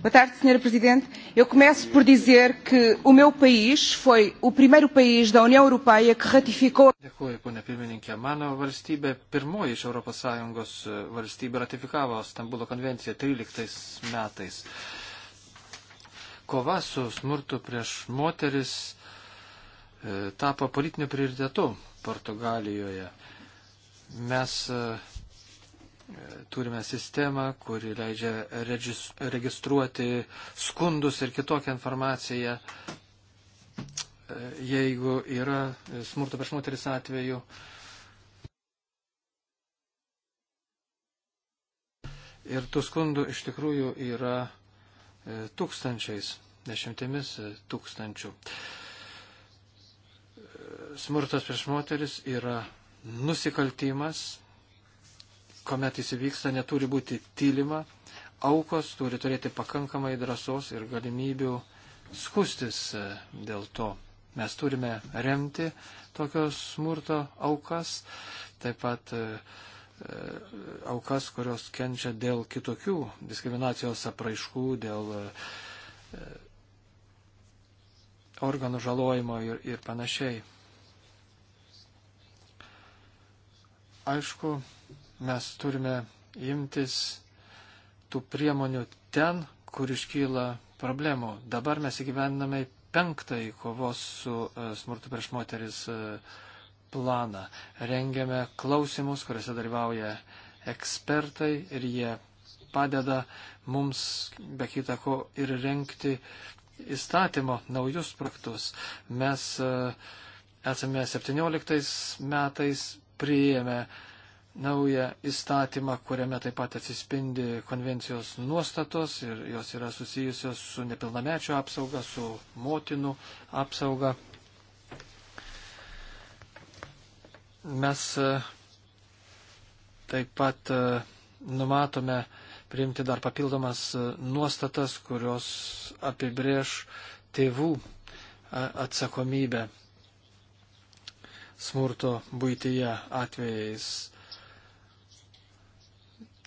Speaker 1: Boa tarde, Sra. Presidente. Eu começo por dizer que o meu país foi o primeiro país da União Europeia que ratificou.
Speaker 5: Dėkuoju, ponia pirmininkė. Mano valstybė pirmoji iš ES e, valstybių ratifikavo Stambulo konvenciją 13 metais. Kova su smurtu prieš moteris e, tapo politiniu prioritetu Portugalijoje. Mes e, Turime sistemą, kuri leidžia registruoti skundus ir kitokią informaciją, jeigu yra smurto prieš moteris atveju. Ir tų skundų iš tikrųjų yra e, tūkstančiais, dešimtimis e, tūkstančių. E, smurtas prieš moteris yra nusikaltimas, kuomet jis įvyksta, neturi būti tylima, aukos turi turėti pakankamai drąsos ir galimybių skustis e, dėl to. Mes turime remti tokios smurto aukas, taip pat e, e, aukas, kurios kenčia dėl kitokių diskriminacijos apraiškų, dėl organų žalojimo ir, ir panašiai. Aišku, mes turime imtis tų priemonių ten, kur iškyla problemų. Dabar mes įgyvendiname penktąjį kovos su e, smurtu prieš moteris e, planą. Rengiame klausimus, kuriuose dalyvauja ekspertai ir jie padeda mums be kitako ir renkti įstatymo naujus praktus. Mes e, esame 17 metais priėmę naują įstatymą, kuriame taip pat atsispindi konvencijos nuostatos ir jos yra susijusios su nepilnamečio apsauga, su motinų apsauga. Mes e, taip pat e, numatome priimti dar papildomas e, nuostatas, kurios apibrėž tėvų atsakomybę smurto būtyje atvejais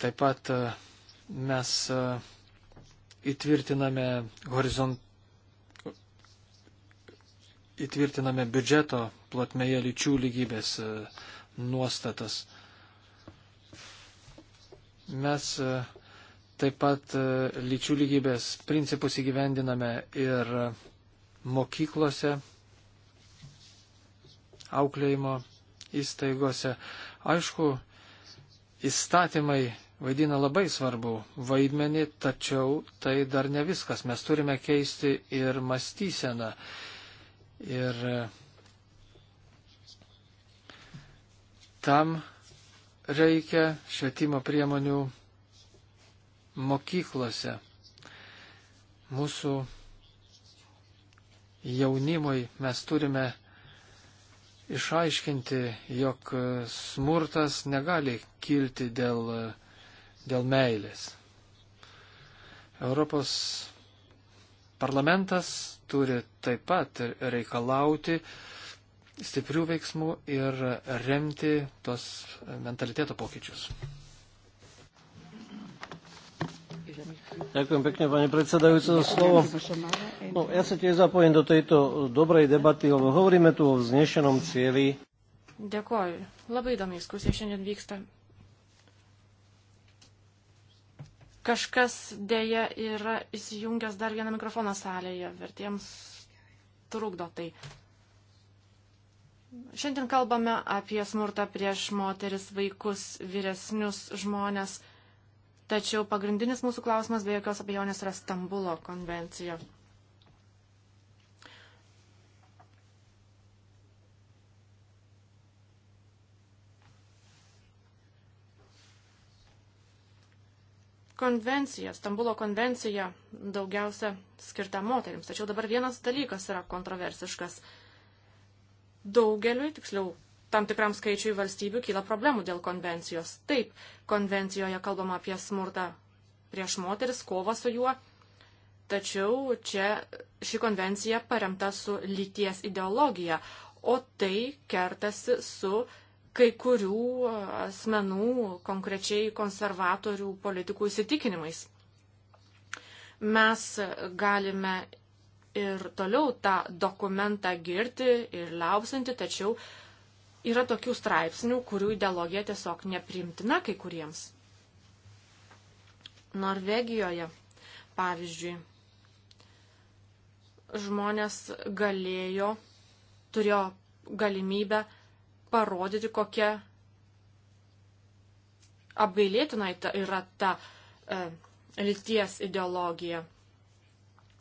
Speaker 5: Taip pat e, mes e, įtvirtiname horizont, įtvirtiname biudžeto plotmėje lyčių lygybės e, nuostatas. Mes taip pat lyčių lygybės principus įgyvendiname ir mokyklose, auklėjimo įstaigose. Aišku, įstatymai vaidina labai svarbu vaidmenį, tačiau tai dar ne viskas. Mes turime keisti ir mąstyseną. Ir e, tam reikia švietimo priemonių mokyklose. Mūsų jaunimui mes turime išaiškinti, jog smurtas negali kilti dėl dėl meilės. Europos parlamentas turi taip pat reikalauti stiprių veiksmų ir remti tos mentaliteto pokyčius. Ďakujem pekne, pani predsedajúca, za slovo. No, ja sa tiež zapojím do tejto dobrej debaty, lebo hovoríme tu o vznešenom
Speaker 2: cieli.
Speaker 4: Dėkoju. Labai įdomi diskusija šiandien vyksta. Kažkas dėja yra įsijungęs dar vieną mikrofoną salėje, vertiems trukdo tai. Šiandien kalbame apie smurtą prieš moteris, vaikus, vyresnius žmonės, tačiau pagrindinis mūsų klausimas be jokios abejonės yra Stambulo konvencija. konvencija, Stambulo konvencija daugiausia skirta moteriams. Tačiau dabar vienas dalykas yra kontroversiškas. Daugeliui, tiksliau, tam tikram skaičiui valstybių kyla problemų dėl konvencijos. Taip, konvencijoje kalbama apie smurtą prieš moteris, kovą su juo. Tačiau čia ši konvencija paremta su lyties ideologija, o tai kertasi su kai kurių asmenų, konkrečiai konservatorių politikų įsitikinimais. Mes galime ir toliau tą dokumentą girti ir liausinti, tačiau yra tokių straipsnių, kurių ideologija tiesiog neprimtina kai kuriems. Norvegijoje, pavyzdžiui, žmonės galėjo, turėjo galimybę parodyti, kokia apgailėtina yra ta e, lyties ideologija.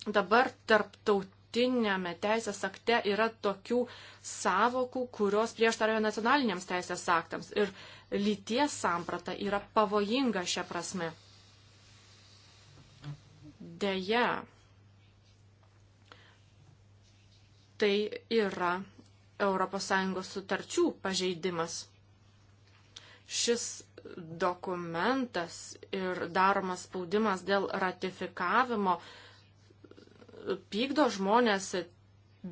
Speaker 4: Dabar tarptautinėme teisės akte yra tokių savokų, kurios prieštarauja nacionaliniams teisės aktams. Ir lyties samprata yra pavojinga šią prasme. Deja, tai yra ES sutarčių pažeidimas. Šis dokumentas ir daromas spaudimas dėl ratifikavimo pykdo žmonės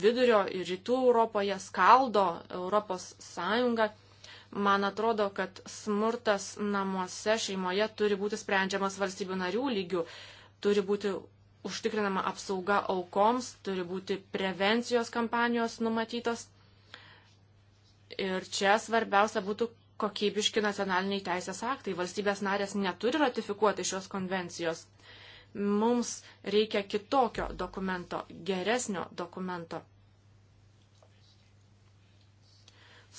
Speaker 4: vidurio ir rytų Europoje, skaldo Europos Sąjungą. Man atrodo, kad smurtas namuose, šeimoje turi būti sprendžiamas valstybių narių lygių, turi būti užtikrinama apsauga aukoms, turi būti prevencijos kampanijos numatytos Ir čia svarbiausia būtų kokybiški nacionaliniai teisės aktai. Valstybės narės neturi ratifikuoti šios konvencijos. Mums reikia kitokio dokumento, geresnio dokumento.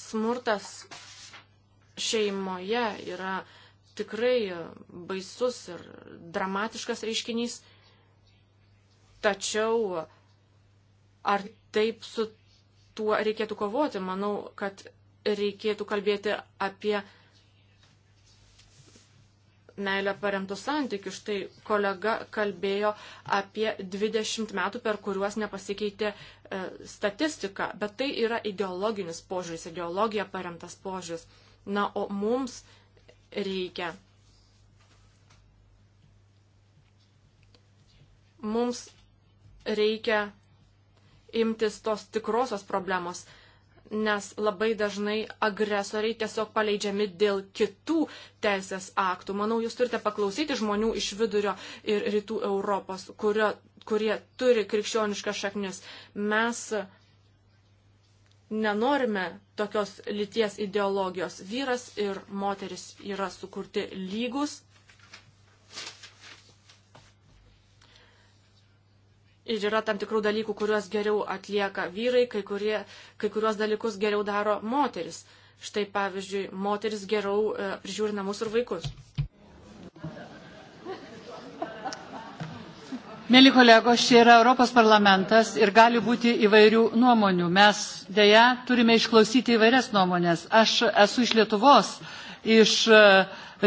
Speaker 4: Smurtas šeimoje yra tikrai baisus ir dramatiškas reiškinys, tačiau ar taip su tuo reikėtų kovoti. Manau, kad reikėtų kalbėti apie meilę paremtus santykius. Štai kolega kalbėjo apie 20 metų, per kuriuos nepasikeitė e, statistika, bet tai yra ideologinis požiūris, ideologija paremtas požiūris. Na, o mums reikia. Mums reikia imtis tos tikrosios problemos, nes labai dažnai agresoriai tiesiog paleidžiami dėl kitų teisės aktų. Manau, jūs turite paklausyti žmonių iš vidurio ir rytų Europos, kurio, kurie turi krikščioniškas šaknis. Mes nenorime tokios lyties ideologijos. Vyras ir moteris yra sukurti lygus ir yra tam tikrų dalykų, kuriuos geriau atlieka vyrai, kai, kurie, kai kuriuos dalykus geriau daro moteris. Štai pavyzdžiui, moteris geriau e, prižiūri namus ir vaikus.
Speaker 3: Mėly kolegos, čia yra Europos parlamentas ir gali būti įvairių nuomonių. Mes dėja turime išklausyti įvairias nuomonės. Aš esu iš Lietuvos, iš e,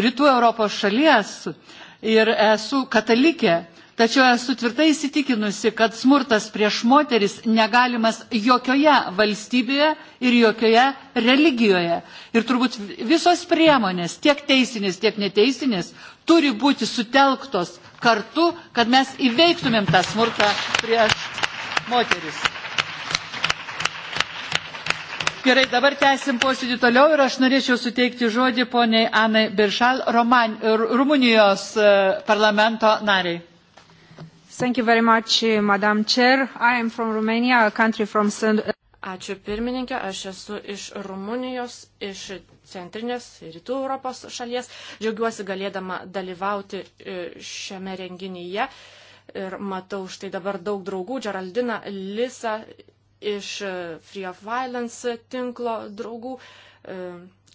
Speaker 3: rytų Europos šalies ir esu katalikė Tačiau esu tvirtai įsitikinusi, kad smurtas prieš moteris negalimas jokioje valstybėje ir jokioje religijoje. Ir turbūt visos priemonės, tiek teisinės, tiek neteisinės, turi būti sutelktos kartu, kad mes įveiktumėm tą smurtą prieš moteris. Gerai, dabar tęsim posėdį toliau ir aš norėčiau suteikti žodį poniai Anai Biršal, Roman, Rumunijos e, parlamento nariai. Thank you very much,
Speaker 4: eh, Madam Chair. I am from Romania, a country from Ačiū pirmininkė, aš esu iš Rumunijos, iš centrinės rytų Europos šalies. Džiaugiuosi galėdama dalyvauti e, šiame renginyje ir matau štai dabar daug draugų, Geraldina, Lisa iš e, Free of Violence tinklo draugų, e,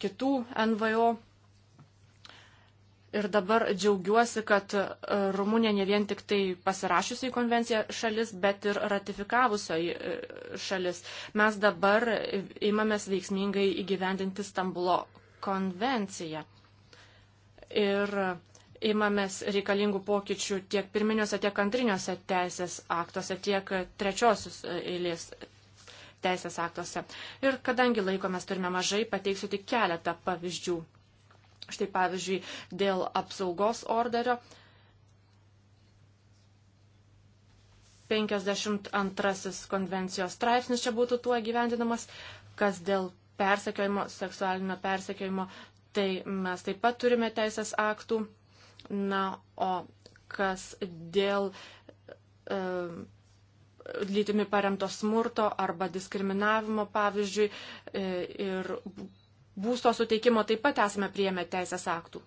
Speaker 4: kitų NVO Ir dabar džiaugiuosi, kad e, Rumunija ne vien tik tai pasirašiusi į konvenciją šalis, bet ir ratifikavusioji e, šalis. Mes dabar imamės veiksmingai įgyvendinti Stambulo konvenciją. Ir imamės reikalingų pokyčių tiek pirminiuose, tiek antriniuose teisės aktuose, tiek trečiosios eilės teisės aktuose. Ir kadangi laiko mes turime mažai, pateiksiu tik keletą pavyzdžių Štai pavyzdžiui, dėl apsaugos orderio 52 konvencijos straipsnis čia būtų tuo gyvendinamas, kas dėl persekiojimo, seksualinio persekiojimo, tai mes taip pat turime teisės aktų. Na, o kas dėl e, lytimi paremto smurto arba diskriminavimo, pavyzdžiui, e, ir būsto suteikimo taip pat esame prieėmę teisės aktų.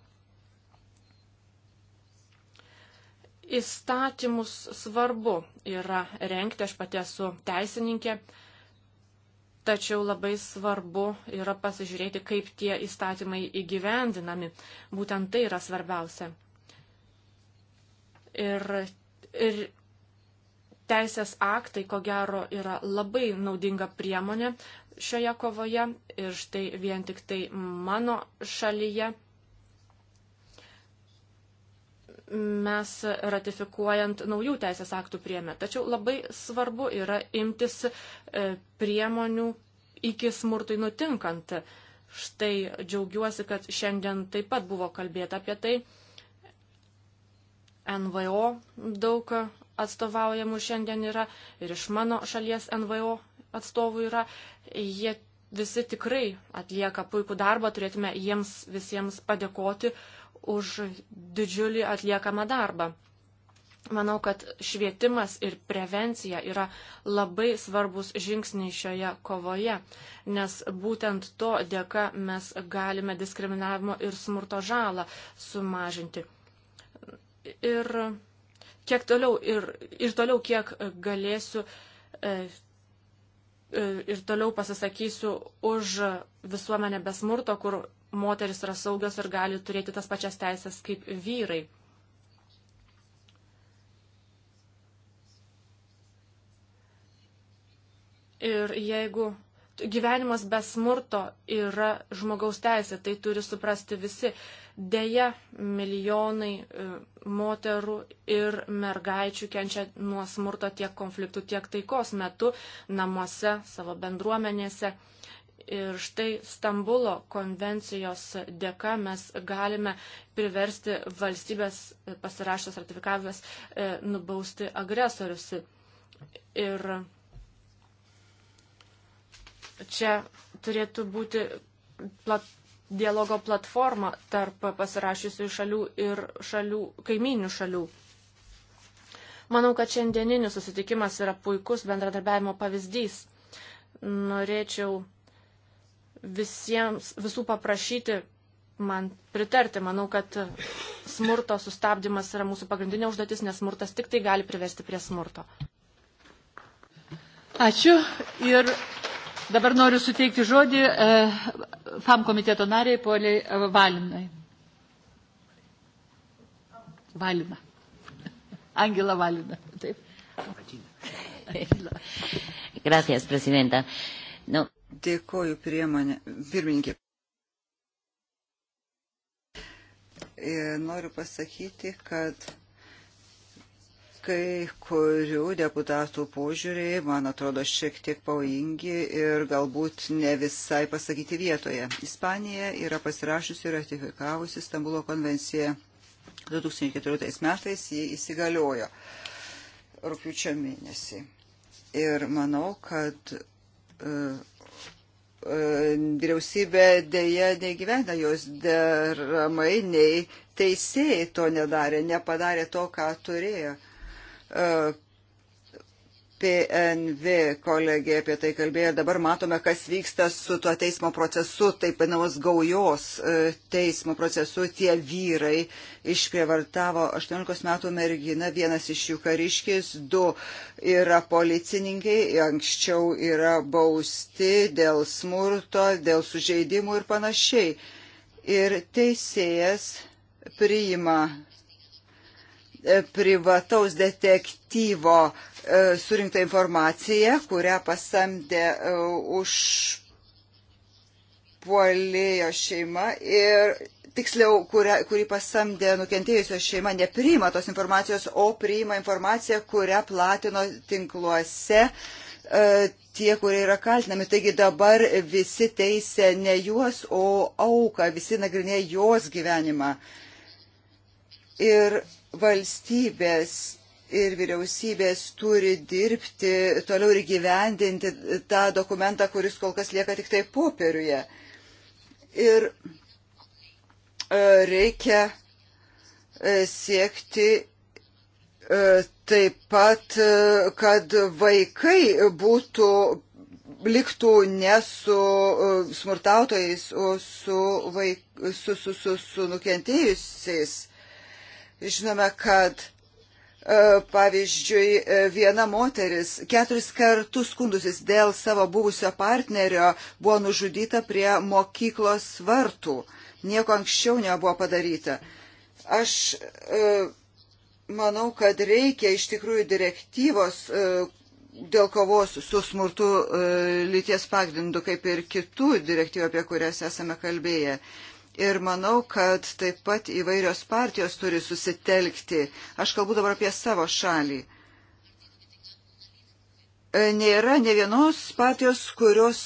Speaker 4: Įstatymus svarbu yra renkti, aš pati esu teisininkė, tačiau labai svarbu yra pasižiūrėti, kaip tie įstatymai įgyvendinami. Būtent tai yra svarbiausia. Ir, ir teisės aktai, ko gero, yra labai naudinga priemonė šioje kovoje ir štai vien tik tai mano šalyje mes ratifikuojant naujų teisės aktų priemė. Tačiau labai svarbu yra imtis e, priemonių iki smurtui nutinkant. Štai džiaugiuosi, kad šiandien taip pat buvo kalbėta apie tai. NVO daug atstovaujamų šiandien yra ir iš mano šalies NVO atstovų yra. Jie visi tikrai atlieka puikų darbą, turėtume jiems visiems padėkoti už didžiulį atliekamą darbą. Manau, kad švietimas ir prevencija yra labai svarbus žingsniai šioje kovoje, nes būtent to dėka mes galime diskriminavimo ir smurto žalą sumažinti. Ir kiek toliau ir, ir toliau, kiek e, galėsiu e, e, ir toliau pasisakysiu už visuomenę be smurto, kur moteris yra saugios ir gali turėti tas pačias teisės kaip vyrai. Ir jeigu gyvenimas be smurto yra žmogaus teisė, tai turi suprasti visi. Deja, milijonai e, moterų ir mergaičių kenčia nuo smurto tiek konfliktų, tiek taikos metu namuose, savo bendruomenėse. Ir štai Stambulo konvencijos dėka mes galime priversti valstybės pasirašęs ratifikavimas e, nubausti agresorius. Ir čia turėtų būti plat, dialogo platforma tarp pasirašysių šalių ir šalių, kaiminių šalių. Manau, kad šiandieninis susitikimas yra puikus bendradarbiavimo pavyzdys. Norėčiau visiems, visų paprašyti man pritarti. Manau, kad smurto sustabdymas yra mūsų pagrindinė užduotis, nes smurtas tik tai gali privesti prie smurto.
Speaker 3: Ačiū ir Dabar noriu suteikti žodį e, FAM komiteto nariai poliai e, Valinai. Valina. Ángela Valina. Taip.
Speaker 1: Gracias, prezidenta. No. Dėkoju priemonė, pirmininkė. E, noriu pasakyti, kad kai kurių deputatų požiūriai, man atrodo, šiek tiek pavojingi ir galbūt ne visai pasakyti vietoje. Ispanija yra pasirašusi ir ratifikavusi Stambulo konvenciją 2014 metais, jį įsigaliojo rūpiučio mėnesį. Ir manau, kad e, e, vyriausybė dėja neįgyvena jos deramai, nei teisėjai to nedarė, nepadarė to, ką turėjo. E, PNV kolegė apie tai kalbėjo. Dabar matome, kas vyksta su tuo teismo procesu, taip vadinamos gaujos e, teismo procesu. Tie vyrai išprievartavo 18 metų merginą, vienas iš jų kariškis, du yra policininkai, anksčiau yra bausti dėl smurto, dėl sužeidimų ir panašiai. Ir teisėjas priima E, privataus detektyvo e, surinktą informaciją, kurią pasamdė e, užpuolėjo šeima ir tiksliau, kurią, kurį pasamdė nukentėjusio šeima, nepriima tos informacijos, o priima informaciją, kurią platino tinkluose tie, kurie yra kaltinami. Taigi dabar visi teisė ne juos, o auką, visi nagrinėja jos gyvenimą. Ir valstybės ir vyriausybės turi dirbti toliau ir gyvendinti tą dokumentą, kuris kol kas lieka tik tai popieriuje. Ir e, reikia e, siekti e, taip pat, kad vaikai būtų, liktų ne su smurtautojais, o su, vaik, su, su, su, su nukentėjusiais Žinome, kad e, Pavyzdžiui, e, viena moteris keturis kartus skundusis dėl savo buvusio partnerio buvo nužudyta prie mokyklos vartų. Nieko anksčiau nebuvo padaryta. Aš e, manau, kad reikia iš tikrųjų direktyvos dėl kovos su smurtu lyties pagrindu, kaip ir kitų direktyvų, apie kurias esame kalbėję. Ir manau, kad taip pat įvairios partijos turi susitelkti. Aš kalbu dabar apie savo šalį. E, nėra ne vienos partijos, kurios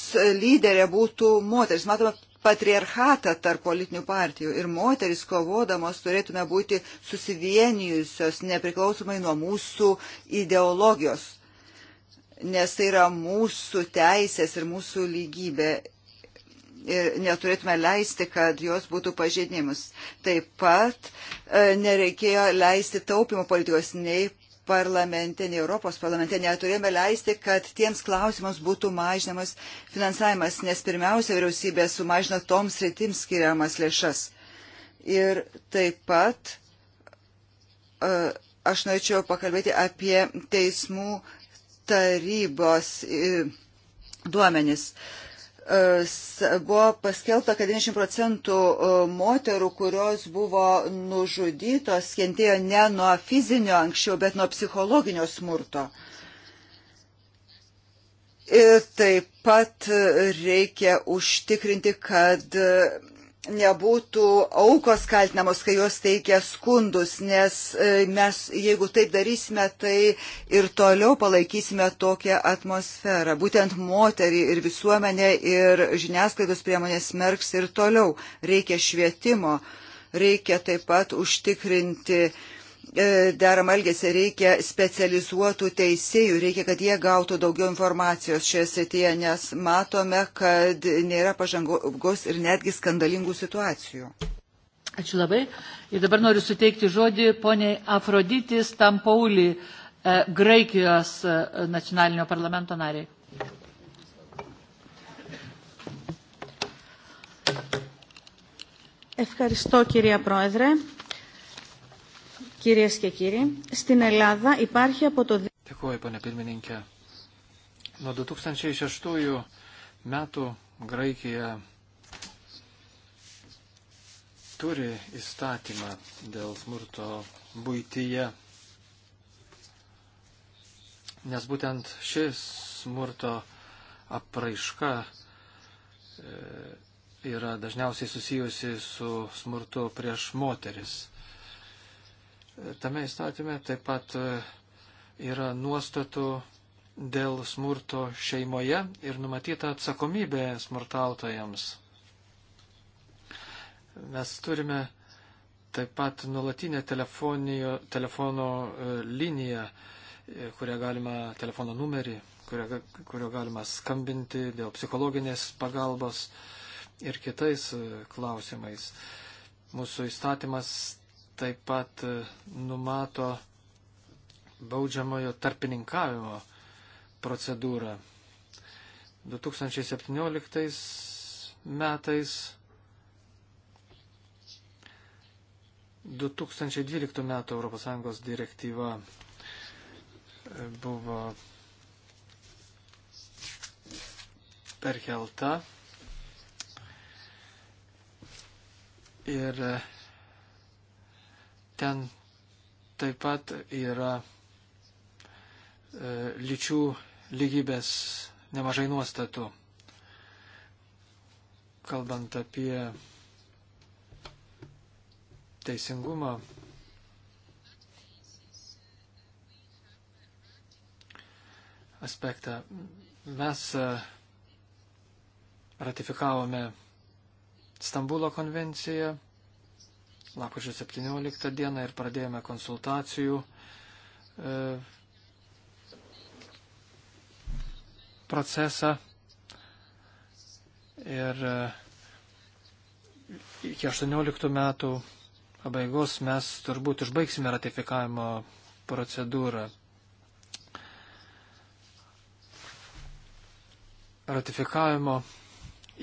Speaker 1: lyderė būtų moteris. Matome patriarchatą tarp politinių partijų ir moteris kovodamos turėtume būti susivienijusios nepriklausomai nuo mūsų ideologijos, nes tai yra mūsų teisės ir mūsų lygybė E, neturėtume leisti, kad jos būtų pažeidimus. Taip pat e, nereikėjo leisti taupimo politikos nei parlamente, nei Europos parlamente. Neturėjome leisti, kad tiems klausimams būtų mažinamas finansavimas, nes pirmiausia vyriausybė sumažino toms rytims skiriamas lėšas. Ir taip pat e, aš norėčiau pakalbėti apie teismų tarybos duomenis. Uh, buvo paskelbta, kad 90 procentų e, moterų, kurios buvo nužudytos, kentėjo ne nuo fizinio anksčiau, bet nuo psichologinio smurto. Ir taip pat e, reikia užtikrinti, kad nebūtų aukos kaltinamos, kai jos teikia skundus, nes e, mes, jeigu taip darysime, tai ir toliau palaikysime tokią atmosferą. Būtent moterį ir visuomenė ir žiniasklaidos priemonės merks ir toliau. Reikia švietimo, reikia taip pat užtikrinti uh, E, deram elgesį, reikia specializuotų teisėjų, reikia, kad jie gautų daugiau informacijos šioje srityje, nes matome, kad nėra pažangos ir netgi skandalingų situacijų. Ačiū labai. Ir
Speaker 3: dabar noriu suteikti žodį poniai Afroditis Tampaulį, e, Graikijos e, nacionalinio parlamento nariai. Ευχαριστώ κυρία Πρόεδρε
Speaker 4: κυρίες και κύριοι, στην Ελλάδα υπάρχει από το...
Speaker 5: Dėkuoju, pane pirmininkė. Nuo 2006 metų Graikija turi įstatymą dėl smurto būtyje, nes būtent šis smurto apraiška e, yra dažniausiai susijusi su smurtu prieš moteris. Tame įstatyme taip pat e, yra nuostatų dėl smurto šeimoje ir numatyta atsakomybė smurtautojams. Mes turime taip pat nulatinę telefono e, liniją, e, kurią galima, telefono numerį, kurio, kurio galima skambinti dėl psichologinės pagalbos ir kitais klausimais. Mūsų įstatymas taip pat e, numato baudžiamojo tarpininkavimo procedūrą. 2017 metais 2012 metų ES direktyva e, buvo perkelta ir e, Ten taip pat yra e, lyčių lygybės nemažai nuostatų. Kalbant apie teisingumą, aspektą. Mes e, ratifikavome Stambulo konvenciją lakušio 17 dieną ir pradėjome konsultacijų e, procesą. Ir e, iki 18 metų pabaigos mes turbūt užbaigsime ratifikavimo procedūrą. Ratifikavimo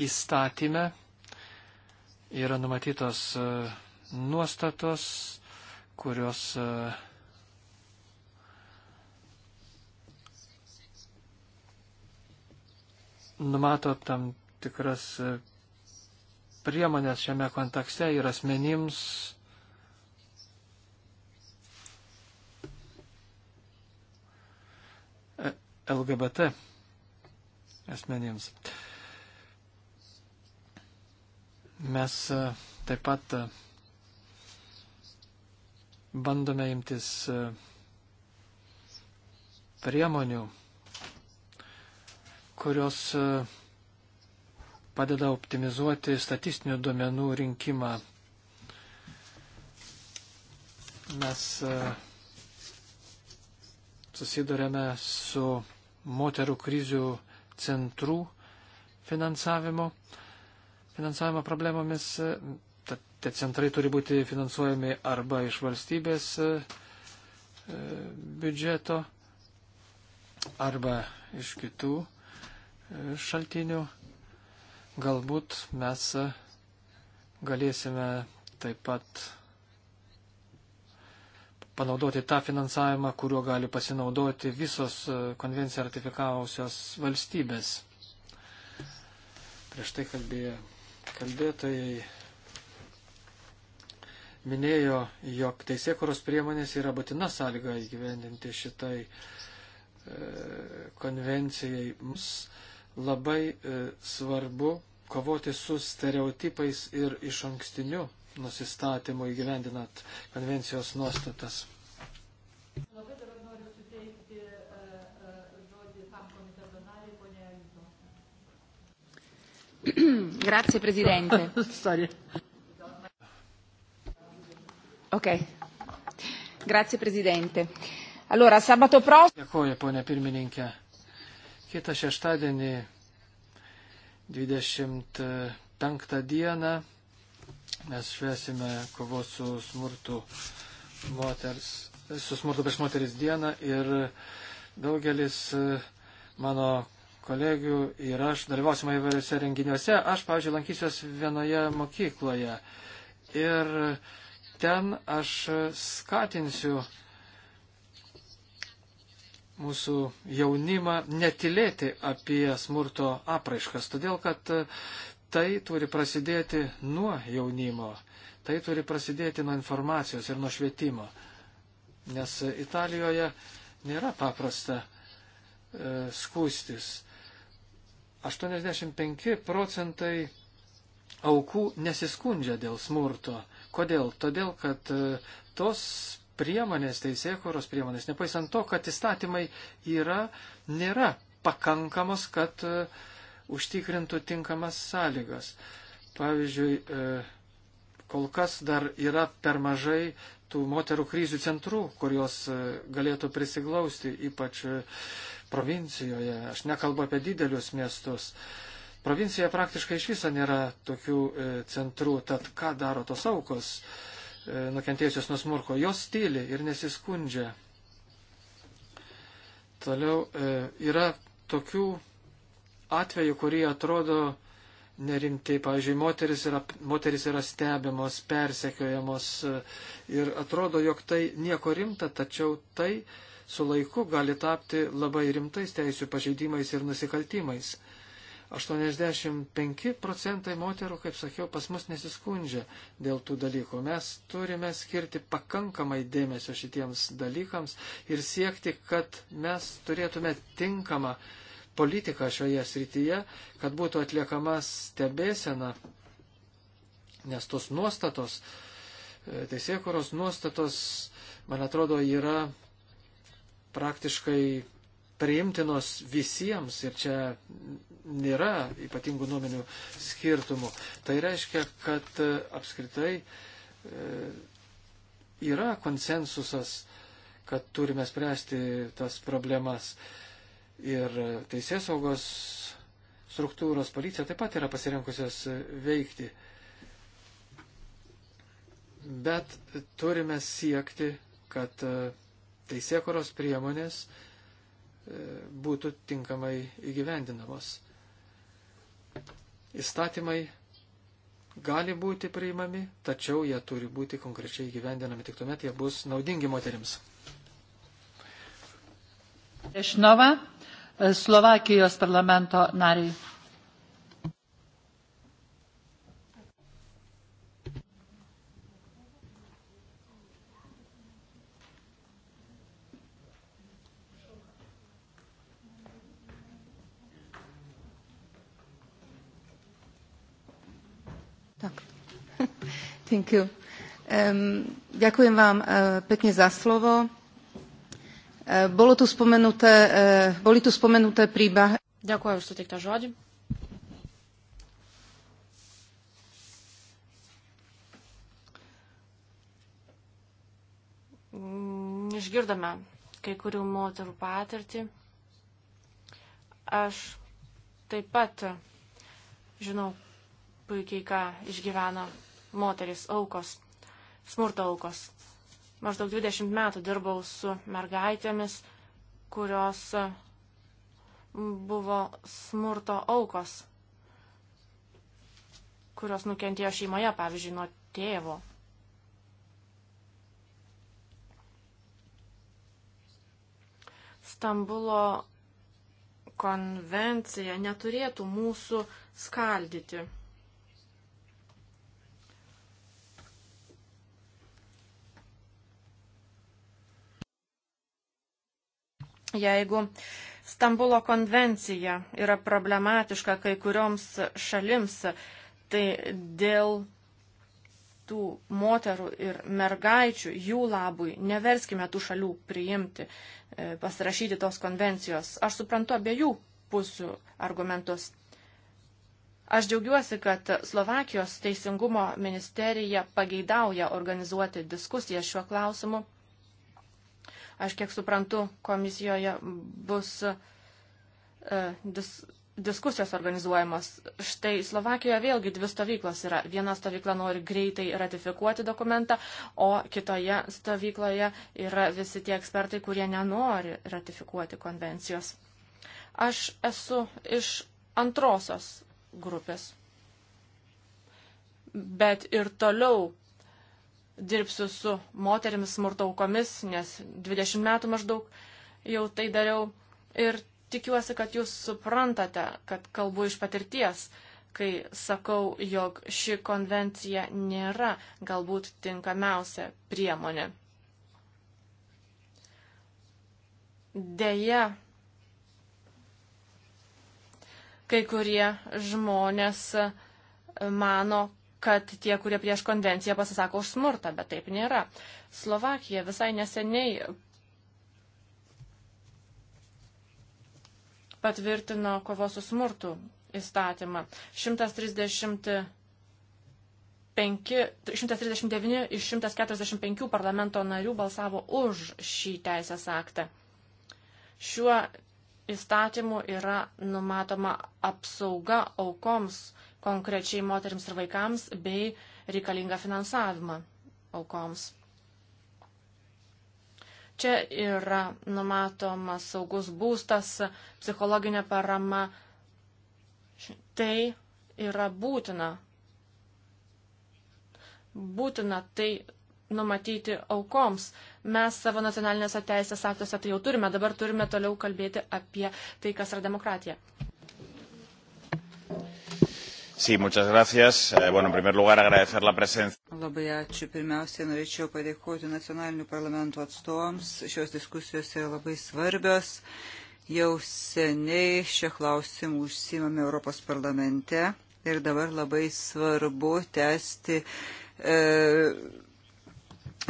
Speaker 5: įstatyme yra numatytos uh, nuostatos, kurios e, numato tam tikras e, priemonės šiame kontekste ir asmenims, e, LGBT asmenims. Mes taip pat bandome imtis e, priemonių, kurios e, padeda optimizuoti statistinių duomenų rinkimą. Mes e, susidurėme su moterų krizių centrų finansavimo, finansavimo problemomis Tie centrai turi būti finansuojami arba iš valstybės e, biudžeto, arba iš kitų e, šaltinių. Galbūt mes e, galėsime taip pat panaudoti tą finansavimą, kuriuo gali pasinaudoti visos konvenciją ratifikavusios valstybės. Prieš tai kalbėjo kalbėtojai minėjo, jog teisėkuros priemonės yra būtina sąlyga įgyvendinti šitai e, konvencijai. Mums labai e, svarbu kovoti su stereotipais ir iš ankstiniu nusistatymu įgyvendinant konvencijos nuostatas.
Speaker 3: Labai dabar noriu suteikti e, e, žodį tam komiteto nariai, ponia Ajuto. Grazie, prezidente. [laughs]
Speaker 4: Ok. Grazie, prezidente. Allora, sabato prossimo. Dėkuoju, ponė
Speaker 5: pirmininkė. Kitą šeštadienį, 25 dieną, mes švesime kovos su smurtu, moters, su smurtu prieš moteris dieną ir daugelis e, mano kolegių ir aš dalyvausime įvairiose renginiuose. Aš, pavyzdžiui, lankysiuos vienoje mokykloje. Ir ten aš skatinsiu mūsų jaunimą netilėti apie smurto apraiškas, todėl kad tai turi prasidėti nuo jaunimo, tai turi prasidėti nuo informacijos ir nuo švietimo. Nes Italijoje nėra paprasta e, skūstis. 85 procentai aukų nesiskundžia dėl smurto. Kodėl? Todėl, kad e, tos priemonės, teisėkuros priemonės, nepaisant to, kad įstatymai yra, nėra pakankamos, kad e, užtikrintų tinkamas sąlygas. Pavyzdžiui, e, kol kas dar yra per mažai tų moterų krizių centrų, kurios galėtų prisiglausti, ypač provincijoje. Aš nekalbu apie didelius miestus. Uh, Provincijoje praktiškai iš viso nėra tokių e, centrų, tad ką daro tos aukos e, nukentėjusios nuo smurko? Jos tyli ir nesiskundžia. Toliau e, yra tokių atvejų, kurie atrodo nerimtai. Pavyzdžiui, moteris yra, moteris yra stebimos, persekiojamos ir atrodo, jog tai nieko rimta, tačiau tai su laiku gali tapti labai rimtais teisų pažeidimais ir nusikaltimais. 85 procentai moterų, kaip sakiau, pas mus nesiskundžia dėl tų dalykų. Mes turime skirti pakankamai dėmesio šitiems dalykams ir siekti, kad mes turėtume tinkamą politiką šioje srityje, kad būtų atliekama stebėsena, nes tos nuostatos, e, teisėkuros nuostatos, man atrodo, yra praktiškai priimtinos visiems ir čia nėra ypatingų nuomenių skirtumų. Tai reiškia, kad e, apskritai e, yra konsensusas, kad turime spręsti tas problemas. Ir teisės saugos struktūros policija taip pat yra pasirenkusios veikti. Bet turime siekti, kad e, teisėkoros priemonės uh, E, būtų tinkamai įgyvendinamos. Įstatymai gali būti priimami, tačiau jie turi būti konkrečiai įgyvendinami, tik tuomet jie bus naudingi moteriams.
Speaker 3: Šnova, e, Slovakijos parlamento nariai.
Speaker 1: Thank you. Um, ďakujem vám uh, pekne za slovo. Uh, bolo tu spomenuté, uh, boli tu spomenuté príbehy.
Speaker 4: Ďakujem, už suteiktą žodį. Išgirdome kai kurių moterų patirtį. Aš taip pat žinau puikiai, ką išgyvena moteris aukos, smurto aukos. Maždaug 20 metų dirbau su mergaitėmis, kurios buvo smurto aukos, kurios nukentėjo šeimoje, pavyzdžiui, nuo tėvo. Stambulo konvencija neturėtų mūsų skaldyti. Jeigu Stambulo konvencija yra problematiška kai kurioms šalims, tai dėl tų moterų ir mergaičių jų labui neverskime tų šalių priimti, e, pasirašyti tos konvencijos. Aš suprantu abiejų pusių argumentus. Aš džiaugiuosi, kad Slovakijos teisingumo ministerija pageidauja organizuoti diskusiją šiuo klausimu. Aš kiek suprantu, komisijoje bus e, dis, diskusijos organizuojamos. Štai Slovakijoje vėlgi dvi stovyklos yra. Viena stovykla nori greitai ratifikuoti dokumentą, o kitoje stovykloje yra visi tie ekspertai, kurie nenori ratifikuoti konvencijos. Aš esu iš antrosios grupės. Bet ir toliau dirbsiu su moterimis smurtaukomis, nes 20 metų maždaug jau tai dariau. Ir tikiuosi, kad jūs suprantate, kad kalbu iš patirties, kai sakau, jog ši konvencija nėra galbūt tinkamiausia priemonė. Deja, kai kurie žmonės mano, kad tie, kurie prieš konvenciją pasisako už smurtą, bet taip nėra. Slovakija visai neseniai patvirtino kovos su smurtu įstatymą. 135, 139 iš 145 parlamento narių balsavo už šį teisės aktą. Šiuo įstatymu yra numatoma apsauga aukoms konkrečiai moteriams ir vaikams bei reikalingą finansavimą aukoms. Čia yra numatomas saugus būstas, psichologinė parama. Tai yra būtina. Būtina tai numatyti aukoms. Mes savo nacionalinėse teisės aktuose tai jau turime, dabar turime toliau kalbėti
Speaker 1: apie tai, kas yra demokratija.
Speaker 2: Sí, muchas gracias. Eh, bueno, en primer lugar, agradecer la presencia.
Speaker 1: Labai ačiū. Pirmiausia, norėčiau padėkoti nacionalinių parlamentų atstovams. Šios diskusijos yra labai svarbios. Jau seniai šie klausimų užsimame Europos parlamente ir dabar labai svarbu tęsti e,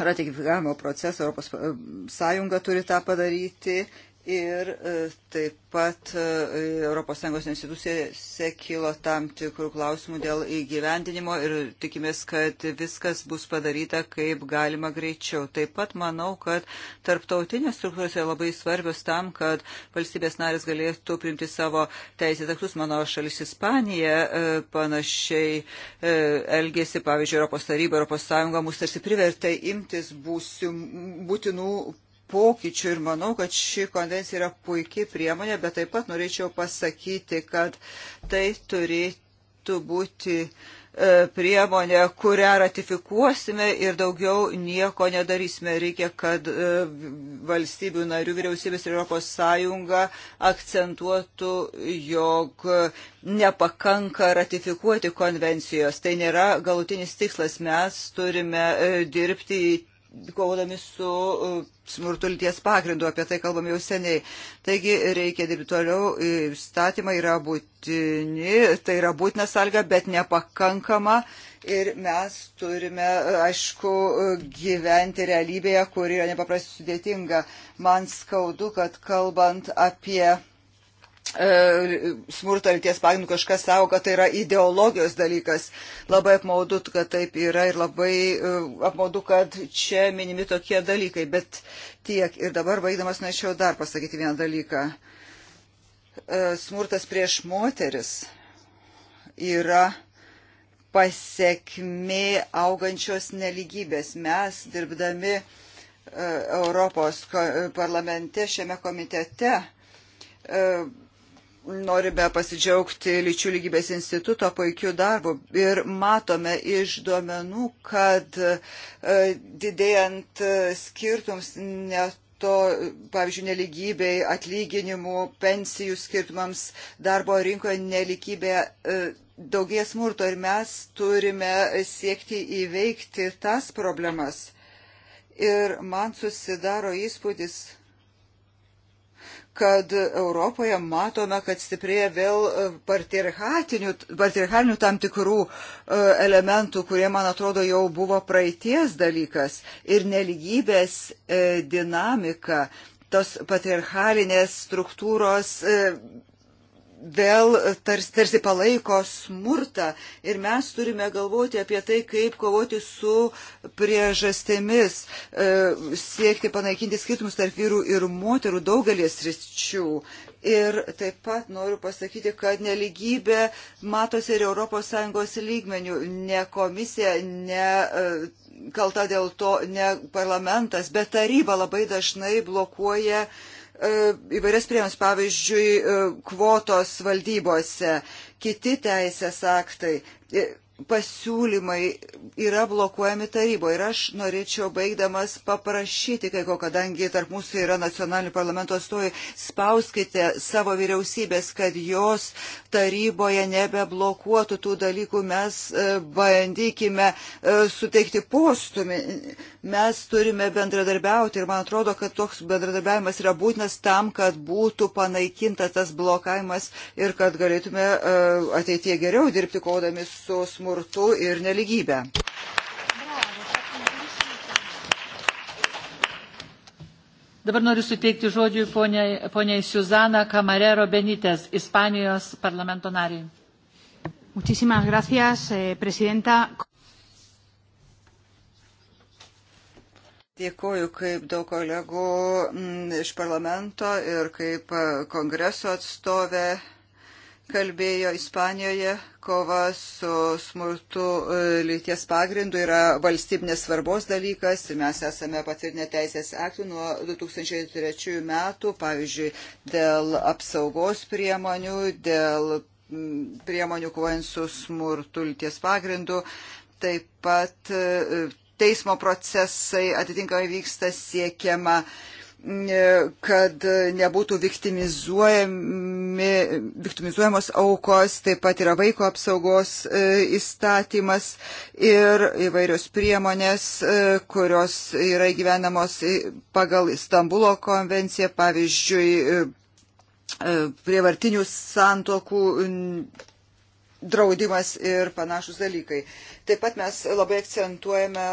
Speaker 1: ratifikavimo procesą. Europos e, Sąjunga turi tą padaryti Ir e, taip pat e, ES institucijose kilo tam tikrų klausimų dėl įgyvendinimo ir tikimės, kad viskas bus padaryta kaip galima greičiau. Taip pat manau, kad tarptautinės struktūros yra labai svarbios tam, kad valstybės narės galėtų priimti savo teisės aktus. Mano šalis Ispanija e, panašiai elgėsi, pavyzdžiui, Europos taryba, Europos sąjunga mus tarsi privertė imtis būsim, būtinų pokyčių ir manau, kad ši konvencija yra puikiai priemonė, bet taip pat norėčiau pasakyti, kad tai turėtų būti e, priemonė, kurią ratifikuosime ir daugiau nieko nedarysime. Reikia, kad e, valstybių narių vyriausybės ir Europos Sąjunga akcentuotų, jog nepakanka ratifikuoti konvencijos. Tai nėra galutinis tikslas. Mes turime e, dirbti kovodami su e, smurtu lyties pagrindu, apie tai kalbam jau seniai. Taigi reikia dirbti toliau, e, statymai yra būtini, tai yra būtina salga, bet nepakankama ir mes turime, e, aišku, gyventi realybėje, kuri yra nepaprastai sudėtinga. Man skaudu, kad kalbant apie E, smurto lyties pagrindų kažkas savo, kad tai yra ideologijos dalykas. Labai apmaudu, kad taip yra ir labai e, apmaudu, kad čia minimi tokie dalykai, bet tiek. Ir dabar baigdamas norėčiau dar pasakyti vieną dalyką. E, smurtas prieš moteris yra pasiekmi augančios neligybės. Mes dirbdami Europos parlamente šiame komitete norime pasidžiaugti lyčių lygybės instituto puikiu darbu ir matome iš duomenų, kad e, didėjant skirtums net to, pavyzdžiui, neligybei, atlyginimų, pensijų skirtumams darbo rinkoje neligybė e, daugie smurto ir mes turime siekti įveikti tas problemas. Ir man susidaro įspūdis, kad Europoje matome, kad stiprėja vėl e, patriarchalinių tam tikrų e, elementų, kurie, man atrodo, jau buvo praeities dalykas ir neligybės e, dinamika, tos patriarchalinės struktūros vėl tarsi, tarsi palaiko smurtą ir mes turime galvoti apie tai, kaip kovoti su priežastėmis, e, siekti panaikinti skirtumus tarp vyrų ir moterų daugelės ryčių. Ir taip pat noriu pasakyti, kad neligybė matosi ir ES lygmenių. Ne komisija, ne e, kalta dėl to, ne parlamentas, bet taryba labai dažnai blokuoja uh, E, įvairias priemonės, pavyzdžiui, e, kvotos valdybose, kiti teisės aktai. E, pasiūlymai yra blokuojami taryboje. Ir aš norėčiau baigdamas paprašyti, kai ko, kadangi tarp mūsų yra nacionalinių parlamento atstovai, spauskite savo vyriausybės, kad jos taryboje nebeblokuotų tų dalykų. Mes e, bandykime e, suteikti postumį. Mes turime bendradarbiauti ir man atrodo, kad toks bendradarbiavimas yra būtinas tam, kad būtų panaikintas tas blokavimas ir kad galėtume e, ateitie geriau dirbti kovodami su smulkiais smurtu ir neligybę.
Speaker 3: Dabar noriu suteikti žodžių poniai, poniai Suzana Camarero Benitez, Ispanijos parlamento nariai. Muchísimas gracias, eh, presidenta.
Speaker 1: Dėkuoju kaip daug kolegų m, mm, iš parlamento ir kaip e, kongreso atstovė kalbėjo Ispanijoje, kova su smurtu e, lyties pagrindu yra valstybinės svarbos dalykas ir mes esame patvirtinę teisės aktų nuo 2003 metų, pavyzdžiui, dėl apsaugos priemonių, dėl priemonių kovojant su smurtu lyties pagrindu, taip pat e, teismo procesai atitinkamai vyksta siekiama uh, kad nebūtų viktimizuojamos aukos, taip pat yra vaiko apsaugos e, įstatymas ir įvairios priemonės, e, kurios yra įgyvenamos pagal Istanbulo konvenciją, pavyzdžiui, e, prievartinių santokų draudimas ir panašus dalykai. Taip pat mes labai akcentuojame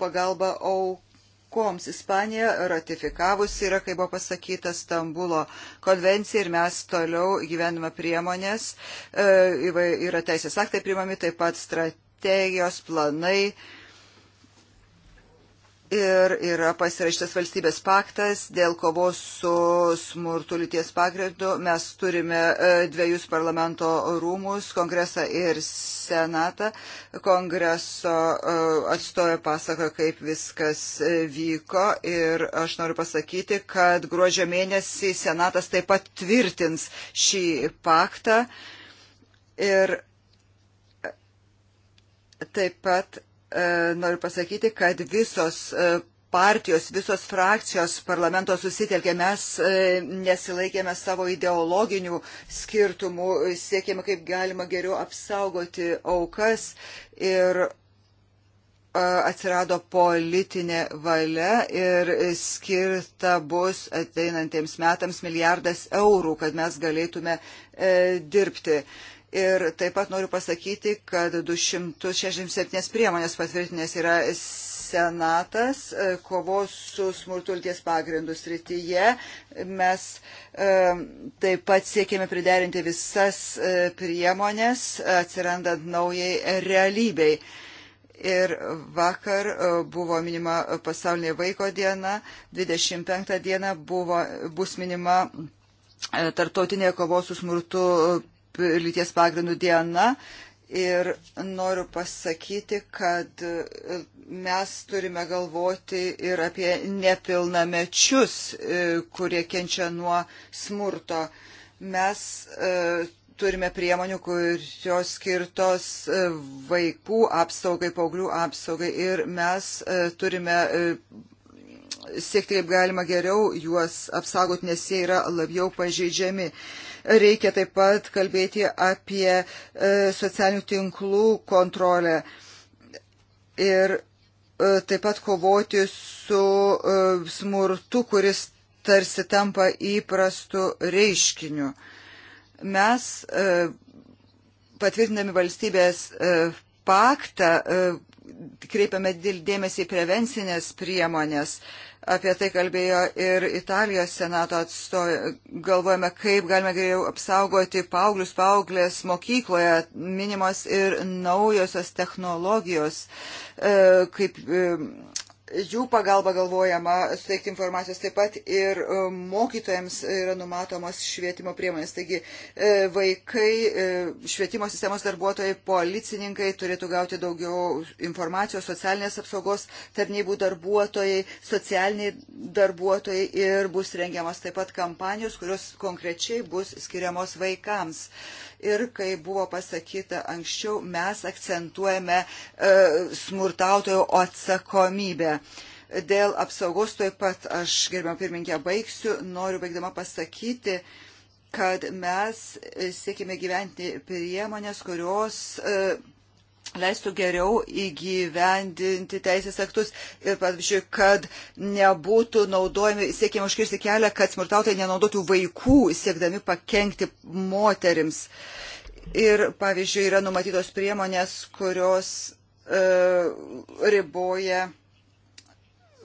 Speaker 1: pagalbą aukų aukoms. Ispanija ratifikavusi yra, kaip buvo pasakyta, Stambulo konvencija ir mes toliau gyvename priemonės. E, yra teisės aktai primami, taip pat strategijos planai ir yra pasirašytas valstybės paktas dėl kovos su smurtu lyties pagrindu. Mes turime e, dviejus parlamento rūmus, kongresą ir senatą. Kongreso e, atstovė pasako, kaip viskas e, vyko ir aš noriu pasakyti, kad gruodžio mėnesį senatas taip pat tvirtins šį paktą. Ir taip pat E, noriu pasakyti, kad visos e, partijos, visos frakcijos parlamento susitelkė, mes e, nesilaikėme savo ideologinių skirtumų, siekėme kaip galima geriau apsaugoti aukas ir atsirado politinė valia ir skirta bus ateinantiems metams milijardas eurų, kad mes galėtume dirbti. Ir taip pat noriu pasakyti, kad 267 priemonės patvirtinės yra Senatas e, kovos su smurtulties pagrindų srityje. Mes e, taip pat siekėme priderinti visas e, priemonės, atsirandant naujai realybei. Ir vakar buvo minima pasaulinė vaiko diena, 25 diena buvo, bus minima tarptautinė kovos su smurtu lyties pagrindų diena. Ir noriu pasakyti, kad e, mes turime galvoti ir apie nepilnamečius, e, kurie kenčia nuo smurto. Mes e, turime priemonių, kurios skirtos vaikų apsaugai, paauglių apsaugai ir mes turime siekti kaip galima geriau juos apsaugoti, nes jie yra labiau pažeidžiami. Reikia taip pat kalbėti apie e, socialinių tinklų kontrolę ir e, taip pat kovoti su e, smurtu, kuris tarsi tampa įprastu reiškiniu. Mes patvirtindami valstybės paktą kreipiame dėmesį į prevencinės priemonės, Apie tai kalbėjo ir Italijos senato atstovė. Galvojame, kaip galime geriau apsaugoti paauglius, paauglės mokykloje, minimos ir naujosios technologijos, e, kaip e, jų pagalba galvojama suteikti informacijos, taip pat ir e, mokytojams yra numatomos švietimo priemonės. Taigi e, vaikai, e, švietimo sistemos darbuotojai, policininkai turėtų gauti daugiau informacijos, socialinės apsaugos tarnybų darbuotojai, socialiniai darbuotojai ir bus rengiamas taip pat kampanijos, kurios konkrečiai bus skiriamos vaikams. Uh, ir, kaip buvo pasakyta anksčiau, mes akcentuojame e, smurtautojo atsakomybę. Dėl apsaugos taip pat aš, gerbiam pirmininkė, baigsiu. Noriu baigdama pasakyti, kad mes siekime gyventi priemonės, kurios e, leistų geriau įgyvendinti teisės aktus ir, pavyzdžiui, kad nebūtų naudojami, siekiam užkirsti kelią, kad smurtautojai nenaudotų vaikų, siekdami pakengti moterims. Ir, pavyzdžiui, yra numatytos priemonės, kurios e, riboja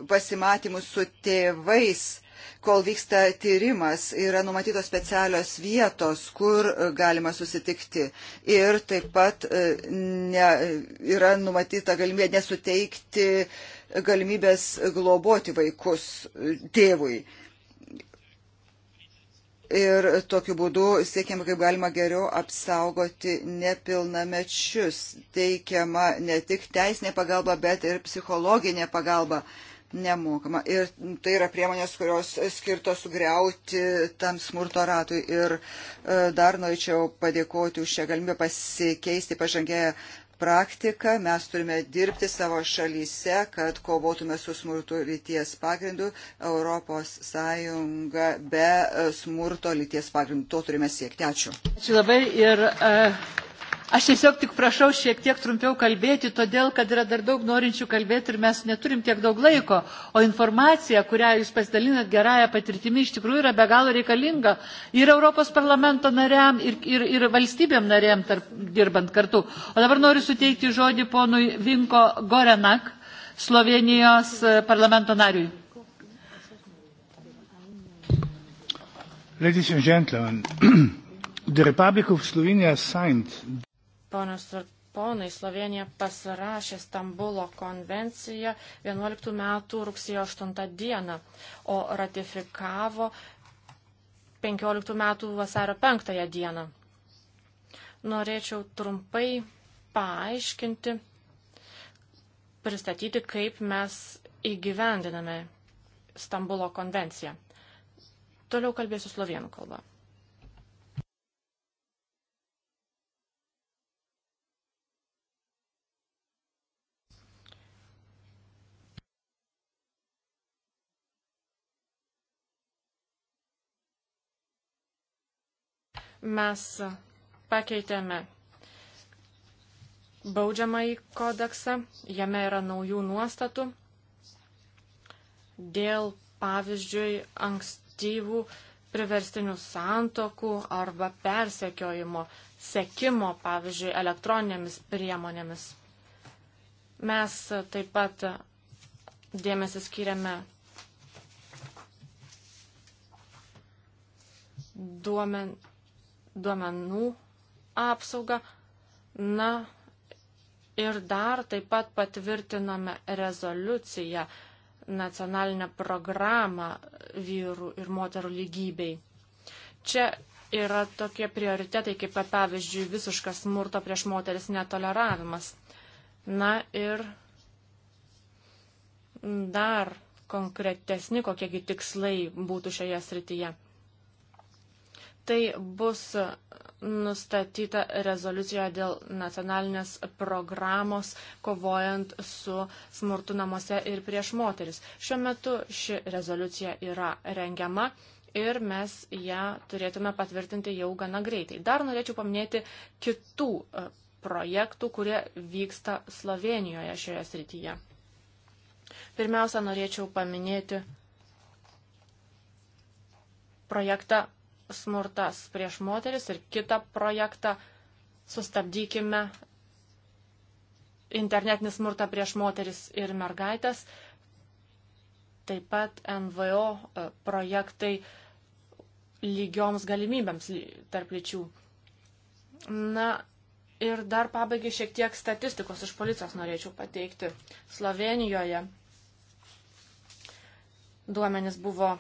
Speaker 1: pasimatymus su tėvais kol vyksta tyrimas, yra numatytos specialios vietos, kur e, galima susitikti. Ir taip pat e, ne, yra numatyta galimybė nesuteikti galimybės globoti vaikus e, tėvui ir tokiu būdu siekiama kaip galima geriau apsaugoti nepilnamečius. Teikiama ne tik teisinė pagalba, bet ir psichologinė pagalba. Uh, nemokama. Ir tai yra priemonės, kurios skirtos sugriauti tam smurto ratui. Ir e, dar norėčiau padėkoti už šią galimybę pasikeisti pažangėją praktiką, mes turime dirbti savo šalyse, kad kovotume su smurtu lyties pagrindu. Europos Sąjunga be e, smurto lyties pagrindu. To turime siekti. Ačiū.
Speaker 3: Ačiū labai ir uh, Aš tiesiog tik prašau šiek tiek trumpiau kalbėti, todėl, kad yra dar daug norinčių kalbėti ir mes neturim tiek daug laiko, o informacija, kurią jūs pasidalinat gerąją patirtimį, iš tikrųjų yra be galo reikalinga ir Europos parlamento nariam, ir, ir, ir valstybėm nariam tarp, dirbant kartu. O dabar noriu suteikti žodį ponui Vinko Gorenak, Slovenijos e, parlamento nariui.
Speaker 2: Ladies and gentlemen, [clears throat] the Republic of Slovenia signed
Speaker 3: Ponios ir
Speaker 4: ponai, Slovenija pasirašė Stambulo konvenciją 11 metų rugsėjo 8 dieną, o ratifikavo 15 metų vasario 5 dieną. Norėčiau trumpai paaiškinti, pristatyti, kaip mes įgyvendiname Stambulo konvenciją. Toliau kalbėsiu slovėnų kalbą. mes pakeitėme baudžiamąjį kodeksą, jame yra naujų nuostatų dėl, pavyzdžiui, ankstyvų priverstinių santokų arba persekiojimo, sekimo, pavyzdžiui, elektroninėmis priemonėmis. Mes taip pat dėmesį skiriame duomen, duomenų apsaugą. Na ir dar taip pat patvirtinome rezoliuciją nacionalinę programą vyrų ir moterų lygybei. Čia yra tokie prioritetai, kaip pavyzdžiui visiškas smurto prieš moteris netoleravimas. Na ir dar konkretesni, kokiegi tikslai būtų šioje srityje. Tai bus nustatyta rezoliucijoje dėl nacionalinės programos kovojant su smurtu namuose ir prieš moteris. Šiuo metu ši rezoliucija yra rengiama ir mes ją turėtume patvirtinti jau gana greitai. Dar norėčiau paminėti kitų e, projektų, kurie vyksta Slovenijoje šioje srityje. Pirmiausia, norėčiau paminėti projektą smurtas prieš moteris ir kitą projektą sustabdykime internetinį smurtą prieš moteris ir mergaitės. Taip pat NVO e, projektai lygioms galimybėms tarp lyčių. Na ir dar pabaigai šiek tiek statistikos iš policijos norėčiau pateikti. Slovenijoje duomenys buvo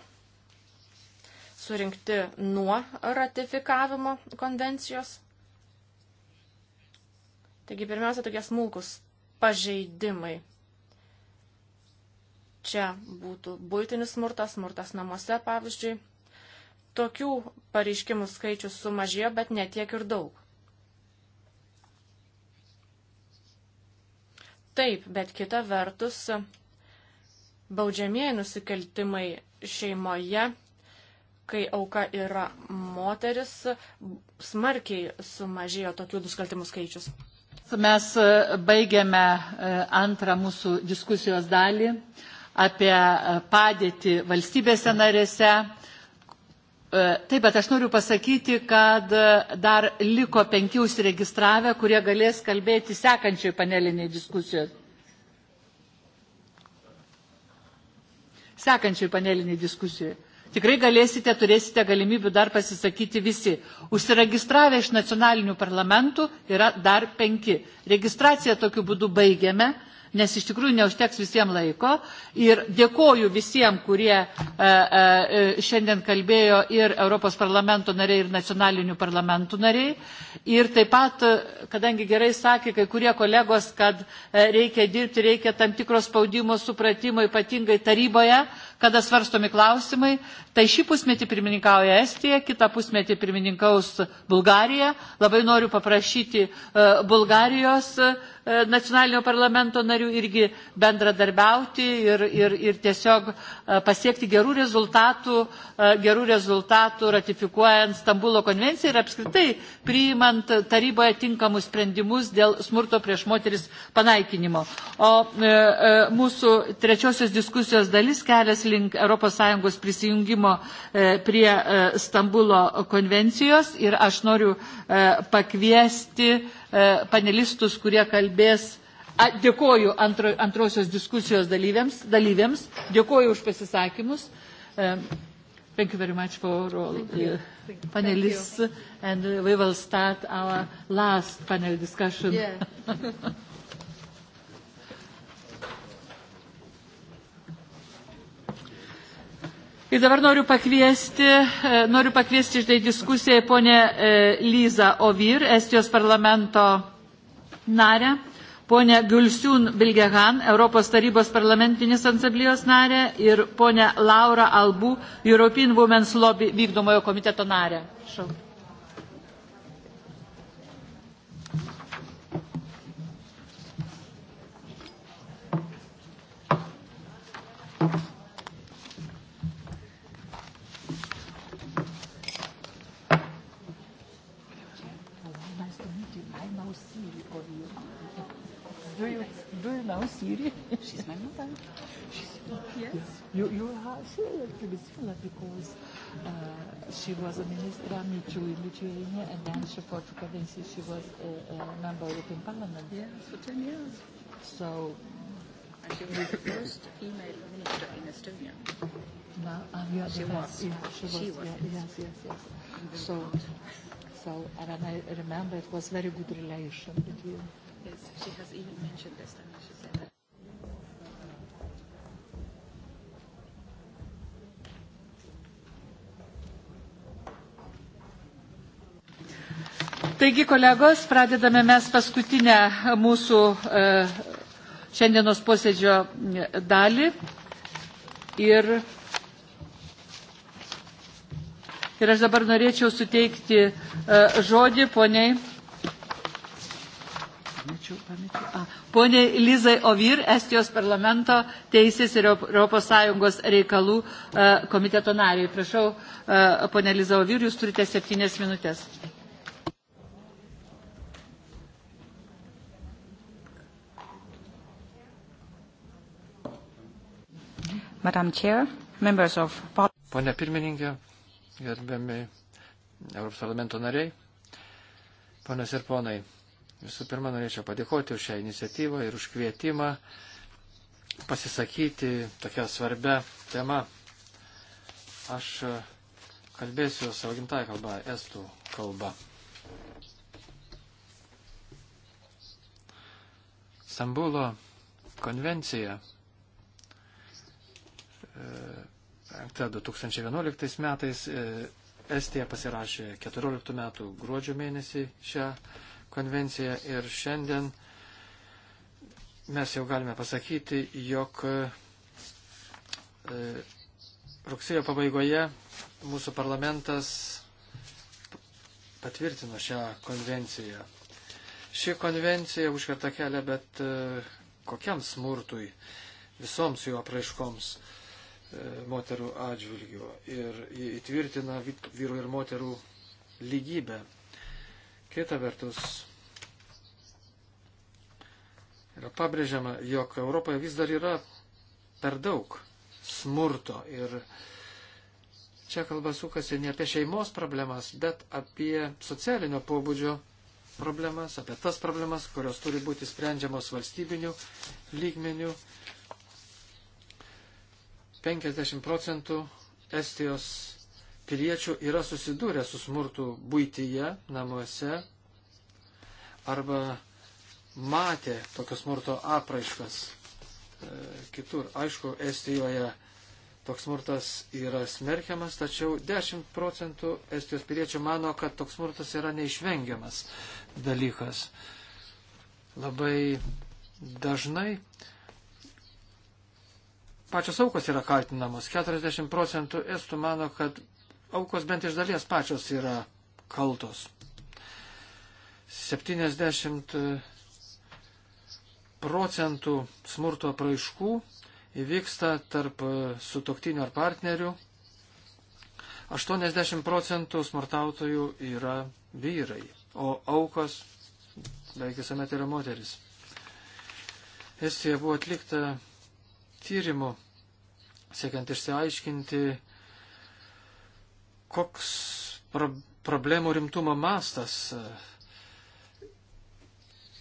Speaker 4: surinkti nuo ratifikavimo konvencijos. Taigi pirmiausia, tokie smulkus pažeidimai. Čia būtų būtinis smurtas, smurtas namuose, pavyzdžiui. Tokių pareiškimų skaičius sumažėjo, bet netiek ir daug. Taip, bet kita vertus, baudžiamieji nusikaltimai šeimoje kai auka yra moteris, smarkiai sumažėjo tokių nusikaltimų skaičius.
Speaker 3: Mes e, baigiame e, antrą mūsų diskusijos dalį apie e, padėtį valstybėse narėse. Taip, bet aš noriu pasakyti, kad dar liko penki užsiregistravę, kurie galės kalbėti sekančioj paneliniai diskusijos. Sekančioj paneliniai diskusijoj tikrai galėsite, turėsite galimybių dar pasisakyti visi. Užsiregistravę iš nacionalinių parlamentų yra dar penki. Registraciją tokiu būdu baigiame nes iš tikrųjų neužteks visiems laiko. Ir dėkoju visiems, kurie e, e, šiandien kalbėjo ir Europos parlamento nariai, ir nacionalinių parlamentų nariai. Ir taip pat, e, kadangi gerai sakė kai kurie kolegos, kad e, reikia dirbti, reikia tam tikros spaudimo supratimo, ypatingai taryboje, kada svarstomi klausimai, tai šį pusmetį pirmininkauja Estija, kitą pusmetį pirmininkaus Bulgarija. Labai noriu paprašyti e, Bulgarijos E, nacionalinio parlamento narių irgi bendradarbiauti ir, ir, ir tiesiog e, pasiekti gerų rezultatų, e, gerų rezultatų ratifikuojant Stambulo konvenciją ir apskritai priimant taryboje tinkamus sprendimus dėl smurto prieš moteris panaikinimo. O e, mūsų trečiosios diskusijos dalis kelias link ES prisijungimo e, prie e, Stambulo konvencijos ir aš noriu e, pakviesti E, panelistus, kurie kalbės. A, dėkoju antro, antrosios diskusijos dalyviams, dalyviams, dėkoju už pasisakymus. Um, Thank you very much for all Thank you. Thank you. panelists, Thank you. and we will start our last panel discussion. Yeah.
Speaker 5: [laughs]
Speaker 3: Ir dabar noriu pakviesti, e, noriu pakviesti išdai diskusijai ponę e, Lyzą Ovir, Estijos parlamento narę, ponę Gulsiun Bilgehan, Europos tarybos parlamentinės asamblėjos narę ir ponę Laura Albu, European Women's Lobby vykdomojo komiteto narę. Šau. you now Siri? [laughs] She's my mother. She's, yes. Yeah. You, you are actually a little bit similar because uh, she was a minister me too in Lithuania and then she for two cadences she was a, a member of the European Parliament. Yes, for 10 years. So... And she was the first female minister in Estonia. No, um, ah, yeah, she, was. Yeah, she was. She was. Yeah, yes, yes, yes. yes. So, part. so, and I remember it was very good relation between. Yes,
Speaker 1: she has even mentioned this time. She
Speaker 3: Taigi, kolegos, pradedame mes paskutinę mūsų e, šiandienos posėdžio dalį. Ir, ir aš dabar norėčiau suteikti e, žodį poniai. Pone Lizai Ovir, Estijos parlamento teisės ir ES reikalų e, komiteto nariai. Prašau, ponė Liza Ovir, jūs turite septynės minutės.
Speaker 2: Madam Chair,
Speaker 5: members of Pone pirmininkė, gerbiami Europos parlamento nariai, ponas ir ponai, visų pirma norėčiau padėkoti už šią iniciatyvą ir už kvietimą pasisakyti tokią svarbę temą. Aš kalbėsiu savo gimtąją kalbą, estų kalbą. Stambulo konvencija Penkta 2011 metais e, Estija pasirašė 14 metų gruodžio mėnesį šią konvenciją ir šiandien mes jau galime pasakyti, jog e, rugsėjo pabaigoje mūsų parlamentas patvirtino šią konvenciją. Ši konvencija užkerta kelią bet e, kokiam smurtui, visoms jo apraiškoms moterų atžvilgių ir įtvirtina vyru ir moterų lygybę. Kita vertus, yra pabrėžiama, jog Europoje vis dar yra per daug smurto ir čia kalba sukasi ne apie šeimos problemas, bet apie socialinio pobūdžio problemas, apie tas problemas, kurios turi būti sprendžiamos valstybinių lygmenių 50 procentų Estijos piliečių yra susidūrę su smurtu būtyje, namuose arba matė tokio smurto apraiškas e, kitur. Aišku, Estijoje toks smurtas yra smerkiamas, tačiau 10 procentų Estijos piliečių mano, kad toks smurtas yra neišvengiamas dalykas. Labai dažnai pačios aukos yra kaltinamos. 40 procentų estų mano, kad aukos bent iš dalies pačios yra kaltos. 70 e, procentų smurto apraiškų įvyksta tarp e, sutoktinių ar partnerių. 80 procentų smurtautojų yra vyrai, o aukos beveik visuomet yra moteris. Estija buvo atlikta tyrimų, siekiant išsiaiškinti, koks pro problemų rimtumo mastas.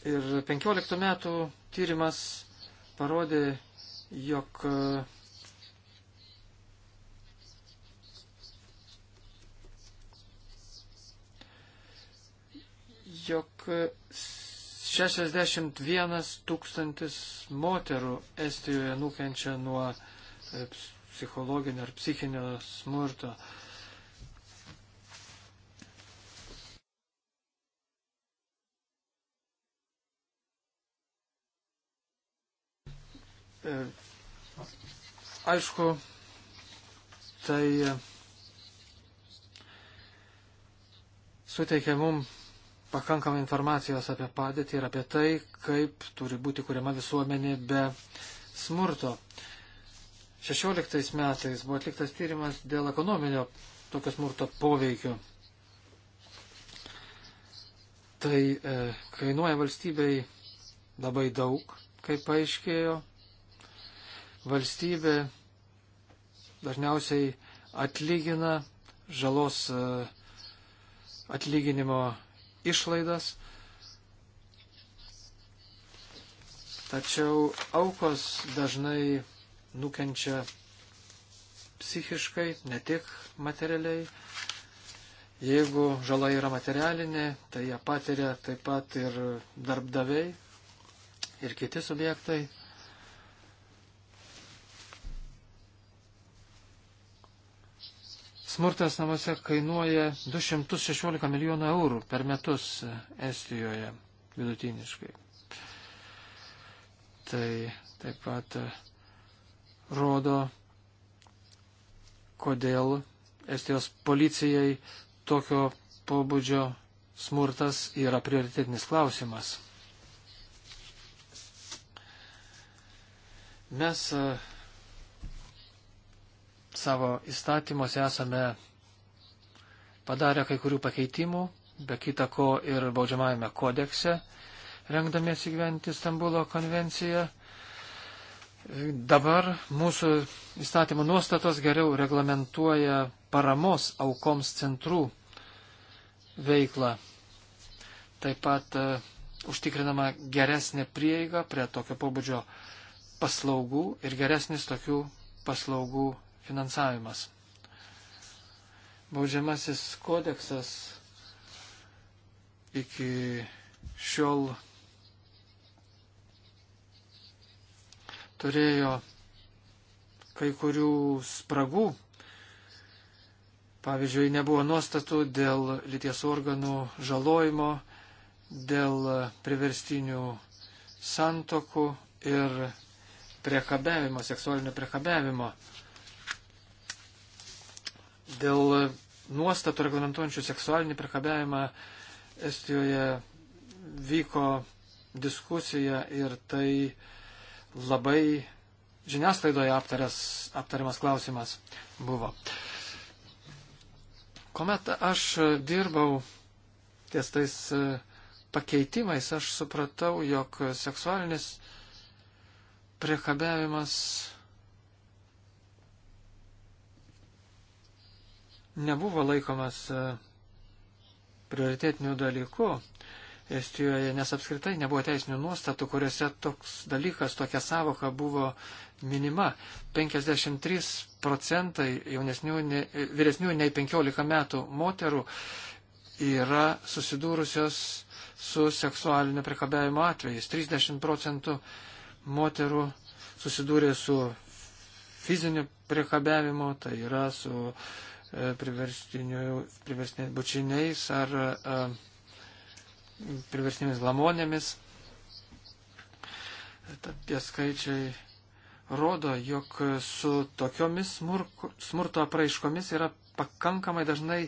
Speaker 5: Ir 15 metų tyrimas parodė, jog jog 61 tūkstantis moterų Estijoje nukenčia nuo e, psichologinio ar psichinio smurto. E, aišku, tai e, suteikia mums pakankamai informacijos apie padėtį ir apie tai, kaip turi būti kuriama visuomenė be smurto. 16 metais buvo atliktas tyrimas dėl ekonominio tokio smurto poveikio. Tai e, kainuoja valstybei labai daug, kaip paaiškėjo. Valstybė dažniausiai atlygina žalos e, atlyginimo išlaidas. Tačiau aukos dažnai nukenčia psichiškai, ne tik materialiai. Jeigu žala yra materialinė, tai ją patiria taip pat ir darbdaviai ir kiti subjektai. Smurtas namuose kainuoja 216 milijonų eurų per metus e, Estijoje vidutiniškai. Tai taip pat e, rodo, kodėl Estijos policijai tokio pobūdžio smurtas yra prioritetinis klausimas. Mes e, savo įstatymuose esame padarę kai kurių pakeitimų, be kita ko ir baudžiamajame kodekse, rengdamiesi gyventi Stambulo konvenciją. Dabar mūsų įstatymų nuostatos geriau reglamentuoja paramos aukoms centrų veiklą. Taip pat uh, užtikrinama geresnė prieiga prie tokio pobūdžio paslaugų ir geresnis tokių paslaugų finansavimas. Baudžiamasis kodeksas iki šiol turėjo kai kurių spragų. Pavyzdžiui, nebuvo nuostatų dėl lyties organų žalojimo, dėl priverstinių santokų ir priekabiavimo, seksualinio priekabiavimo. Dėl nuostatų reglamentuojančių seksualinį priekabiavimą Estijoje vyko diskusija ir tai labai žiniasklaidoje aptarės, aptariamas klausimas buvo. Komet aš dirbau ties tais e, pakeitimais, aš supratau, jog seksualinis priekabiavimas nebuvo laikomas e, prioritetiniu dalyku Estijoje, nes apskritai nebuvo teisinių nuostatų, kuriuose toks dalykas, tokia savoka buvo minima. 53 procentai jaunesnių, ne, vyresnių nei 15 metų moterų yra susidūrusios su seksualinio prikabėjimo atvejais. 30 procentų moterų susidūrė su fiziniu prikabėjimu, tai yra su uh, E, priverstiniais bučiniais ar e, priverstinėmis lamonėmis. Tad tie skaičiai rodo, jog su tokiomis smurko, smurto apraiškomis yra pakankamai dažnai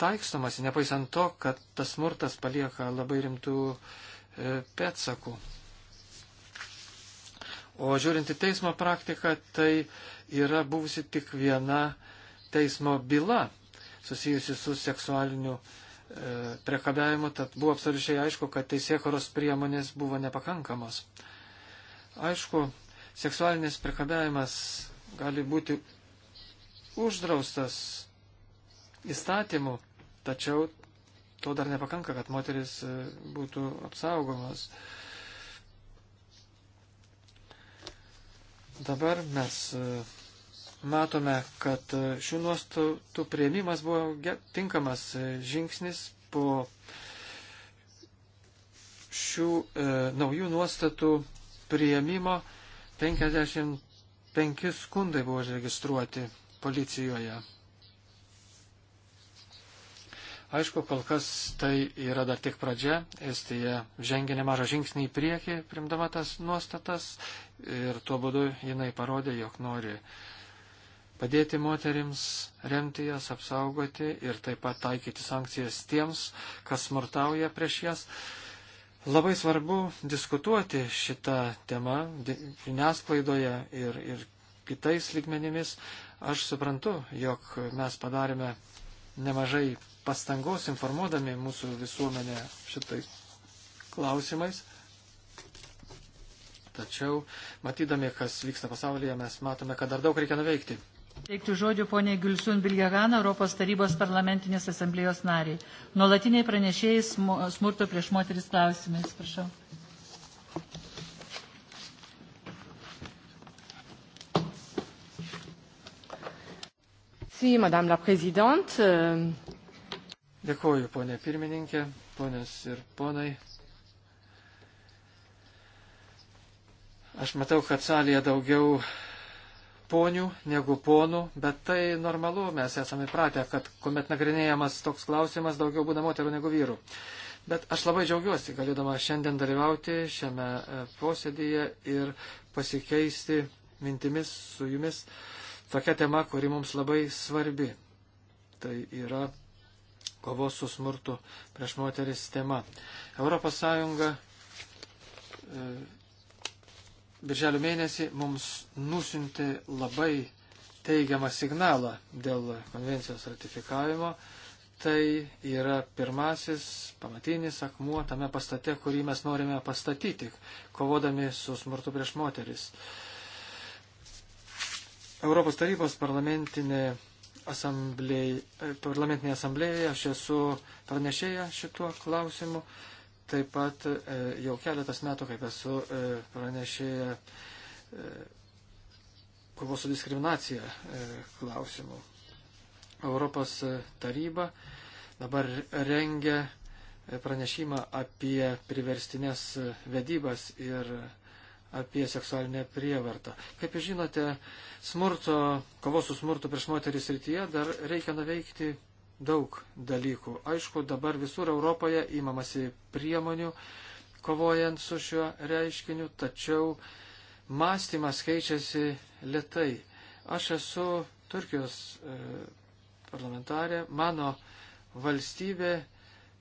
Speaker 5: taikstomasi, nepaisant to, kad tas smurtas palieka labai rimtų e, pėtsakų. O žiūrint į teismo praktiką, tai yra buvusi tik viena uh, teismo byla susijusi su seksualiniu e, priekabiavimu, tad buvo absoliučiai aišku, kad teisėkoros priemonės buvo nepakankamos. Aišku, seksualinis priekabiavimas gali būti uždraustas įstatymu, tačiau to dar nepakanka, kad moteris e, būtų apsaugomas. Dabar mes e, matome, kad e, šių nuostatų prieimimas buvo tinkamas e, žingsnis po šių e, naujų nuostatų prieimimo 55 skundai buvo registruoti policijoje. Aišku, kol kas tai yra dar tik pradžia. Estija žengė nemažą žingsnį į priekį, primdama tas nuostatas ir tuo būdu jinai parodė, jog nori uh, padėti moterims, remti jas, apsaugoti ir taip pat taikyti sankcijas tiems, kas smurtauja prieš jas. Labai svarbu diskutuoti šitą temą žiniasklaidoje ir, ir kitais lygmenimis. Aš suprantu, jog mes padarėme nemažai pastangos informuodami mūsų visuomenę šitais klausimais. Tačiau, matydami, kas vyksta pasaulyje, mes matome, kad dar daug reikia nuveikti.
Speaker 3: Teiktų žodžių poniai Gilsun Bilgegan, Europos tarybos parlamentinės asamblėjos nariai. Nuolatiniai pranešėjai smurto prieš moteris klausimais. Prašau.
Speaker 4: Merci, Madame la Présidente. Euh,
Speaker 5: Dėkuoju, ponė pirmininkė, ponės ir ponai. Aš matau, kad salėje daugiau ponių negu ponų, bet tai normalu, mes esame įpratę, kad kuomet nagrinėjamas toks klausimas, daugiau būna moterų negu vyrų. Bet aš labai džiaugiuosi, galėdama šiandien dalyvauti šiame e, posėdėje ir pasikeisti mintimis su jumis tokia tema, kuri mums labai svarbi. Tai yra kovos su smurtu prieš moteris tema. Europos Sąjunga e, birželio mėnesį mums nusinti labai teigiamą signalą dėl konvencijos ratifikavimo. Tai yra pirmasis pamatinis akmuo tame pastate, kurį mes norime pastatyti, kovodami su smurtu prieš moteris. Europos tarybos parlamentinė asamblėje, parlamentinė asamblėje aš esu pranešėję šituo klausimu. Taip pat e, jau keletas metų, kaip esu e, pranešėję e, kovos su diskriminacija klausimų. Europos taryba dabar rengia pranešimą apie priverstinės vedybas ir apie seksualinę prievartą. Kaip jūs žinote, smurto, kovos su smurtu prieš moteris rytyje dar reikia nuveikti daug dalykų. Aišku, dabar visur Europoje įmamasi priemonių kovojant su šiuo reiškiniu, tačiau mąstymas keičiasi lietai. Aš esu Turkijos e, parlamentarė, mano valstybė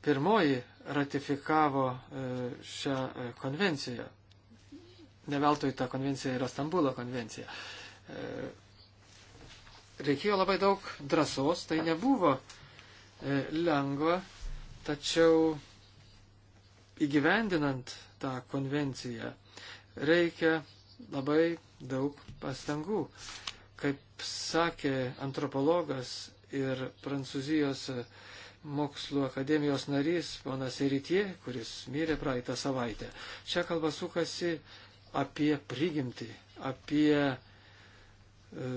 Speaker 5: pirmoji ratifikavo e, šią e, konvenciją. Neveltui ta konvencija yra Stambulo konvencija. E, reikėjo labai daug drąsos, tai nebuvo e, E, lengva, tačiau įgyvendinant tą konvenciją reikia labai daug pastangų. Kaip sakė antropologas ir Prancūzijos mokslo akademijos narys ponas Eritie, kuris mirė praeitą savaitę, čia kalba sukasi apie prigimtį, apie e,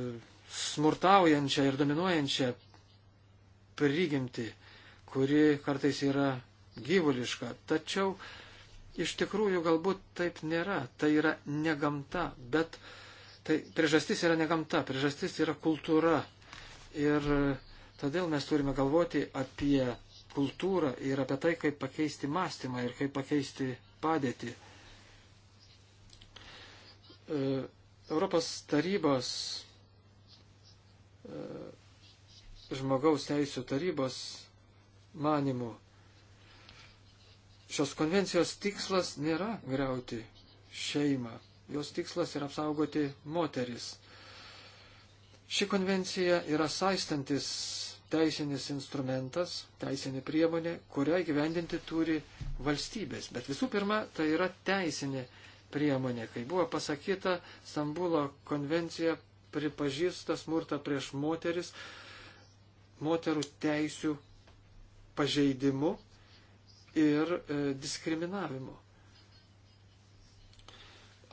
Speaker 5: smurtaujančią ir dominuojančią prigimtį, kuri kartais yra gyvuliška. Tačiau iš tikrųjų galbūt taip nėra. Tai yra ne gamta, bet tai priežastis yra ne gamta, priežastis yra kultūra. Ir todėl mes turime galvoti apie kultūrą ir apie tai, kaip pakeisti mąstymą ir kaip pakeisti padėtį. E, Europos tarybos e, žmogaus teisų tarybos manimų šios konvencijos tikslas nėra greuti šeimą, jos tikslas yra apsaugoti moteris. Ši konvencija yra saistantis teisinis instrumentas, teisinė priemonė, kurią gyvendinti turi valstybės. Bet visų pirma, tai yra teisinė priemonė. Kai buvo pasakyta, Stambulo konvencija pripažįsta smurtą prieš moteris moterų teisių pažeidimu ir e, diskriminavimu.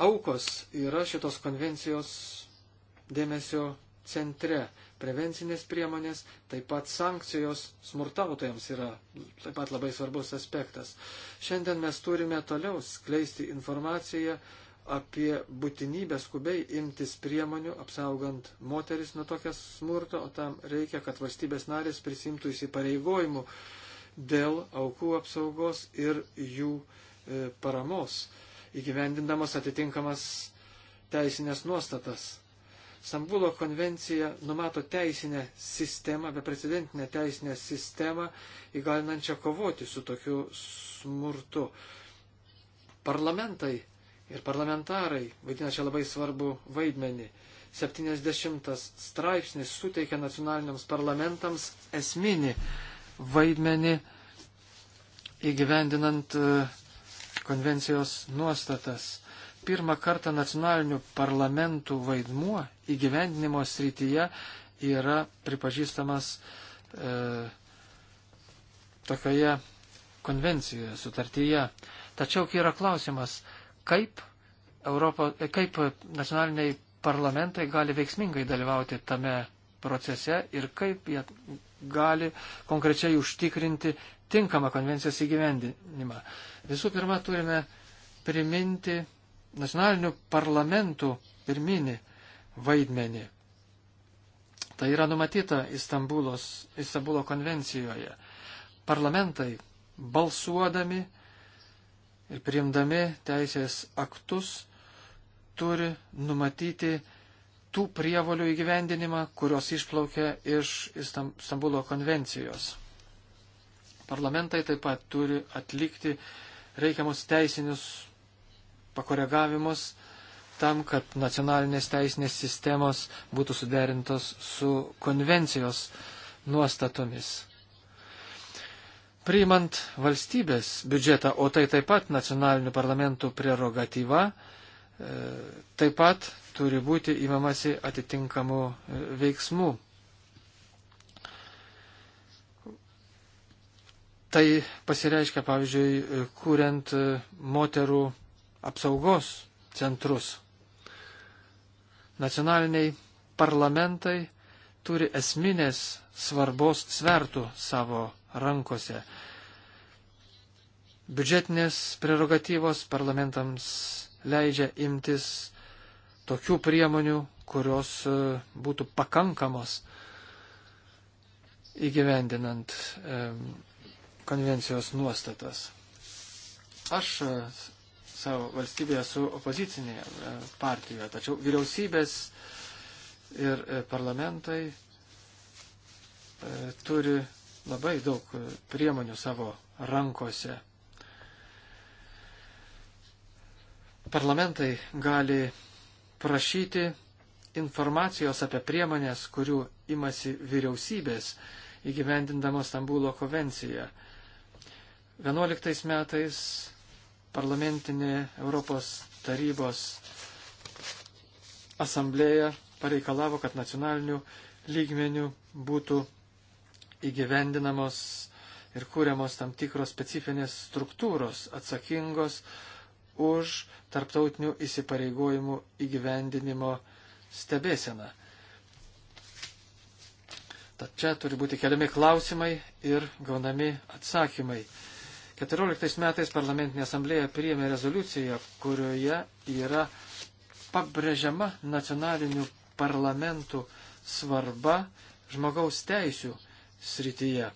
Speaker 5: Aukos yra šitos konvencijos dėmesio centre. Prevencinės priemonės, taip pat sankcijos smurtautojams yra taip pat labai svarbus aspektas. Šiandien mes turime toliau skleisti informaciją, e, apie būtinybę skubiai imtis priemonių apsaugant moteris nuo tokias smurto, o tam reikia, kad valstybės narės prisimtų įsipareigojimų dėl aukų apsaugos ir jų e, paramos, įgyvendindamas atitinkamas teisinės nuostatas. Stambulo konvencija numato teisinę sistemą, beprecedentinę teisinę sistemą, įgalinančią kovoti su tokiu smurtu. Parlamentai ir parlamentarai vaidina čia labai svarbu vaidmenį. 70 straipsnis suteikia nacionaliniams parlamentams esminį vaidmenį įgyvendinant e, konvencijos nuostatas. Pirmą kartą nacionalinių parlamentų vaidmuo įgyvendinimo srityje yra pripažįstamas e, tokioje konvencijoje, sutartyje. Tačiau kai yra klausimas, kaip, Europo, kaip nacionaliniai parlamentai gali veiksmingai dalyvauti tame procese ir kaip jie gali konkrečiai užtikrinti tinkamą konvencijos įgyvendinimą. Visų pirma, turime priminti nacionalinių parlamentų pirminį vaidmenį. Tai yra numatyta Istanbulo konvencijoje. Parlamentai balsuodami ir priimdami teisės aktus turi numatyti tų prievolių įgyvendinimą, kurios išplaukia iš Stambulo konvencijos. Parlamentai taip pat turi atlikti reikiamus teisinius pakoregavimus tam, kad nacionalinės teisinės sistemos būtų suderintos su konvencijos nuostatomis priimant valstybės biudžetą, o tai taip pat nacionalinių parlamentų prerogatyva, e, taip pat turi būti įmamasi atitinkamų e, veiksmų. Tai pasireiškia, pavyzdžiui, e, kuriant moterų apsaugos centrus. Nacionaliniai parlamentai turi esminės svarbos svertų savo rankose. Biudžetinės prerogatyvos parlamentams leidžia imtis tokių priemonių, kurios e, būtų pakankamos įgyvendinant e, konvencijos nuostatas. Aš e, savo valstybėje su opozicinėje partijoje, tačiau vyriausybės ir parlamentai turi labai daug priemonių savo rankose. Parlamentai gali prašyti informacijos apie priemonės, kurių imasi vyriausybės įgyvendindamos Stambulo konvenciją. 11 metais parlamentinė Europos tarybos asamblėja pareikalavo, kad nacionalinių lygmenių būtų įgyvendinamos ir kūriamos tam tikros specifinės struktūros atsakingos už tarptautinių įsipareigojimų įgyvendinimo stebėseną. Tad čia turi būti keliami klausimai ir gaunami atsakymai. 14 metais parlamentinė asamblėja priėmė rezoliuciją, kurioje yra pabrėžiama nacionalinių parlamentų svarba žmogaus teisių srityje.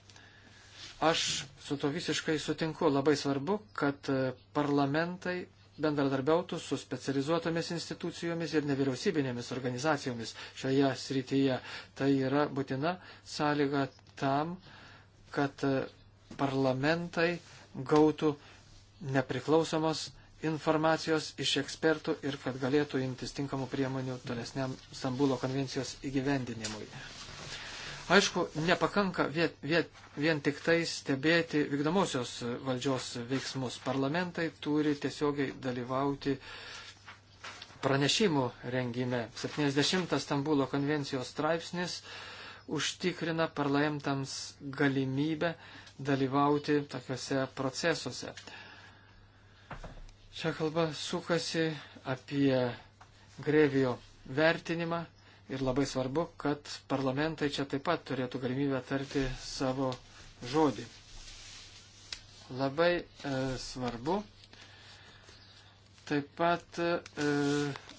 Speaker 5: Aš su to visiškai sutinku. Labai svarbu, kad e, parlamentai bendradarbiautų su specializuotomis institucijomis ir nevyriausybinėmis organizacijomis šioje srityje. Tai yra būtina sąlyga tam, kad e, parlamentai gautų nepriklausomos informacijos iš ekspertų ir kad galėtų imtis tinkamų priemonių tolesniam Stambulo konvencijos įgyvendinimui. Aišku, nepakanka vien, vien, vien tik tai stebėti vykdomosios valdžios veiksmus. Parlamentai turi tiesiogiai dalyvauti pranešimų rengime. 70 Stambulo konvencijos straipsnis užtikrina parlamentams galimybę dalyvauti tokiuose procesuose. Čia kalba sukasi apie grevio vertinimą, Ir labai svarbu, kad parlamentai čia taip pat turėtų galimybę tarti savo žodį. Labai e, svarbu taip pat e,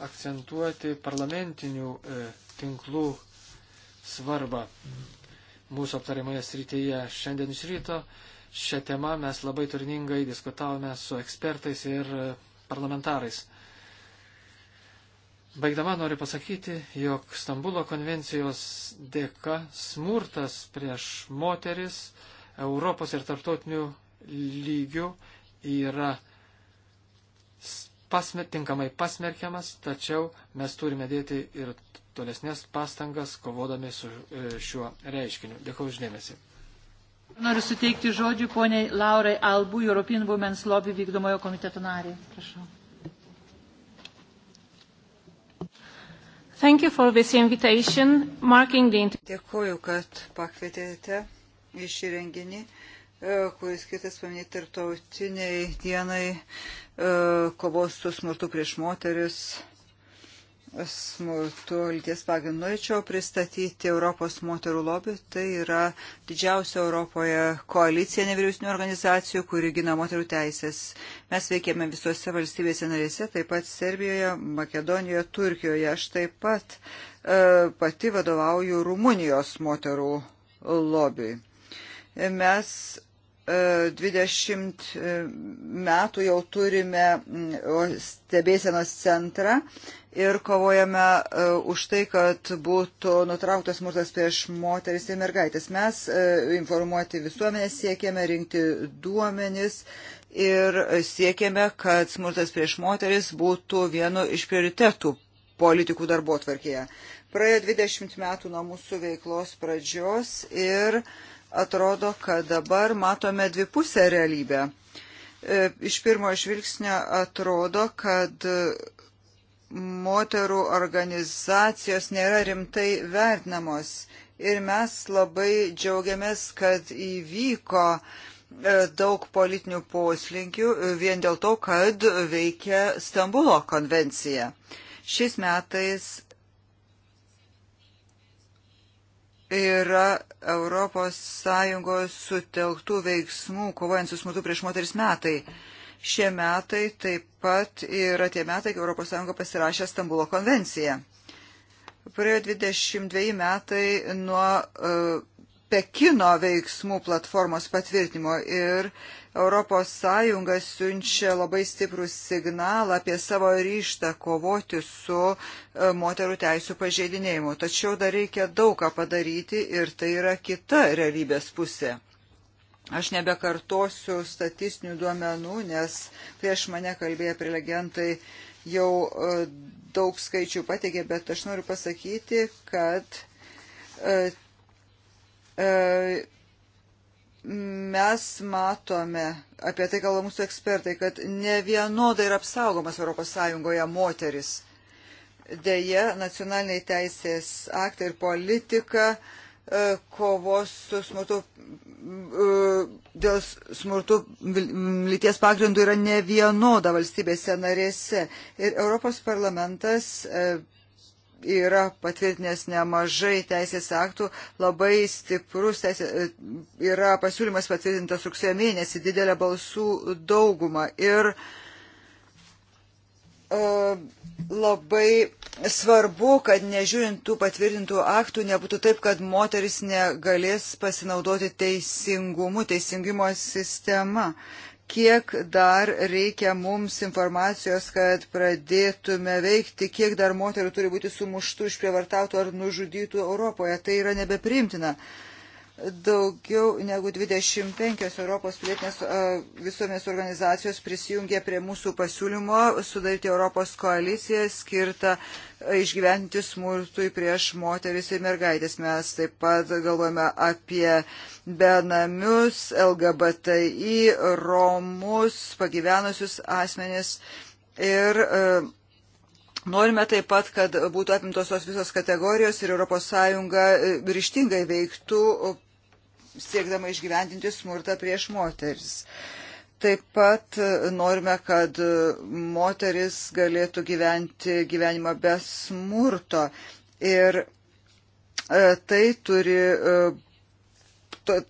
Speaker 5: akcentuoti parlamentinių e, tinklų svarbą mūsų aptariamoje srityje. Šiandien iš ryto šią temą mes labai turningai diskutavome su ekspertais ir e, parlamentarais. Baigdama noriu pasakyti, jog Stambulo konvencijos dėka smurtas prieš moteris Europos ir tarptautinių lygių yra pasme, tinkamai pasmerkiamas, tačiau mes turime dėti ir tolesnės pastangas kovodami su e, šiuo reiškiniu. Dėkuoju uždėmesi.
Speaker 3: Noriu suteikti žodžių poniai Laurai Albu, European Women's Lobby vykdomojo komiteto nariai. Prašau.
Speaker 4: The...
Speaker 1: Dėkuoju, kad pakvietėte į šį renginį, e, kuris skirtas paminėti tarptautiniai dienai e, kovos su smurtu prieš moteris smurtu lyties pagrindu. Norėčiau pristatyti Europos moterų lobį. Tai yra didžiausia Europoje koalicija nevyriausinių organizacijų, kuri gina moterų teisės. Mes veikėme visose valstybėse narėse, taip pat Serbijoje, Makedonijoje, Turkijoje. Aš taip pat e, pati vadovauju Rumunijos moterų lobiui. Mes 20 e, metų jau turime stebėsenos centrą ir kovojame e, už tai, kad būtų nutrauktas smurtas prieš moteris ir mergaitės. Mes e, informuoti visuomenę siekėme rinkti duomenis ir siekėme, kad smurtas prieš moteris būtų vienu iš prioritetų politikų darbo tvarkėje. Praėjo 20 metų nuo mūsų veiklos pradžios ir uh, atrodo, kad dabar matome dvipusę realybę. E, iš pirmo žvilgsnio atrodo, kad moterų organizacijos nėra rimtai vertinamos. Ir mes labai džiaugiamės, kad įvyko e, daug politinių poslinkių e, vien dėl to, kad veikia Stambulo konvencija. Šiais metais yra ES sutelktų veiksmų kovojant su smurtu prieš moteris metai. Šie metai taip pat yra tie metai, kai ES pasirašė Stambulo konvenciją. Praėjo 22 metai nuo uh, Pekino veiksmų platformos patvirtinimo ir ES siunčia labai stiprų signalą apie savo ryštą kovoti su e, moterų teisų pažeidinėjimu. Tačiau dar reikia daug ką padaryti ir tai yra kita realybės pusė. Aš nebekartosiu statistinių duomenų, nes prieš mane kalbėjo prelegentai jau e, daug skaičių pateikė, bet aš noriu pasakyti, kad e, E, mes matome, apie tai kalba mūsų ekspertai, kad ne vienodai yra apsaugomas ES moteris. Deja, nacionaliniai teisės aktai ir politika e, kovos su smurtu, e, dėl smurtų lyties pagrindų yra ne vienoda valstybėse narėse. Ir Europos parlamentas yra patvirtinęs nemažai teisės aktų, labai stiprus teisė, yra pasiūlymas patvirtintas rugsėjo mėnesį didelę balsų daugumą ir e, labai svarbu, kad nežiūrint tų patvirtintų aktų nebūtų taip, kad moteris negalės pasinaudoti teisingumu, teisingumo sistema kiek dar reikia mums informacijos, kad pradėtume veikti, kiek dar moterų turi būti sumuštų, išprievartautų ar nužudytų Europoje. Tai yra nebeprimtina. Uh, Daugiau negu 25 Europos pilietinės visuomenės organizacijos prisijungė prie mūsų pasiūlymo sudaryti Europos koaliciją skirtą išgyventi smurtui prieš moteris ir mergaitės. Mes taip pat galvojame apie benamius, LGBTI, romus, pagyvenusius asmenis ir e, Norime taip pat, kad būtų apimtos tos visos kategorijos ir ES e, ryštingai veiktų siekdama išgyvendinti smurtą prieš moteris. Taip pat e, norime, kad e, moteris galėtų gyventi gyvenimą be smurto ir e, tai turi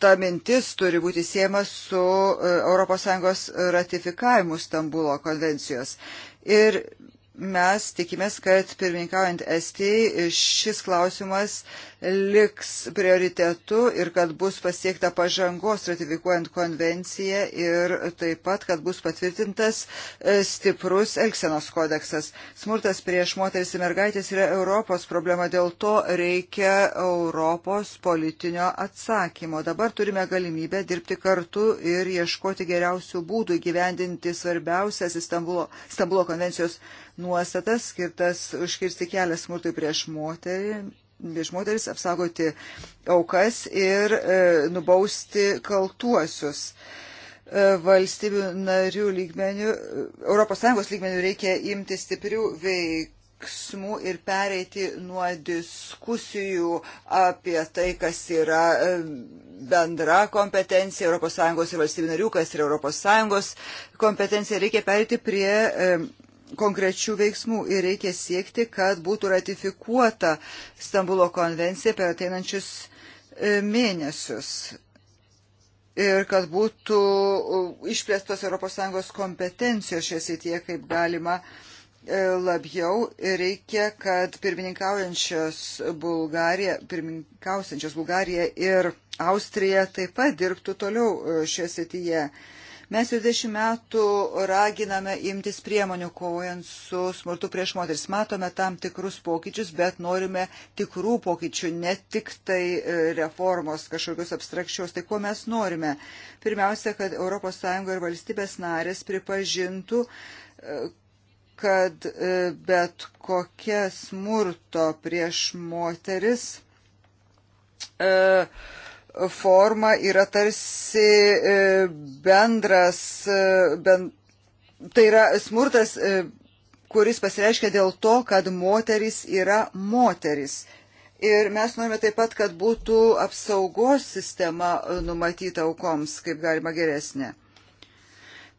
Speaker 1: ta mintis turi būti siejama su ES ratifikavimu Stambulo konvencijos. Ir mes tikimės, kad pirmininkaujant Estijai šis klausimas liks prioritetu ir kad bus pasiekta pažangos ratifikuojant konvenciją ir taip pat, kad bus patvirtintas e, stiprus Elksenos kodeksas. Smurtas prieš moteris ir mergaitės yra Europos problema, dėl to reikia Europos politinio atsakymo. Dabar turime galimybę dirbti kartu ir ieškoti geriausių būdų gyvendinti svarbiausias Stambulo, Stambulo konvencijos nuostatas skirtas užkirsti kelią smurtui prieš moterį prieš moteris apsaugoti aukas ir e, nubausti kaltuosius. E, valstybių narių lygmenių, ES lygmenių reikia imti stiprių veikų veiksmų ir pereiti nuo diskusijų apie tai, kas yra e, bendra kompetencija ES ir valstybių narių, kas yra ES kompetencija. Reikia pereiti prie e, konkrečių veiksmų ir reikia siekti, kad būtų ratifikuota Stambulo konvencija per ateinančius e, mėnesius ir kad būtų išplėstos ES kompetencijos šioje srityje kaip galima e, labiau reikia, kad pirmininkaujančios Bulgarija, pirmininkausiančios Bulgarija ir Austrija taip pat dirbtų toliau e, šioje srityje. Mes 20 metų raginame imtis priemonių kovojant su smurtu prieš moteris. Matome tam tikrus pokyčius, bet norime tikrų pokyčių, ne tik tai e, reformos kažkokios abstrakčios. Tai ko mes norime? Pirmiausia, kad ES ir valstybės narės pripažintų e, kad e, bet kokia smurto prieš moteris e, forma yra tarsi e, bendras, e, ben, tai yra smurtas, e, kuris pasireiškia dėl to, kad moteris yra moteris. Ir mes norime taip pat, kad būtų apsaugos sistema numatyta aukoms, kaip galima geresnė.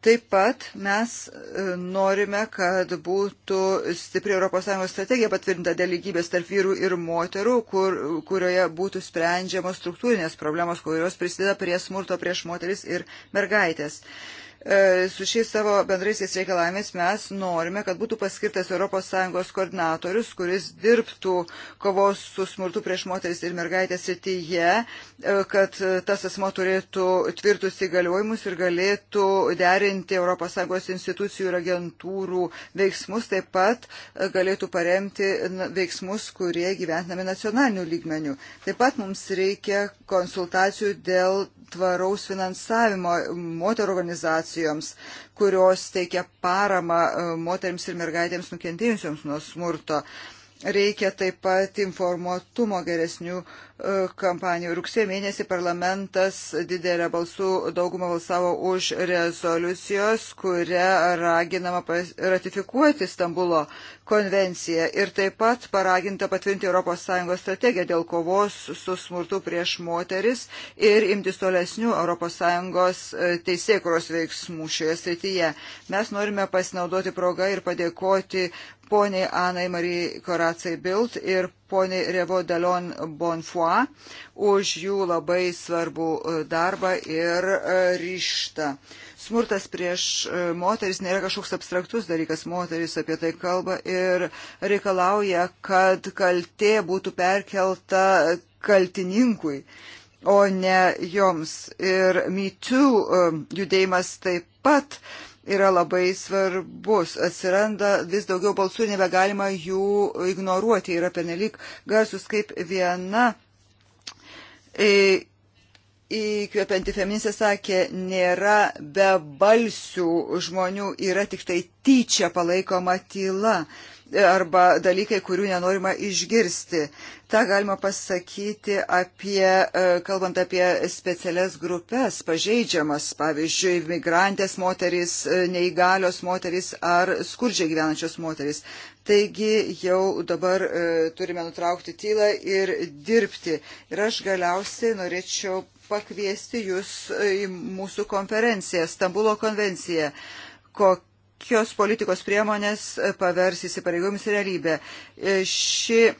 Speaker 1: Taip pat mes e, norime, kad būtų stipri ES strategija patvirtinta dėl lygybės tarp vyrų ir moterų, kur, kurioje būtų sprendžiamos struktūrinės problemos, kurios prisideda prie smurto prieš moteris ir mergaitės. Uh, E, su šiais savo bendraisiais reikalavimais mes norime, kad būtų paskirtas ES koordinatorius, kuris dirbtų kovos su smurtu prieš moteris ir mergaitės srityje, e, kad tas asmo turėtų tvirtus įgaliojimus ir galėtų derinti ES institucijų ir agentūrų veiksmus, taip pat e, galėtų paremti veiksmus, kurie gyventami nacionalinių lygmenių. Taip pat mums reikia konsultacijų dėl tvaraus finansavimo moterų organizacijoms, kurios teikia paramą e, moteriams ir mergaitėms nukentėjusioms nuo smurto. Reikia taip pat informuotumo geresnių kampanijų. Rugsėjo mėnesį parlamentas didelę balsų daugumą balsavo už rezoliucijos, kuria raginama ratifikuoti Stambulo konvenciją ir taip pat paraginta patvirtinti ES strategiją dėl kovos su smurtu prieš moteris ir imtis tolesnių ES teisėkuros veiksmų šioje srityje. Mes norime pasinaudoti progą ir padėkoti poniai Anai Marijai Koracai Bild ir poniai Revo Dalion Bonfoy už jų labai svarbų e, darbą ir e, ryštą. Smurtas prieš e, moteris nėra kažkoks abstraktus dalykas, moteris apie tai kalba ir reikalauja, kad kaltė būtų perkelta kaltininkui o ne joms. Ir MeToo judėjimas taip pat uh, yra labai svarbus. Atsiranda vis daugiau balsų, nebegalima jų ignoruoti. Yra penelik garsus kaip viena. E, Įkvėpianti feministė sakė, nėra be balsių žmonių, yra tik tai tyčia palaikoma tyla arba dalykai, kurių nenorima išgirsti. Ta galima pasakyti apie, e, kalbant apie specialias grupės, pažeidžiamas, pavyzdžiui, migrantės moteris, e, neįgalios moteris ar skurdžiai gyvenančios moteris. Taigi jau dabar e, turime nutraukti tylą ir dirbti. Ir aš galiausiai norėčiau pakviesti jūs į mūsų konferenciją, Stambulo konvenciją. Kokia kokios politikos priemonės pavers įsipareigojimus realybę. E, ši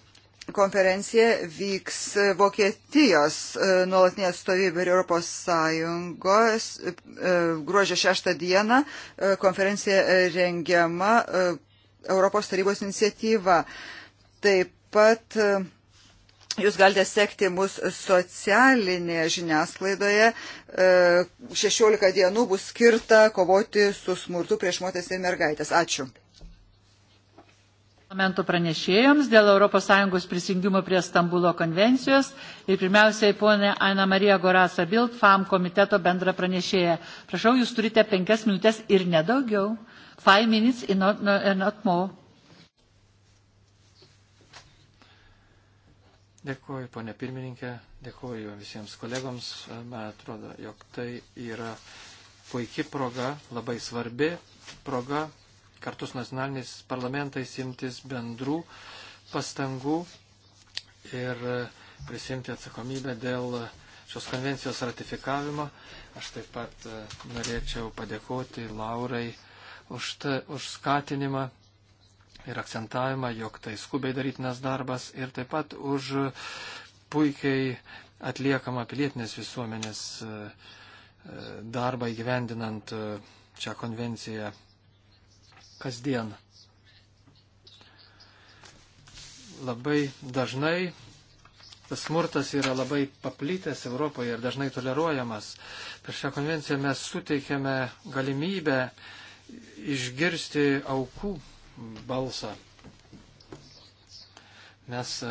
Speaker 1: konferencija vyks Vokietijos e, nuolatinė atstovybė ir Europos Sąjungos e, gruožio 6 dieną. Konferencija rengiama Europos tarybos iniciatyva. Taip pat Jūs galite sekti mus socialinėje žiniasklaidoje. 16 e, dienų bus skirta kovoti su smurtu prieš moteris ir mergaitės. Ačiū.
Speaker 3: Parlamento pranešėjoms dėl ES prisijungimo prie Stambulo konvencijos ir pirmiausiai ponė Aina Marija Gorasa Bild, FAM komiteto bendra pranešėja. Prašau, jūs turite penkias minutės ir nedaugiau. Five minutes and not, not more.
Speaker 5: Dėkuoju, ponė pirmininkė, dėkuoju visiems kolegoms. Man atrodo, jog tai yra puikia proga, labai svarbi proga kartu su nacionaliniais parlamentais imtis bendrų pastangų ir e, prisimti atsakomybę dėl šios konvencijos ratifikavimo. Aš taip pat e, norėčiau padėkoti Laurai už, ta, už skatinimą ir akcentavimą, jog tai skubiai darytinas darbas ir taip pat už puikiai atliekamą pilietinės visuomenės e, e, darbą įgyvendinant e, šią konvenciją kasdien. Labai dažnai tas smurtas yra labai paplitęs Europoje ir dažnai toleruojamas. Per šią konvenciją mes suteikėme galimybę išgirsti aukų balsą. Mes e,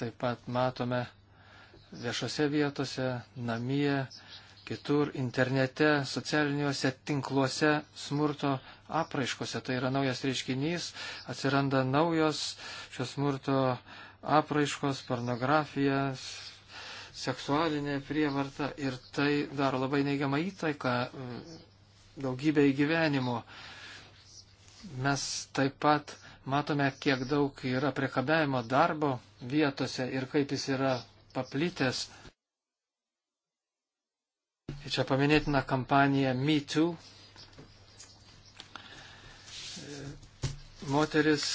Speaker 5: taip pat matome viešose vietose, namie, kitur, internete, socialiniuose tinkluose smurto apraiškose. Tai yra naujas reiškinys, atsiranda naujos šios smurto apraiškos, pornografija, seksualinė prievarta ir tai daro labai neigiamą įtaiką e, daugybę įgyvenimo. gyvenimo Mes taip pat matome, kiek daug yra priekabiavimo darbo vietose ir kaip jis yra paplitęs. Ir čia paminėtina kampanija Me Too. Moteris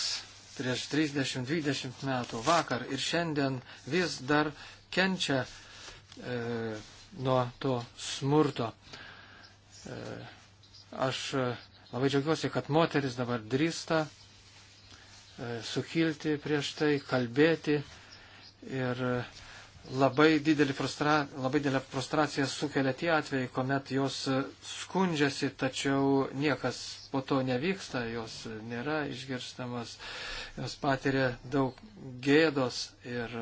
Speaker 5: prieš 30-20 metų vakar ir šiandien vis dar kenčia e, nuo to smurto. E, aš Labai džiaugiuosi, kad moteris dabar drįsta e, sukilti prieš tai, kalbėti ir e, labai didelį, frustra, labai didelį frustraciją sukelia tie atvejai, kuomet jos e, skundžiasi, tačiau niekas po to nevyksta, jos nėra išgirstamas, jos patiria daug gėdos ir,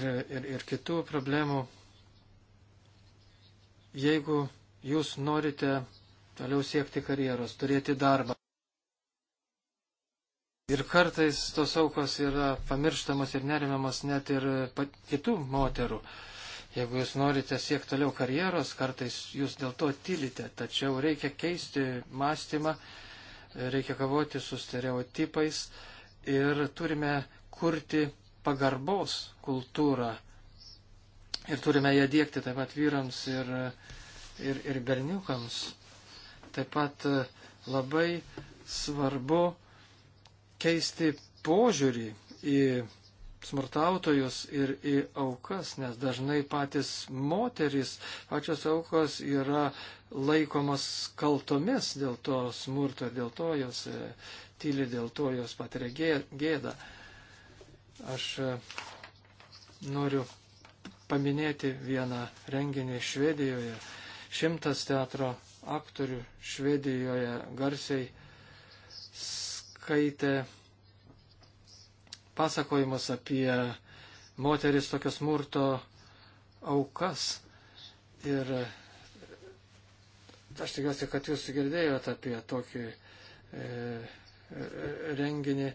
Speaker 5: ir, ir, ir kitų problemų. Jeigu jūs norite toliau siekti karjeros, turėti darbą. Ir kartais tos aukos yra pamirštamos ir nerimiamos net ir kitų moterų. Jeigu jūs norite siekti toliau karjeros, kartais jūs dėl to tylite, tačiau reikia keisti mąstymą, reikia kovoti su stereotipais ir turime kurti pagarbos kultūrą. Ir turime ją dėkti taip pat vyrams ir uh, ir, ir berniukams. Taip pat e, labai svarbu keisti požiūrį į smurtautojus ir į aukas, nes dažnai patys moteris, pačios aukos yra laikomas kaltomis dėl to smurto ir dėl to jos e, tyli, dėl to jos patiria gėdą. Aš e, noriu paminėti vieną renginį Švedijoje, Šimtas teatro aktorių Švedijoje garsiai skaitė pasakojimus apie moteris tokio smurto aukas. Ir aš tikiuosi, kad jūs girdėjote apie tokį e, renginį,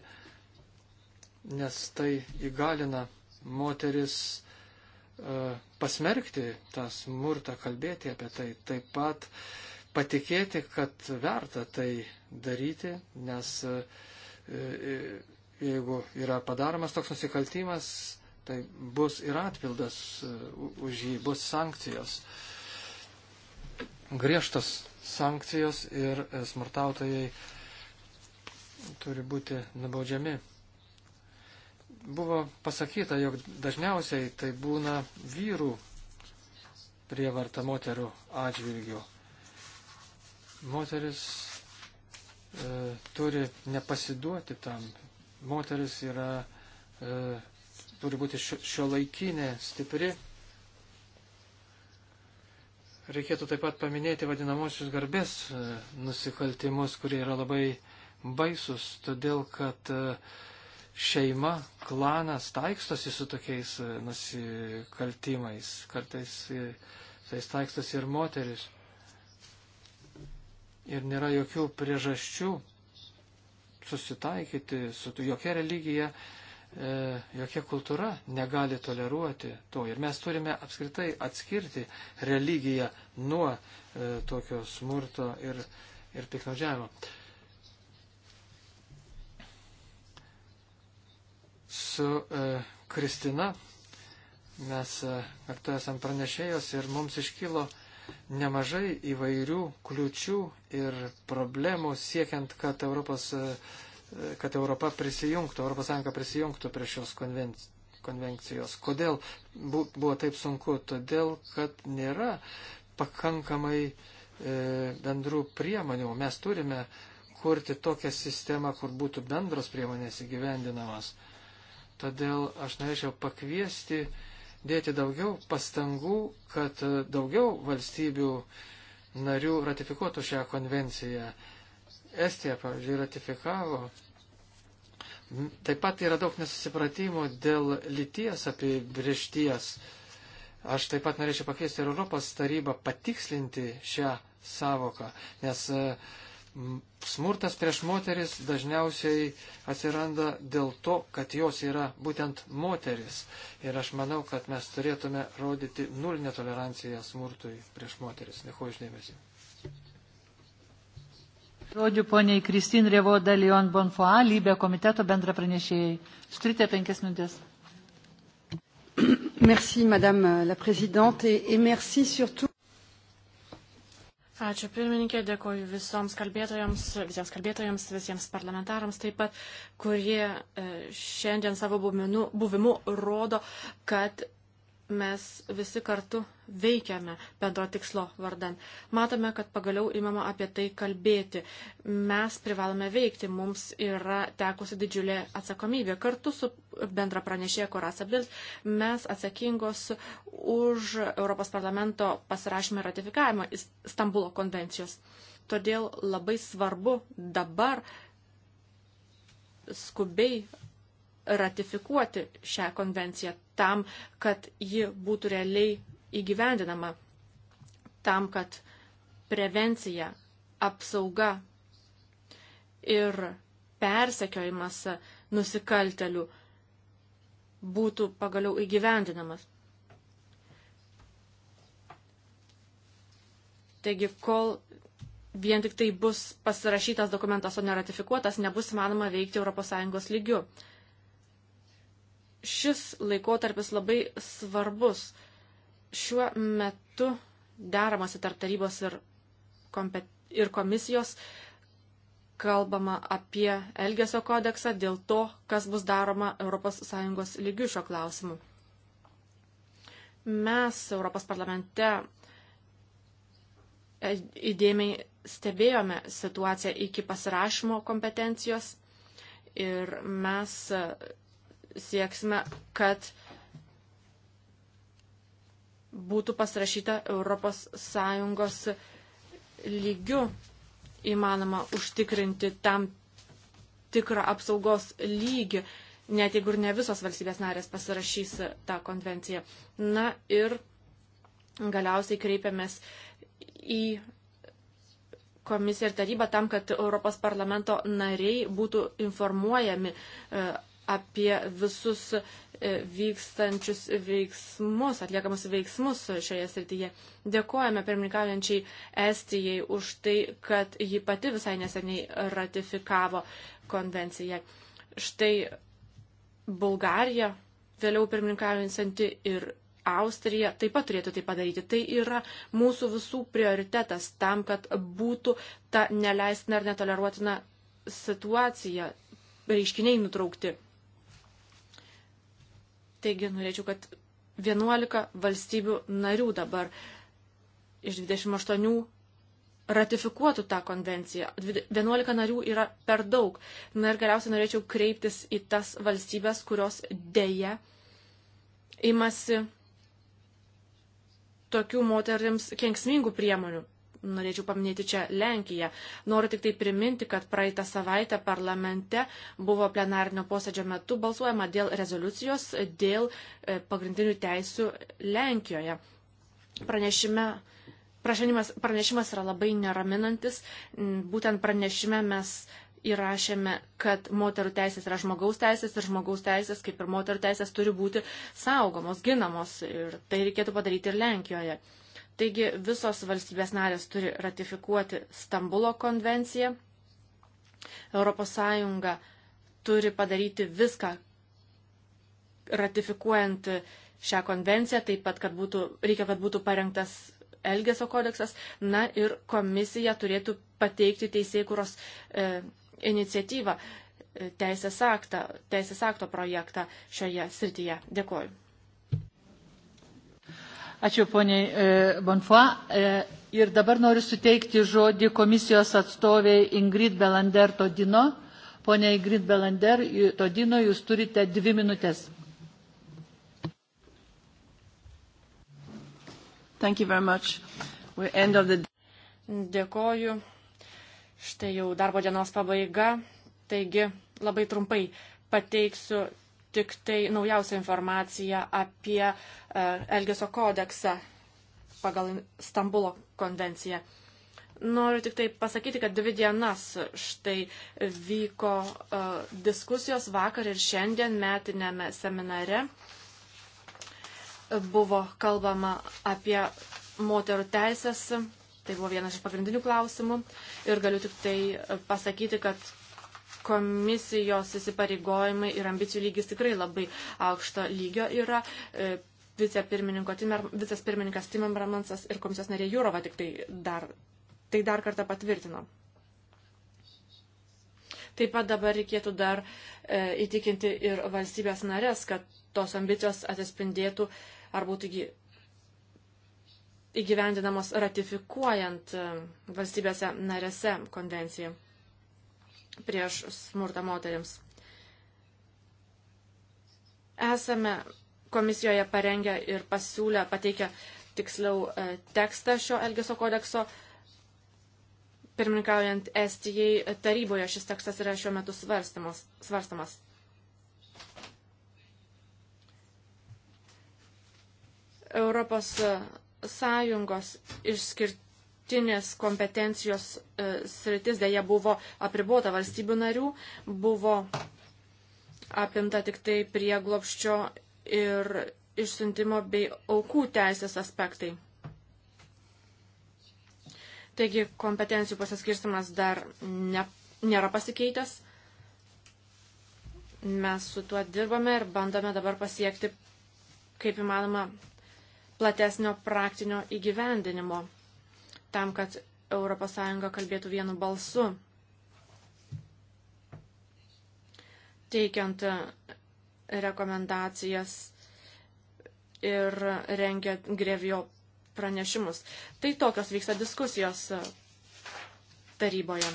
Speaker 5: nes tai įgalina moteris E, pasmerkti tą smurtą, kalbėti apie tai, taip pat patikėti, kad verta tai daryti, nes e, e, jeigu yra padaromas toks nusikaltimas, tai bus ir atpildas už jį, bus sankcijos. Griežtos sankcijos ir smurtautojai turi būti nubaudžiami. Buvo pasakyta, jog dažniausiai tai būna vyrų prievarta moterų atžvilgių. Moteris e, turi nepasiduoti tam. Moteris yra, e, turi būti šio, šio laikinė, stipri. Reikėtų taip pat paminėti vadinamosius garbės e, nusikaltimus, kurie yra labai baisus, todėl kad e, šeima, klanas taikstosi su tokiais e, nusikaltimais. Kartais tais e, taikstosi ir moteris. Ir nėra jokių priežasčių susitaikyti su jokia religija, e, jokia kultūra negali toleruoti to. Ir mes turime apskritai atskirti religiją nuo tokio smurto ir, ir piknaudžiavimo. su e, Kristina. Mes e, kartu tai esam pranešėjos ir mums iškylo nemažai įvairių kliučių ir problemų siekiant, kad, Europos, e, kad Europa prisijungtų, Europos Sąjunga prisijungtų prie šios konvencijos. Konvencijos. Kodėl buvo taip sunku? Todėl, kad nėra pakankamai e, bendrų priemonių. Mes turime kurti tokią sistemą, kur būtų bendros priemonės įgyvendinamas. E, Todėl aš norėčiau pakviesti dėti daugiau pastangų, kad daugiau valstybių narių ratifikuotų šią konvenciją. Estija, pavyzdžiui, ratifikavo. Taip pat yra daug nesusipratimų dėl lyties apibriešties. Aš taip pat norėčiau pakviesti ir Europos tarybą patikslinti šią savoką, nes smurtas prieš moteris dažniausiai atsiranda dėl to, kad jos yra būtent moteris. Ir aš manau, kad mes turėtume rodyti nulinę toleranciją smurtui prieš moteris. Dėkuoju išdėmesi.
Speaker 3: Žodžiu poniai Kristin Revo Dalion Bonfoa, Lybė komiteto bendra pranešėjai. Skritė penkias minutės.
Speaker 1: Merci, Madame la Présidente,
Speaker 3: et, et merci surtout.
Speaker 4: Ačiū pirmininkė, dėkoju visoms kalbėtojams, visiems kalbėtojams, visiems parlamentarams taip pat, kurie e, šiandien savo buvimu, buvimu rodo, kad mes visi kartu veikiame bendro tikslo vardan. Matome, kad pagaliau įmama apie tai kalbėti. Mes privalome veikti, mums yra tekusi didžiulė atsakomybė. Kartu su bendra pranešėja Korasa Bils mes atsakingos už Europos parlamento pasirašymą ir ratifikavimą Stambulo konvencijos. Todėl labai svarbu dabar skubiai ratifikuoti šią konvenciją tam, kad ji būtų realiai įgyvendinama, tam, kad prevencija, apsauga ir persekiojimas nusikaltelių būtų pagaliau įgyvendinamas. Taigi, kol vien tik tai bus pasirašytas dokumentas, o neratifikuotas, nebus manoma veikti ES lygiu šis laikotarpis labai svarbus. Šiuo metu deramasi tarp tarybos ir, kompet... ir komisijos kalbama apie Elgesio kodeksą dėl to, kas bus daroma ES lygių šio klausimu. Mes Europos parlamente e, įdėmiai stebėjome situaciją iki pasirašymo kompetencijos ir mes sieksime, kad būtų pasirašyta ES lygių įmanoma užtikrinti tam tikrą apsaugos lygį, net jeigu ir ne visos valstybės narės pasirašys tą konvenciją. Na ir galiausiai kreipiamės į komisiją ir tarybą tam, kad Europos parlamento nariai būtų informuojami e, apie visus e, vykstančius veiksmus, atliekamus veiksmus šioje srityje. Dėkojame pirmininkaujančiai Estijai už tai, kad ji pati visai neseniai ratifikavo konvenciją. Štai Bulgarija, vėliau pirmininkaujanti ir Austrija taip pat turėtų tai padaryti. Tai yra mūsų visų prioritetas tam, kad būtų ta neleistina ar netoleruotina situacija, reiškiniai nutraukti. Taigi norėčiau, kad 11 valstybių narių dabar iš 28 ratifikuotų tą konvenciją. 11 narių yra per daug. Na ir galiausiai norėčiau kreiptis į tas valstybės, kurios dėja imasi tokių moterims kenksmingų priemonių. Norėčiau paminėti čia Lenkiją. Noriu tik tai priminti, kad praeitą savaitę parlamente buvo plenarnio posėdžio metu balsuojama dėl rezoliucijos dėl e, pagrindinių teisių Lenkijoje. Pranešime pranešimas, pranešimas yra labai neraminantis. Būtent pranešime mes įrašėme, kad moterų teisės yra žmogaus teisės ir žmogaus teisės, kaip ir moterų teisės, turi būti saugomos, ginamos. Ir tai reikėtų padaryti ir Lenkijoje. Taigi visos valstybės narės turi ratifikuoti Stambulo konvenciją. ES turi padaryti viską, ratifikuojant šią konvenciją, taip pat, kad būtų, reikia, kad būtų parengtas Elgesio kodeksas, na ir komisija turėtų pateikti teisėkuros e, iniciatyvą, e, teisės, aktą, teisės akto projektą šioje srityje. Dėkuoju.
Speaker 3: Ačiū poniai e, Bonfoy. E, ir dabar noriu suteikti žodį komisijos atstoviai Ingrid Belander Todino. Pone Ingrid Belander Todino, jūs turite dvi minutės. Thank you very much. We're end of the... Dėkoju.
Speaker 4: Štai jau darbo dienos pabaiga. Taigi labai trumpai pateiksiu tik tai naujausią informaciją apie e, Elgesio kodeksą pagal Stambulo konvenciją. Noriu tik tai pasakyti, kad dvi dienas štai vyko uh, diskusijos vakar ir šiandien metinėme seminare. Buvo kalbama apie moterų teisės, tai buvo vienas iš pagrindinių klausimų. Ir galiu tik tai pasakyti, kad komisijos įsipareigojimai ir ambicijų lygis tikrai labai aukšto lygio yra. E, Timer, visas pirmininkas Timmermansas ir komisijos narė Jūrova tik tai dar, tai dar kartą patvirtino. Taip pat dabar reikėtų dar e, įtikinti ir valstybės narės, kad tos ambicijos atsispindėtų ar būtų įgyvendinamos ratifikuojant e, valstybėse narėse konvenciją prieš smurtą moteriams. Esame komisijoje parengę ir pasiūlę, pateikę tiksliau e, tekstą šio Elgesio kodekso. Pirmininkaujant Estijai e, taryboje šis tekstas yra šiuo metu svarstamas. svarstamas. Europos e, Sąjungos išskirti dabartinės kompetencijos e, sritis dėja buvo apribota valstybių narių, buvo apimta tik tai prieglopščio ir išsiuntimo bei aukų teisės aspektai. Taigi kompetencijų pasiskirstimas dar ne, nėra pasikeitęs. Mes su tuo dirbame ir bandome dabar pasiekti, kaip įmanoma, platesnio praktinio įgyvendinimo tam, kad ES kalbėtų vienu balsu, teikiant rekomendacijas ir rengiant grevio pranešimus. Tai tokios vyksta diskusijos taryboje.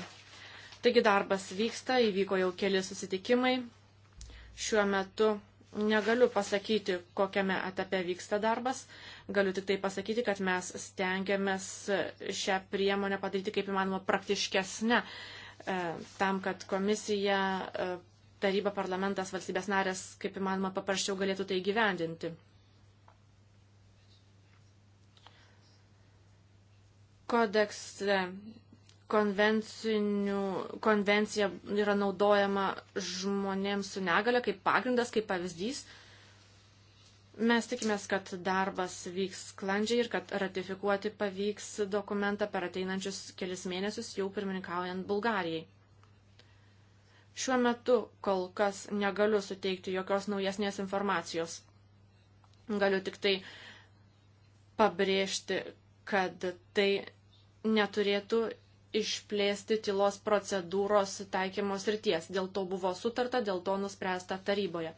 Speaker 4: Taigi darbas vyksta, įvyko jau keli susitikimai. Šiuo metu Negaliu pasakyti, kokiame etape vyksta darbas. Galiu tik tai pasakyti, kad mes stengiamės šią priemonę padaryti kaip įmanoma praktiškesnę, e, tam, kad komisija, e, taryba, parlamentas, valstybės narės kaip įmanoma paprasčiau galėtų tai gyvendinti. Kodekse konvencija yra naudojama žmonėms su negale kaip pagrindas, kaip pavyzdys. Mes tikimės, kad darbas vyks sklandžiai ir kad ratifikuoti pavyks dokumentą per ateinančius kelis mėnesius jau pirmininkaujant Bulgarijai. Šiuo metu kol kas negaliu suteikti jokios naujesnės informacijos. Galiu tik tai pabrėžti, kad tai neturėtų išplėsti tylos procedūros taikymos ryties. Dėl to buvo sutarta, dėl to nuspręsta taryboje.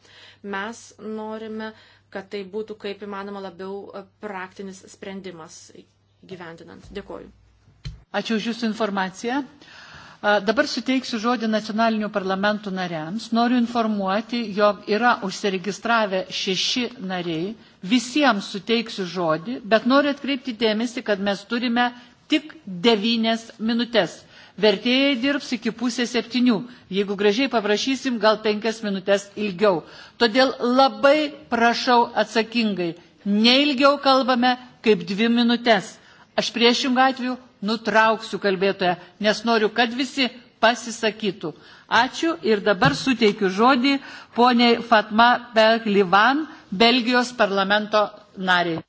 Speaker 4: Mes norime, kad tai būtų kaip įmanoma labiau e, praktinis sprendimas gyvendinant. Dėkoju.
Speaker 3: Ačiū už Jūsų informaciją. Dabar suteiksiu žodį nacionalinių parlamentų nariams. Noriu informuoti, jog yra užsiregistravę šeši nariai. Visiems suteiksiu žodį, bet noriu atkreipti dėmesį, kad mes turime tik devynias minutės. Vertėjai dirbs iki pusės septynių. Jeigu gražiai paprašysim, gal penkias minutės ilgiau. Todėl labai prašau atsakingai. Neilgiau kalbame kaip dvi minutės. Aš priešingą atveju nutrauksiu kalbėtoją, nes noriu, kad visi pasisakytų. Ačiū ir dabar suteikiu žodį poniai Fatma Pelklivan, Belgijos parlamento nariai.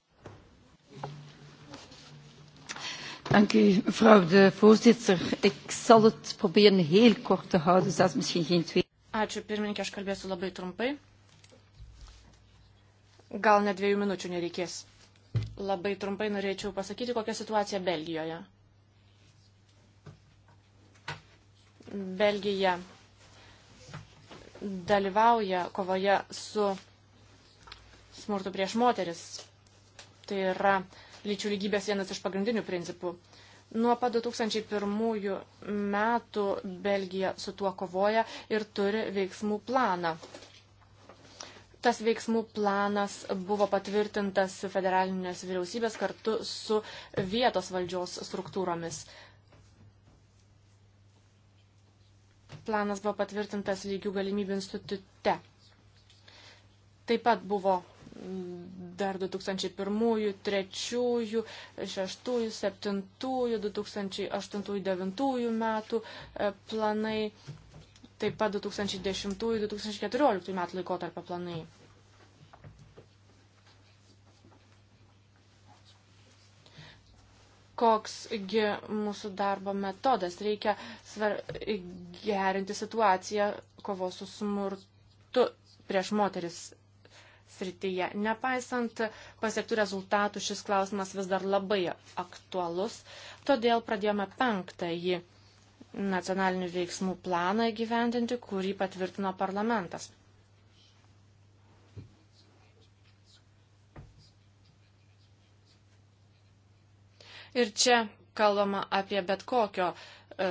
Speaker 3: Dank u, mevrouw de voorzitter. Ik zal het proberen heel kort te houden, zelfs misschien geen twee.
Speaker 4: Ačiū, pirmininkė, aš kalbėsiu labai trumpai. Gal net dviejų minučių nereikės. Labai trumpai norėčiau pasakyti, kokia situacija Belgijoje. Belgija dalyvauja kovoje su smurtu prieš moteris. Tai yra lyčių lygybės vienas iš pagrindinių principų. Nuo pat 2001 metų Belgija su tuo kovoja ir turi veiksmų planą. Tas veiksmų planas buvo patvirtintas federalinės vyriausybės kartu su vietos valdžios struktūromis. Planas buvo patvirtintas lygių galimybių institute. Taip pat buvo dar 2001, 2003, 2006, 2007, 2008, 2009 metų e, planai, taip pat 2010, 2014 metų laikotarpio planai. koksgi mūsų darbo metodas. Reikia svar... gerinti situaciją kovos su smurtu prieš moteris srityje. Nepaisant pasiektų rezultatų, šis klausimas vis dar labai aktualus, todėl pradėjome penktąjį nacionalinių veiksmų planą įgyvendinti, kurį patvirtino parlamentas. Ir čia kalbama apie bet kokio e,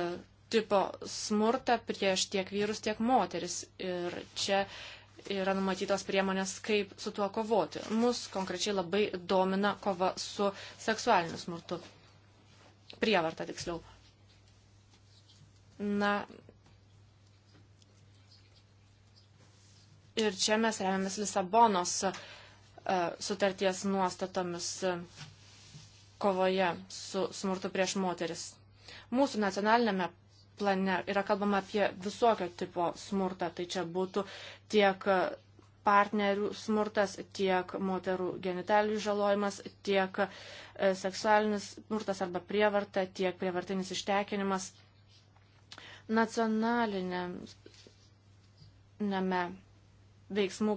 Speaker 4: tipo smurtą prieš tiek vyrus, tiek moteris. Ir čia yra numatytos priemonės, kaip su tuo kovoti. Mus konkrečiai labai domina kova su seksualiniu smurtu. Prievarta tiksliau. Na. Ir čia mes remiamės Lisabonos uh, sutarties nuostatomis uh, kovoje su smurtu prieš moteris. Mūsų nacionalinėme plane yra kalbama apie visokio tipo smurtą, tai čia būtų tiek partnerių smurtas, tiek moterų genitalių žalojimas, tiek e, seksualinis smurtas arba prievarta, tiek prievartinis ištekinimas. Nacionalinėme veiksmų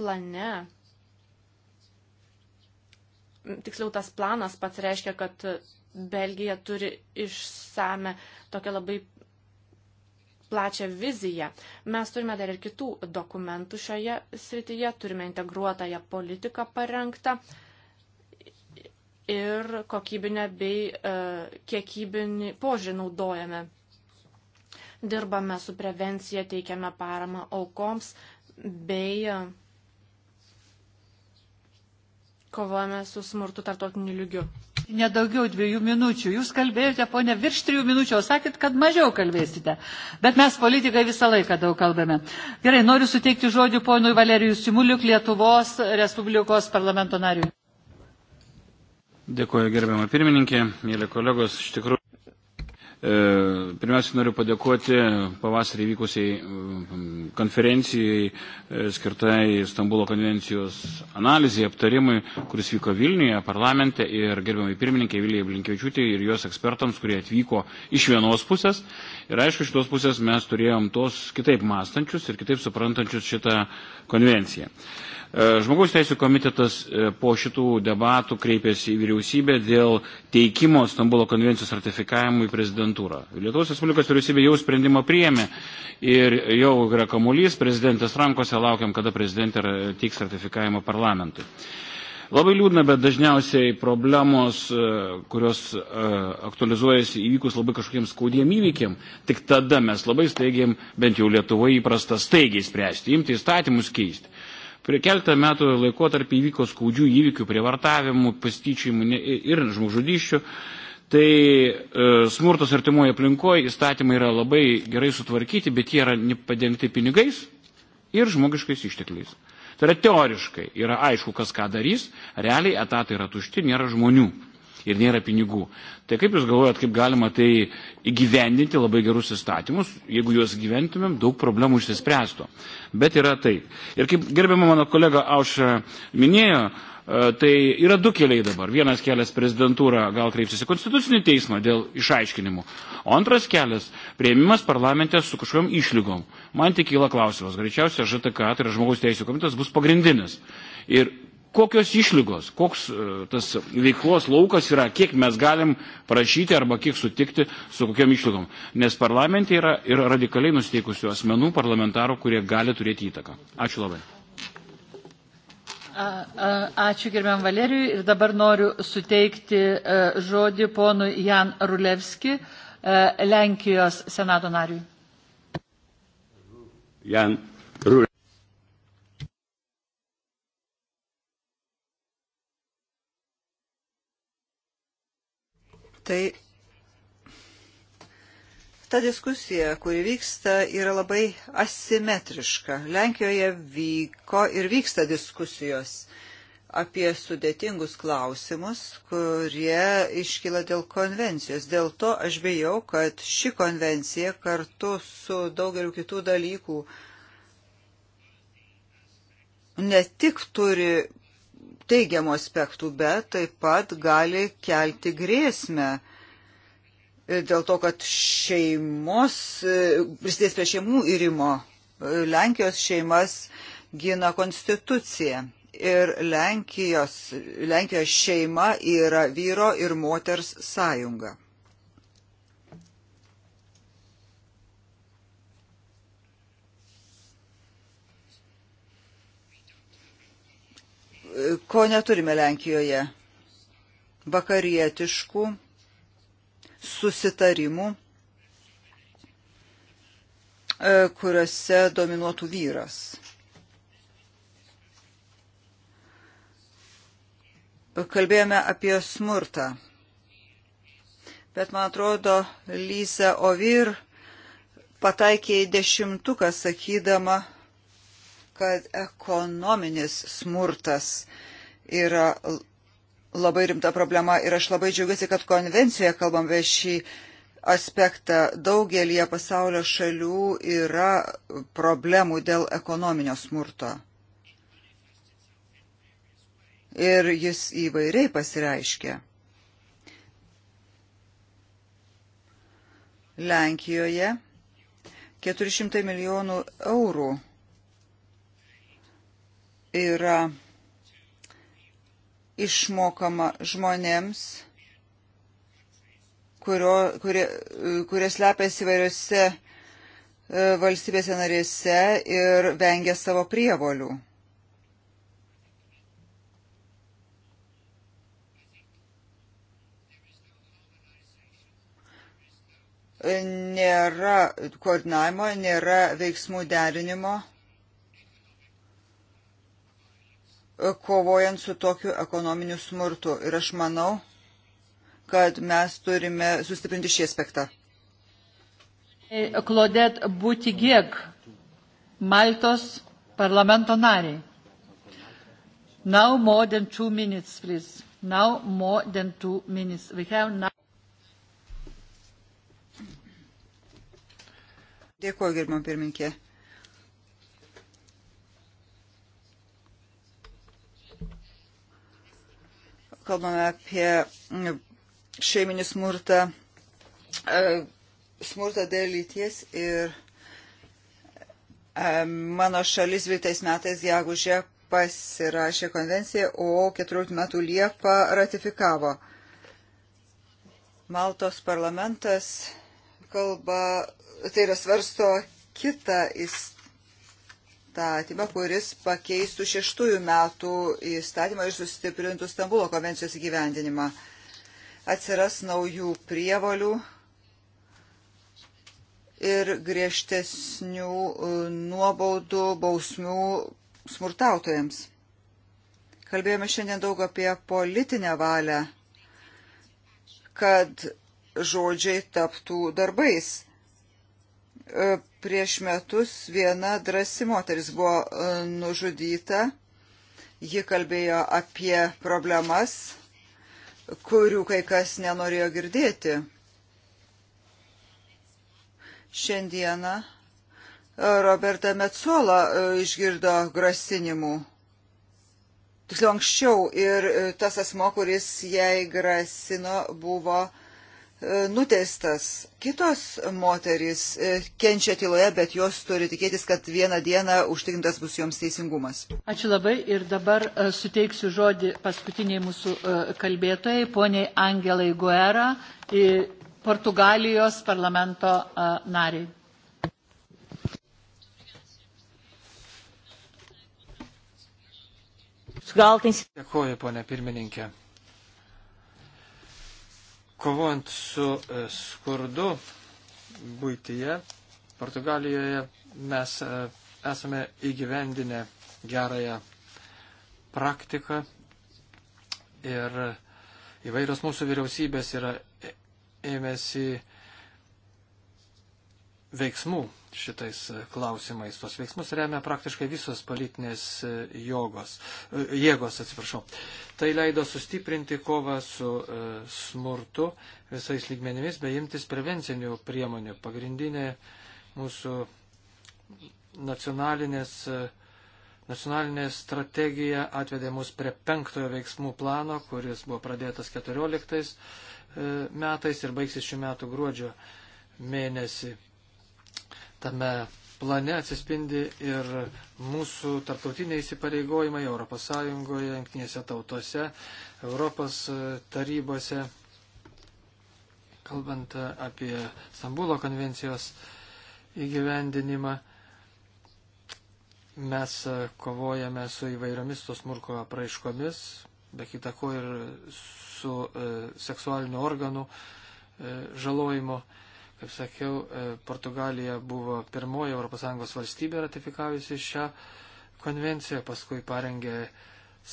Speaker 4: plane, tiksliau tas planas pats reiškia, kad Belgija turi išsame tokią labai plačią viziją. Mes turime dar ir kitų dokumentų šioje srityje, turime integruotąją politiką parengtą ir kokybinę bei uh, kiekybinį požiūrį naudojame. Dirbame su prevencija, teikiame paramą aukoms bei e, kovojame su smurtu tartotiniu
Speaker 3: lygiu. Nedaugiau dviejų minučių. Jūs kalbėjote, ponė, virš trijų minučių, o sakėt, kad mažiau kalbėsite. Bet mes politikai visą laiką daug kalbame. Gerai, noriu suteikti žodį ponui Valerijui Simuliuk, Lietuvos Respublikos parlamento nariui.
Speaker 2: Dėkuoju gerbiamą pirmininkę, mėly kolegos, iš tikrųjų. E, pirmiausia, noriu padėkoti pavasarį vykusiai konferencijai e, skirtai Stambulo konvencijos analizai, aptarimui, kuris vyko Vilniuje, parlamente ir gerbiamai pirmininkai Vilijai Blinkievičiūtė ir jos ekspertams, kurie atvyko iš vienos pusės. Ir aišku, iš tos pusės mes turėjom tos kitaip mąstančius ir kitaip suprantančius šitą konvenciją. E, žmogaus teisų komitetas e, po šitų debatų kreipėsi į vyriausybę dėl teikimo Stambulo konvencijos ratifikavimui prezidentūrą. Lietuvos Respublikos vyriausybė jau sprendimą priėmė ir jau yra kamuolys, prezidentės rankose laukiam, kada prezidentė teiks ratifikavimą parlamentui. Labai liūdna, bet dažniausiai problemos, e, kurios aktualizuojasi įvykus labai kažkokiems skaudiem įvykiam, tik tada mes labai staigiam, bent jau Lietuvoje įprasta staigiai spręsti, imti įstatymus keisti. Prie keltą metų laikotarpį įvyko skaudžių įvykių, prievartavimų, pastyčių ir žmogžudyščių. Tai e, smurtas artimoje aplinkoje įstatymai yra labai gerai sutvarkyti, bet jie yra nepadengti pinigais ir žmogiškais ištekliais. Tai yra teoriškai, yra aišku, kas ką darys, realiai etatai yra tušti, nėra žmonių ir nėra pinigų. Tai kaip Jūs galvojat, kaip galima tai įgyvendinti labai gerus įstatymus, jeigu juos gyventumėm, daug problemų išsispręstų. Bet yra tai. Ir kaip gerbiama mano kolega Aušra minėjo, e, Tai yra du keliai dabar. Vienas kelias prezidentūra gal kreipsis į konstitucinį teismą dėl išaiškinimų, o antras kelias - prieimimas parlamente su kažkokiam išlygom. Man tik kyla klausimas, greičiausia ŽTK, tai yra žmogaus teisų komitetas, bus pagrindinis. Ir kokios išlygos, koks e, tas veiklos laukas yra, kiek mes galim prašyti arba kiek sutikti su kokiam išlygom. Nes parlamente yra ir radikaliai nusteikusių asmenų, parlamentarų, kurie gali turėti įtaką. Ačiū labai.
Speaker 3: A, a, ačiū gerbiam Valeriui ir dabar noriu suteikti a, e, žodį ponui Jan Rulevski, e, Lenkijos senato nariui.
Speaker 2: Jan Rulevski.
Speaker 1: tai ta diskusija, kuri vyksta, yra labai asimetriška. Lenkijoje vyko ir vyksta diskusijos apie sudėtingus klausimus, kurie iškyla dėl konvencijos. Dėl to aš bejau, kad ši konvencija kartu su daugeliu kitų dalykų ne tik turi teigiamų aspektų, bet taip pat gali kelti grėsmę dėl to, kad šeimos, e, prisidės prie šeimų įrimo, e, Lenkijos šeimas gina konstituciją. Ir Lenkijos, Lenkijos šeima yra vyro ir moters sąjunga. ko neturime Lenkijoje? Vakarietiškų susitarimų, e, kuriuose dominuotų vyras. Kalbėjome apie smurtą. Bet man atrodo, Lysa Ovir pataikė į dešimtuką, sakydama, kad ekonominis smurtas yra labai rimta problema ir aš labai džiaugiuosi, kad konvencijoje kalbam apie šį aspektą. Daugelie pasaulio šalių yra problemų dėl ekonominio smurto. Ir jis įvairiai pasireiškia. Lenkijoje 400 milijonų eurų yra išmokama žmonėms, kurio, kurie, kurie slepiasi įvairiose e, valstybėse narėse ir vengia savo prievolių. Nėra koordinavimo, nėra veiksmų derinimo. kovojant su tokiu ekonominiu smurtu. Ir aš manau, kad mes turime sustiprinti šį aspektą.
Speaker 3: Klodet e, būti giek Maltos parlamento nariai. Now more than two minutes, please. Now more than two minutes. We have now.
Speaker 1: Dėkuoju, gerbam pirminkė. kalbame apie šeiminį smurtą, e, smurtą dėl lyties ir e, mano šalis 12 metais gegužė pasirašė konvenciją, o 14 metų Liepą ratifikavo. Maltos parlamentas kalba, tai yra svarsto kitą įstatymą įstatymą, kuris pakeistų šeštųjų metų įstatymą ir sustiprintų Stambulo konvencijos įgyvendinimą. Atsiras naujų prievalių ir griežtesnių e, nuobaudų, bausmių smurtautojams. Kalbėjome šiandien daug apie politinę valią, kad žodžiai taptų darbais E, prieš metus viena drasi moteris buvo e, nužudyta. Ji kalbėjo apie problemas, kurių kai kas nenorėjo girdėti. Šiandieną e, Roberta Metzola išgirdo grasinimų. Tiksliau anksčiau ir tas asmo, kuris jai grasino, buvo uh, E, nuteistas. Kitos moterys e, kenčia tyloje, bet jos turi tikėtis, kad vieną dieną užtikrintas bus joms teisingumas.
Speaker 3: Ačiū labai ir dabar e, suteiksiu žodį paskutiniai mūsų kalbėtojai, poniai Angelai Guerra, Portugalijos parlamento nariai.
Speaker 5: Dėkuoju, ponia pirmininkė. Kovojant su e, skurdu būtyje, Portugalijoje mes e, esame įgyvendinę gerąją praktiką ir įvairios mūsų vyriausybės yra ėmėsi veiksmų šitais e, klausimais. Tos veiksmus remia praktiškai visos politinės e, jogos, e, jėgos. Atsiprašau. Tai leido sustiprinti kovą su smurtu visais lygmenimis, bei imtis prevencinių priemonių. Pagrindinė mūsų nacionalinės, nacionalinė strategija atvedė mus prie penktojo veiksmų plano, kuris buvo pradėtas 14 metais ir baigsis šių metų gruodžio mėnesį. Tame plane atsispindi ir mūsų tarptautiniai įsipareigojimai ES, jungtinėse tautose, Europos e, tarybose, kalbant e, apie Stambulo konvencijos įgyvendinimą. Mes e, kovojame su įvairiomis to smurko apraiškomis, be kita ko ir su e, seksualiniu organu e, žalojimu. E, Kaip sakiau, e, Portugalija buvo pirmoji ES valstybė ratifikavusi šią konvenciją, paskui parengė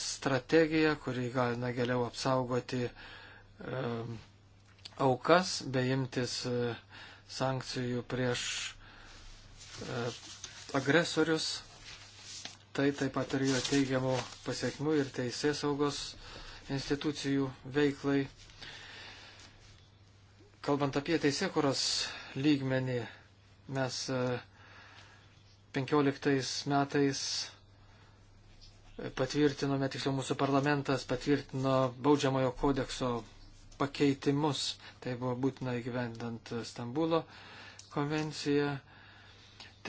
Speaker 5: strategiją, kuri galina geriau apsaugoti e, aukas, beimtis e, sankcijų prieš e, agresorius. Tai taip pat turėjo teigiamų pasiekmių ir teisės saugos institucijų veiklai Kalbant apie teisėkuros lygmenį, mes 15 e, metais patvirtinome, tiksliau mūsų parlamentas patvirtino baudžiamojo kodekso pakeitimus. Tai buvo būtina įgyvendant Stambulo konvenciją.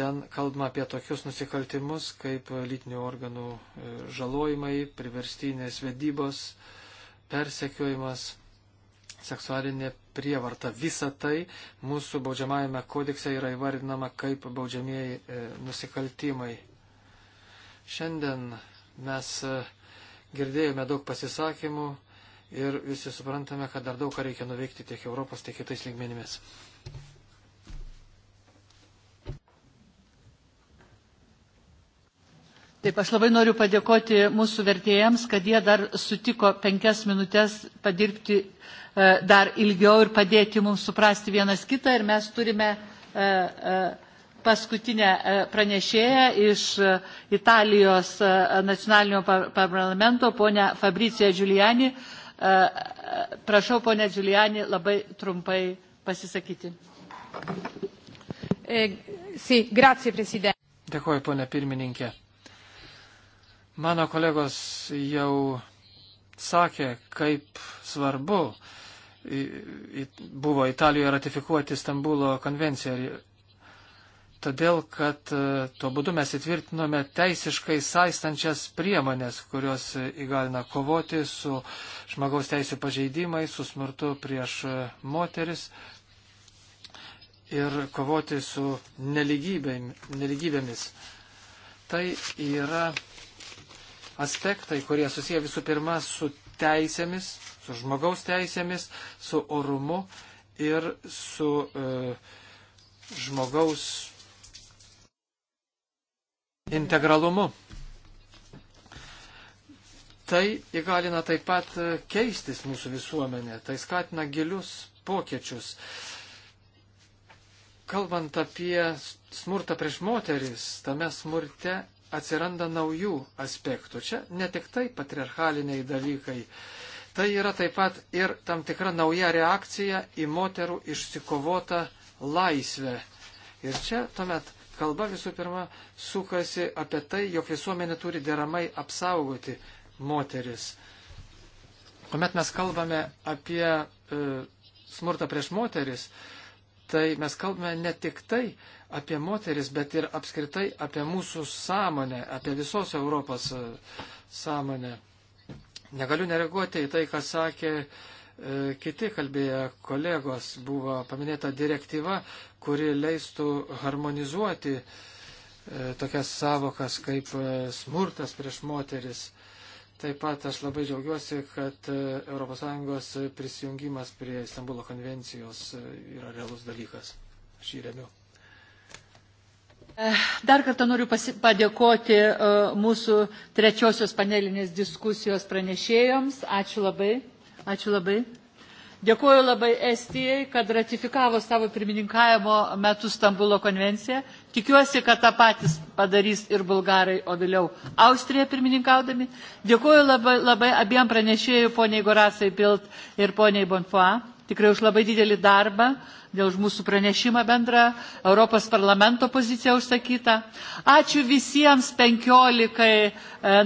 Speaker 5: Ten kalbama apie tokius nusikaltimus kaip lytinių organų e, žalojimai, priverstinės vedybos, persekiojimas seksualinė prievarta. Visa tai mūsų baudžiamajame kodekse yra įvardinama kaip baudžiamieji e, nusikaltimai. Šiandien mes e, girdėjome daug pasisakymų ir visi suprantame, kad dar daug ką reikia nuveikti tiek Europos, tiek kitais lygmenimis.
Speaker 3: Taip, aš labai noriu padėkoti mūsų vertėjams, kad jie dar sutiko penkias minutės padirbti E, dar ilgiau ir padėti mums suprasti vienas kitą ir mes turime e, e, paskutinę pranešėją iš Italijos nacionalinio parlamento, ponę Fabriciją Giuliani. Prašau, ponę Giuliani, labai trumpai pasisakyti.
Speaker 5: Dėkuoju, ponė pirmininkė. Mano kolegos jau sakė, kaip svarbu buvo Italijoje ratifikuoti Stambulo konvenciją. Todėl, kad e, tuo būdu mes įtvirtinome teisiškai saistančias priemonės, kurios įgalina kovoti su žmogaus teisų pažeidimais, su smurtu prieš e, moteris ir kovoti su neligybėmis. Tai yra aspektai, kurie susiję visų pirma su teisėmis su žmogaus teisėmis, su orumu ir su e, žmogaus integralumu. Tai įgalina taip pat e, keistis mūsų visuomenė, tai skatina gilius pokyčius. Kalbant apie smurtą prieš moteris, tame smurte atsiranda naujų aspektų. Čia ne tik tai patriarchaliniai dalykai Tai yra taip pat ir tam tikra nauja reakcija į moterų išsikovotą laisvę. Ir čia tuomet kalba visų pirma sukasi apie tai, jog visuomenė turi deramai apsaugoti moteris. Kuomet mes kalbame apie e, smurtą prieš moteris, tai mes kalbame ne tik tai apie moteris, bet ir apskritai apie mūsų sąmonę, apie visos Europos e, sąmonę. Negaliu nereaguoti į tai, ką sakė e, kiti kalbėję kolegos. Buvo paminėta direktyva, kuri leistų harmonizuoti e, tokias savokas kaip e, smurtas prieš moteris. Taip pat aš labai džiaugiuosi, kad ES prisijungimas prie Istanbulo konvencijos e, yra realus dalykas. Aš jį remiu.
Speaker 3: Eh, dar kartą noriu padėkoti eh, mūsų trečiosios panelinės diskusijos pranešėjoms. Ačiū labai. Ačiū labai. Dėkuoju labai Estijai, kad ratifikavo savo pirmininkavimo metu Stambulo konvenciją. Tikiuosi, kad tą patys padarys ir bulgarai, o vėliau Austrija pirmininkaudami. Dėkuoju labai, labai abiem pranešėjų, poniai Gorasai Pilt ir poniai Bonfoa tikrai už labai didelį darbą, dėl mūsų pranešimą bendrą, Europos parlamento poziciją užsakytą. Ačiū visiems penkiolikai e,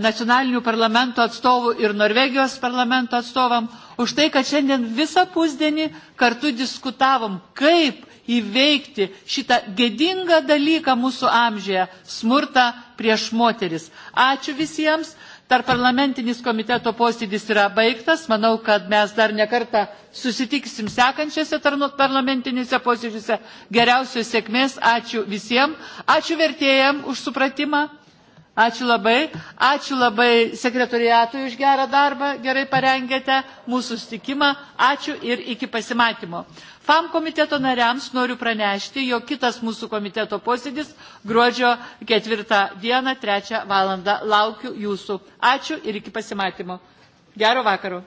Speaker 3: nacionalinių parlamento atstovų ir Norvegijos parlamento atstovam už tai, kad šiandien visą pusdienį kartu diskutavom, kaip įveikti šitą gedingą dalyką mūsų amžėje - smurtą prieš moteris. Ačiū visiems. Tarparlamentinis komiteto posėdis yra baigtas. Manau, kad mes dar nekartą susitiksim sekančiose parlamentinėse posėdžiuose. Geriausios sėkmės. Ačiū visiems. Ačiū vertėjams už supratimą. Ačiū labai. Ačiū labai sekretoriatui už gerą darbą, gerai parengėte mūsų stikimą. Ačiū ir iki pasimatymo. FAM komiteto nariams noriu pranešti, jog kitas mūsų komiteto posėdis gruodžio 4 dieną, 3 valandą. Laukiu jūsų. Ačiū ir iki pasimatymo. Gero vakaro.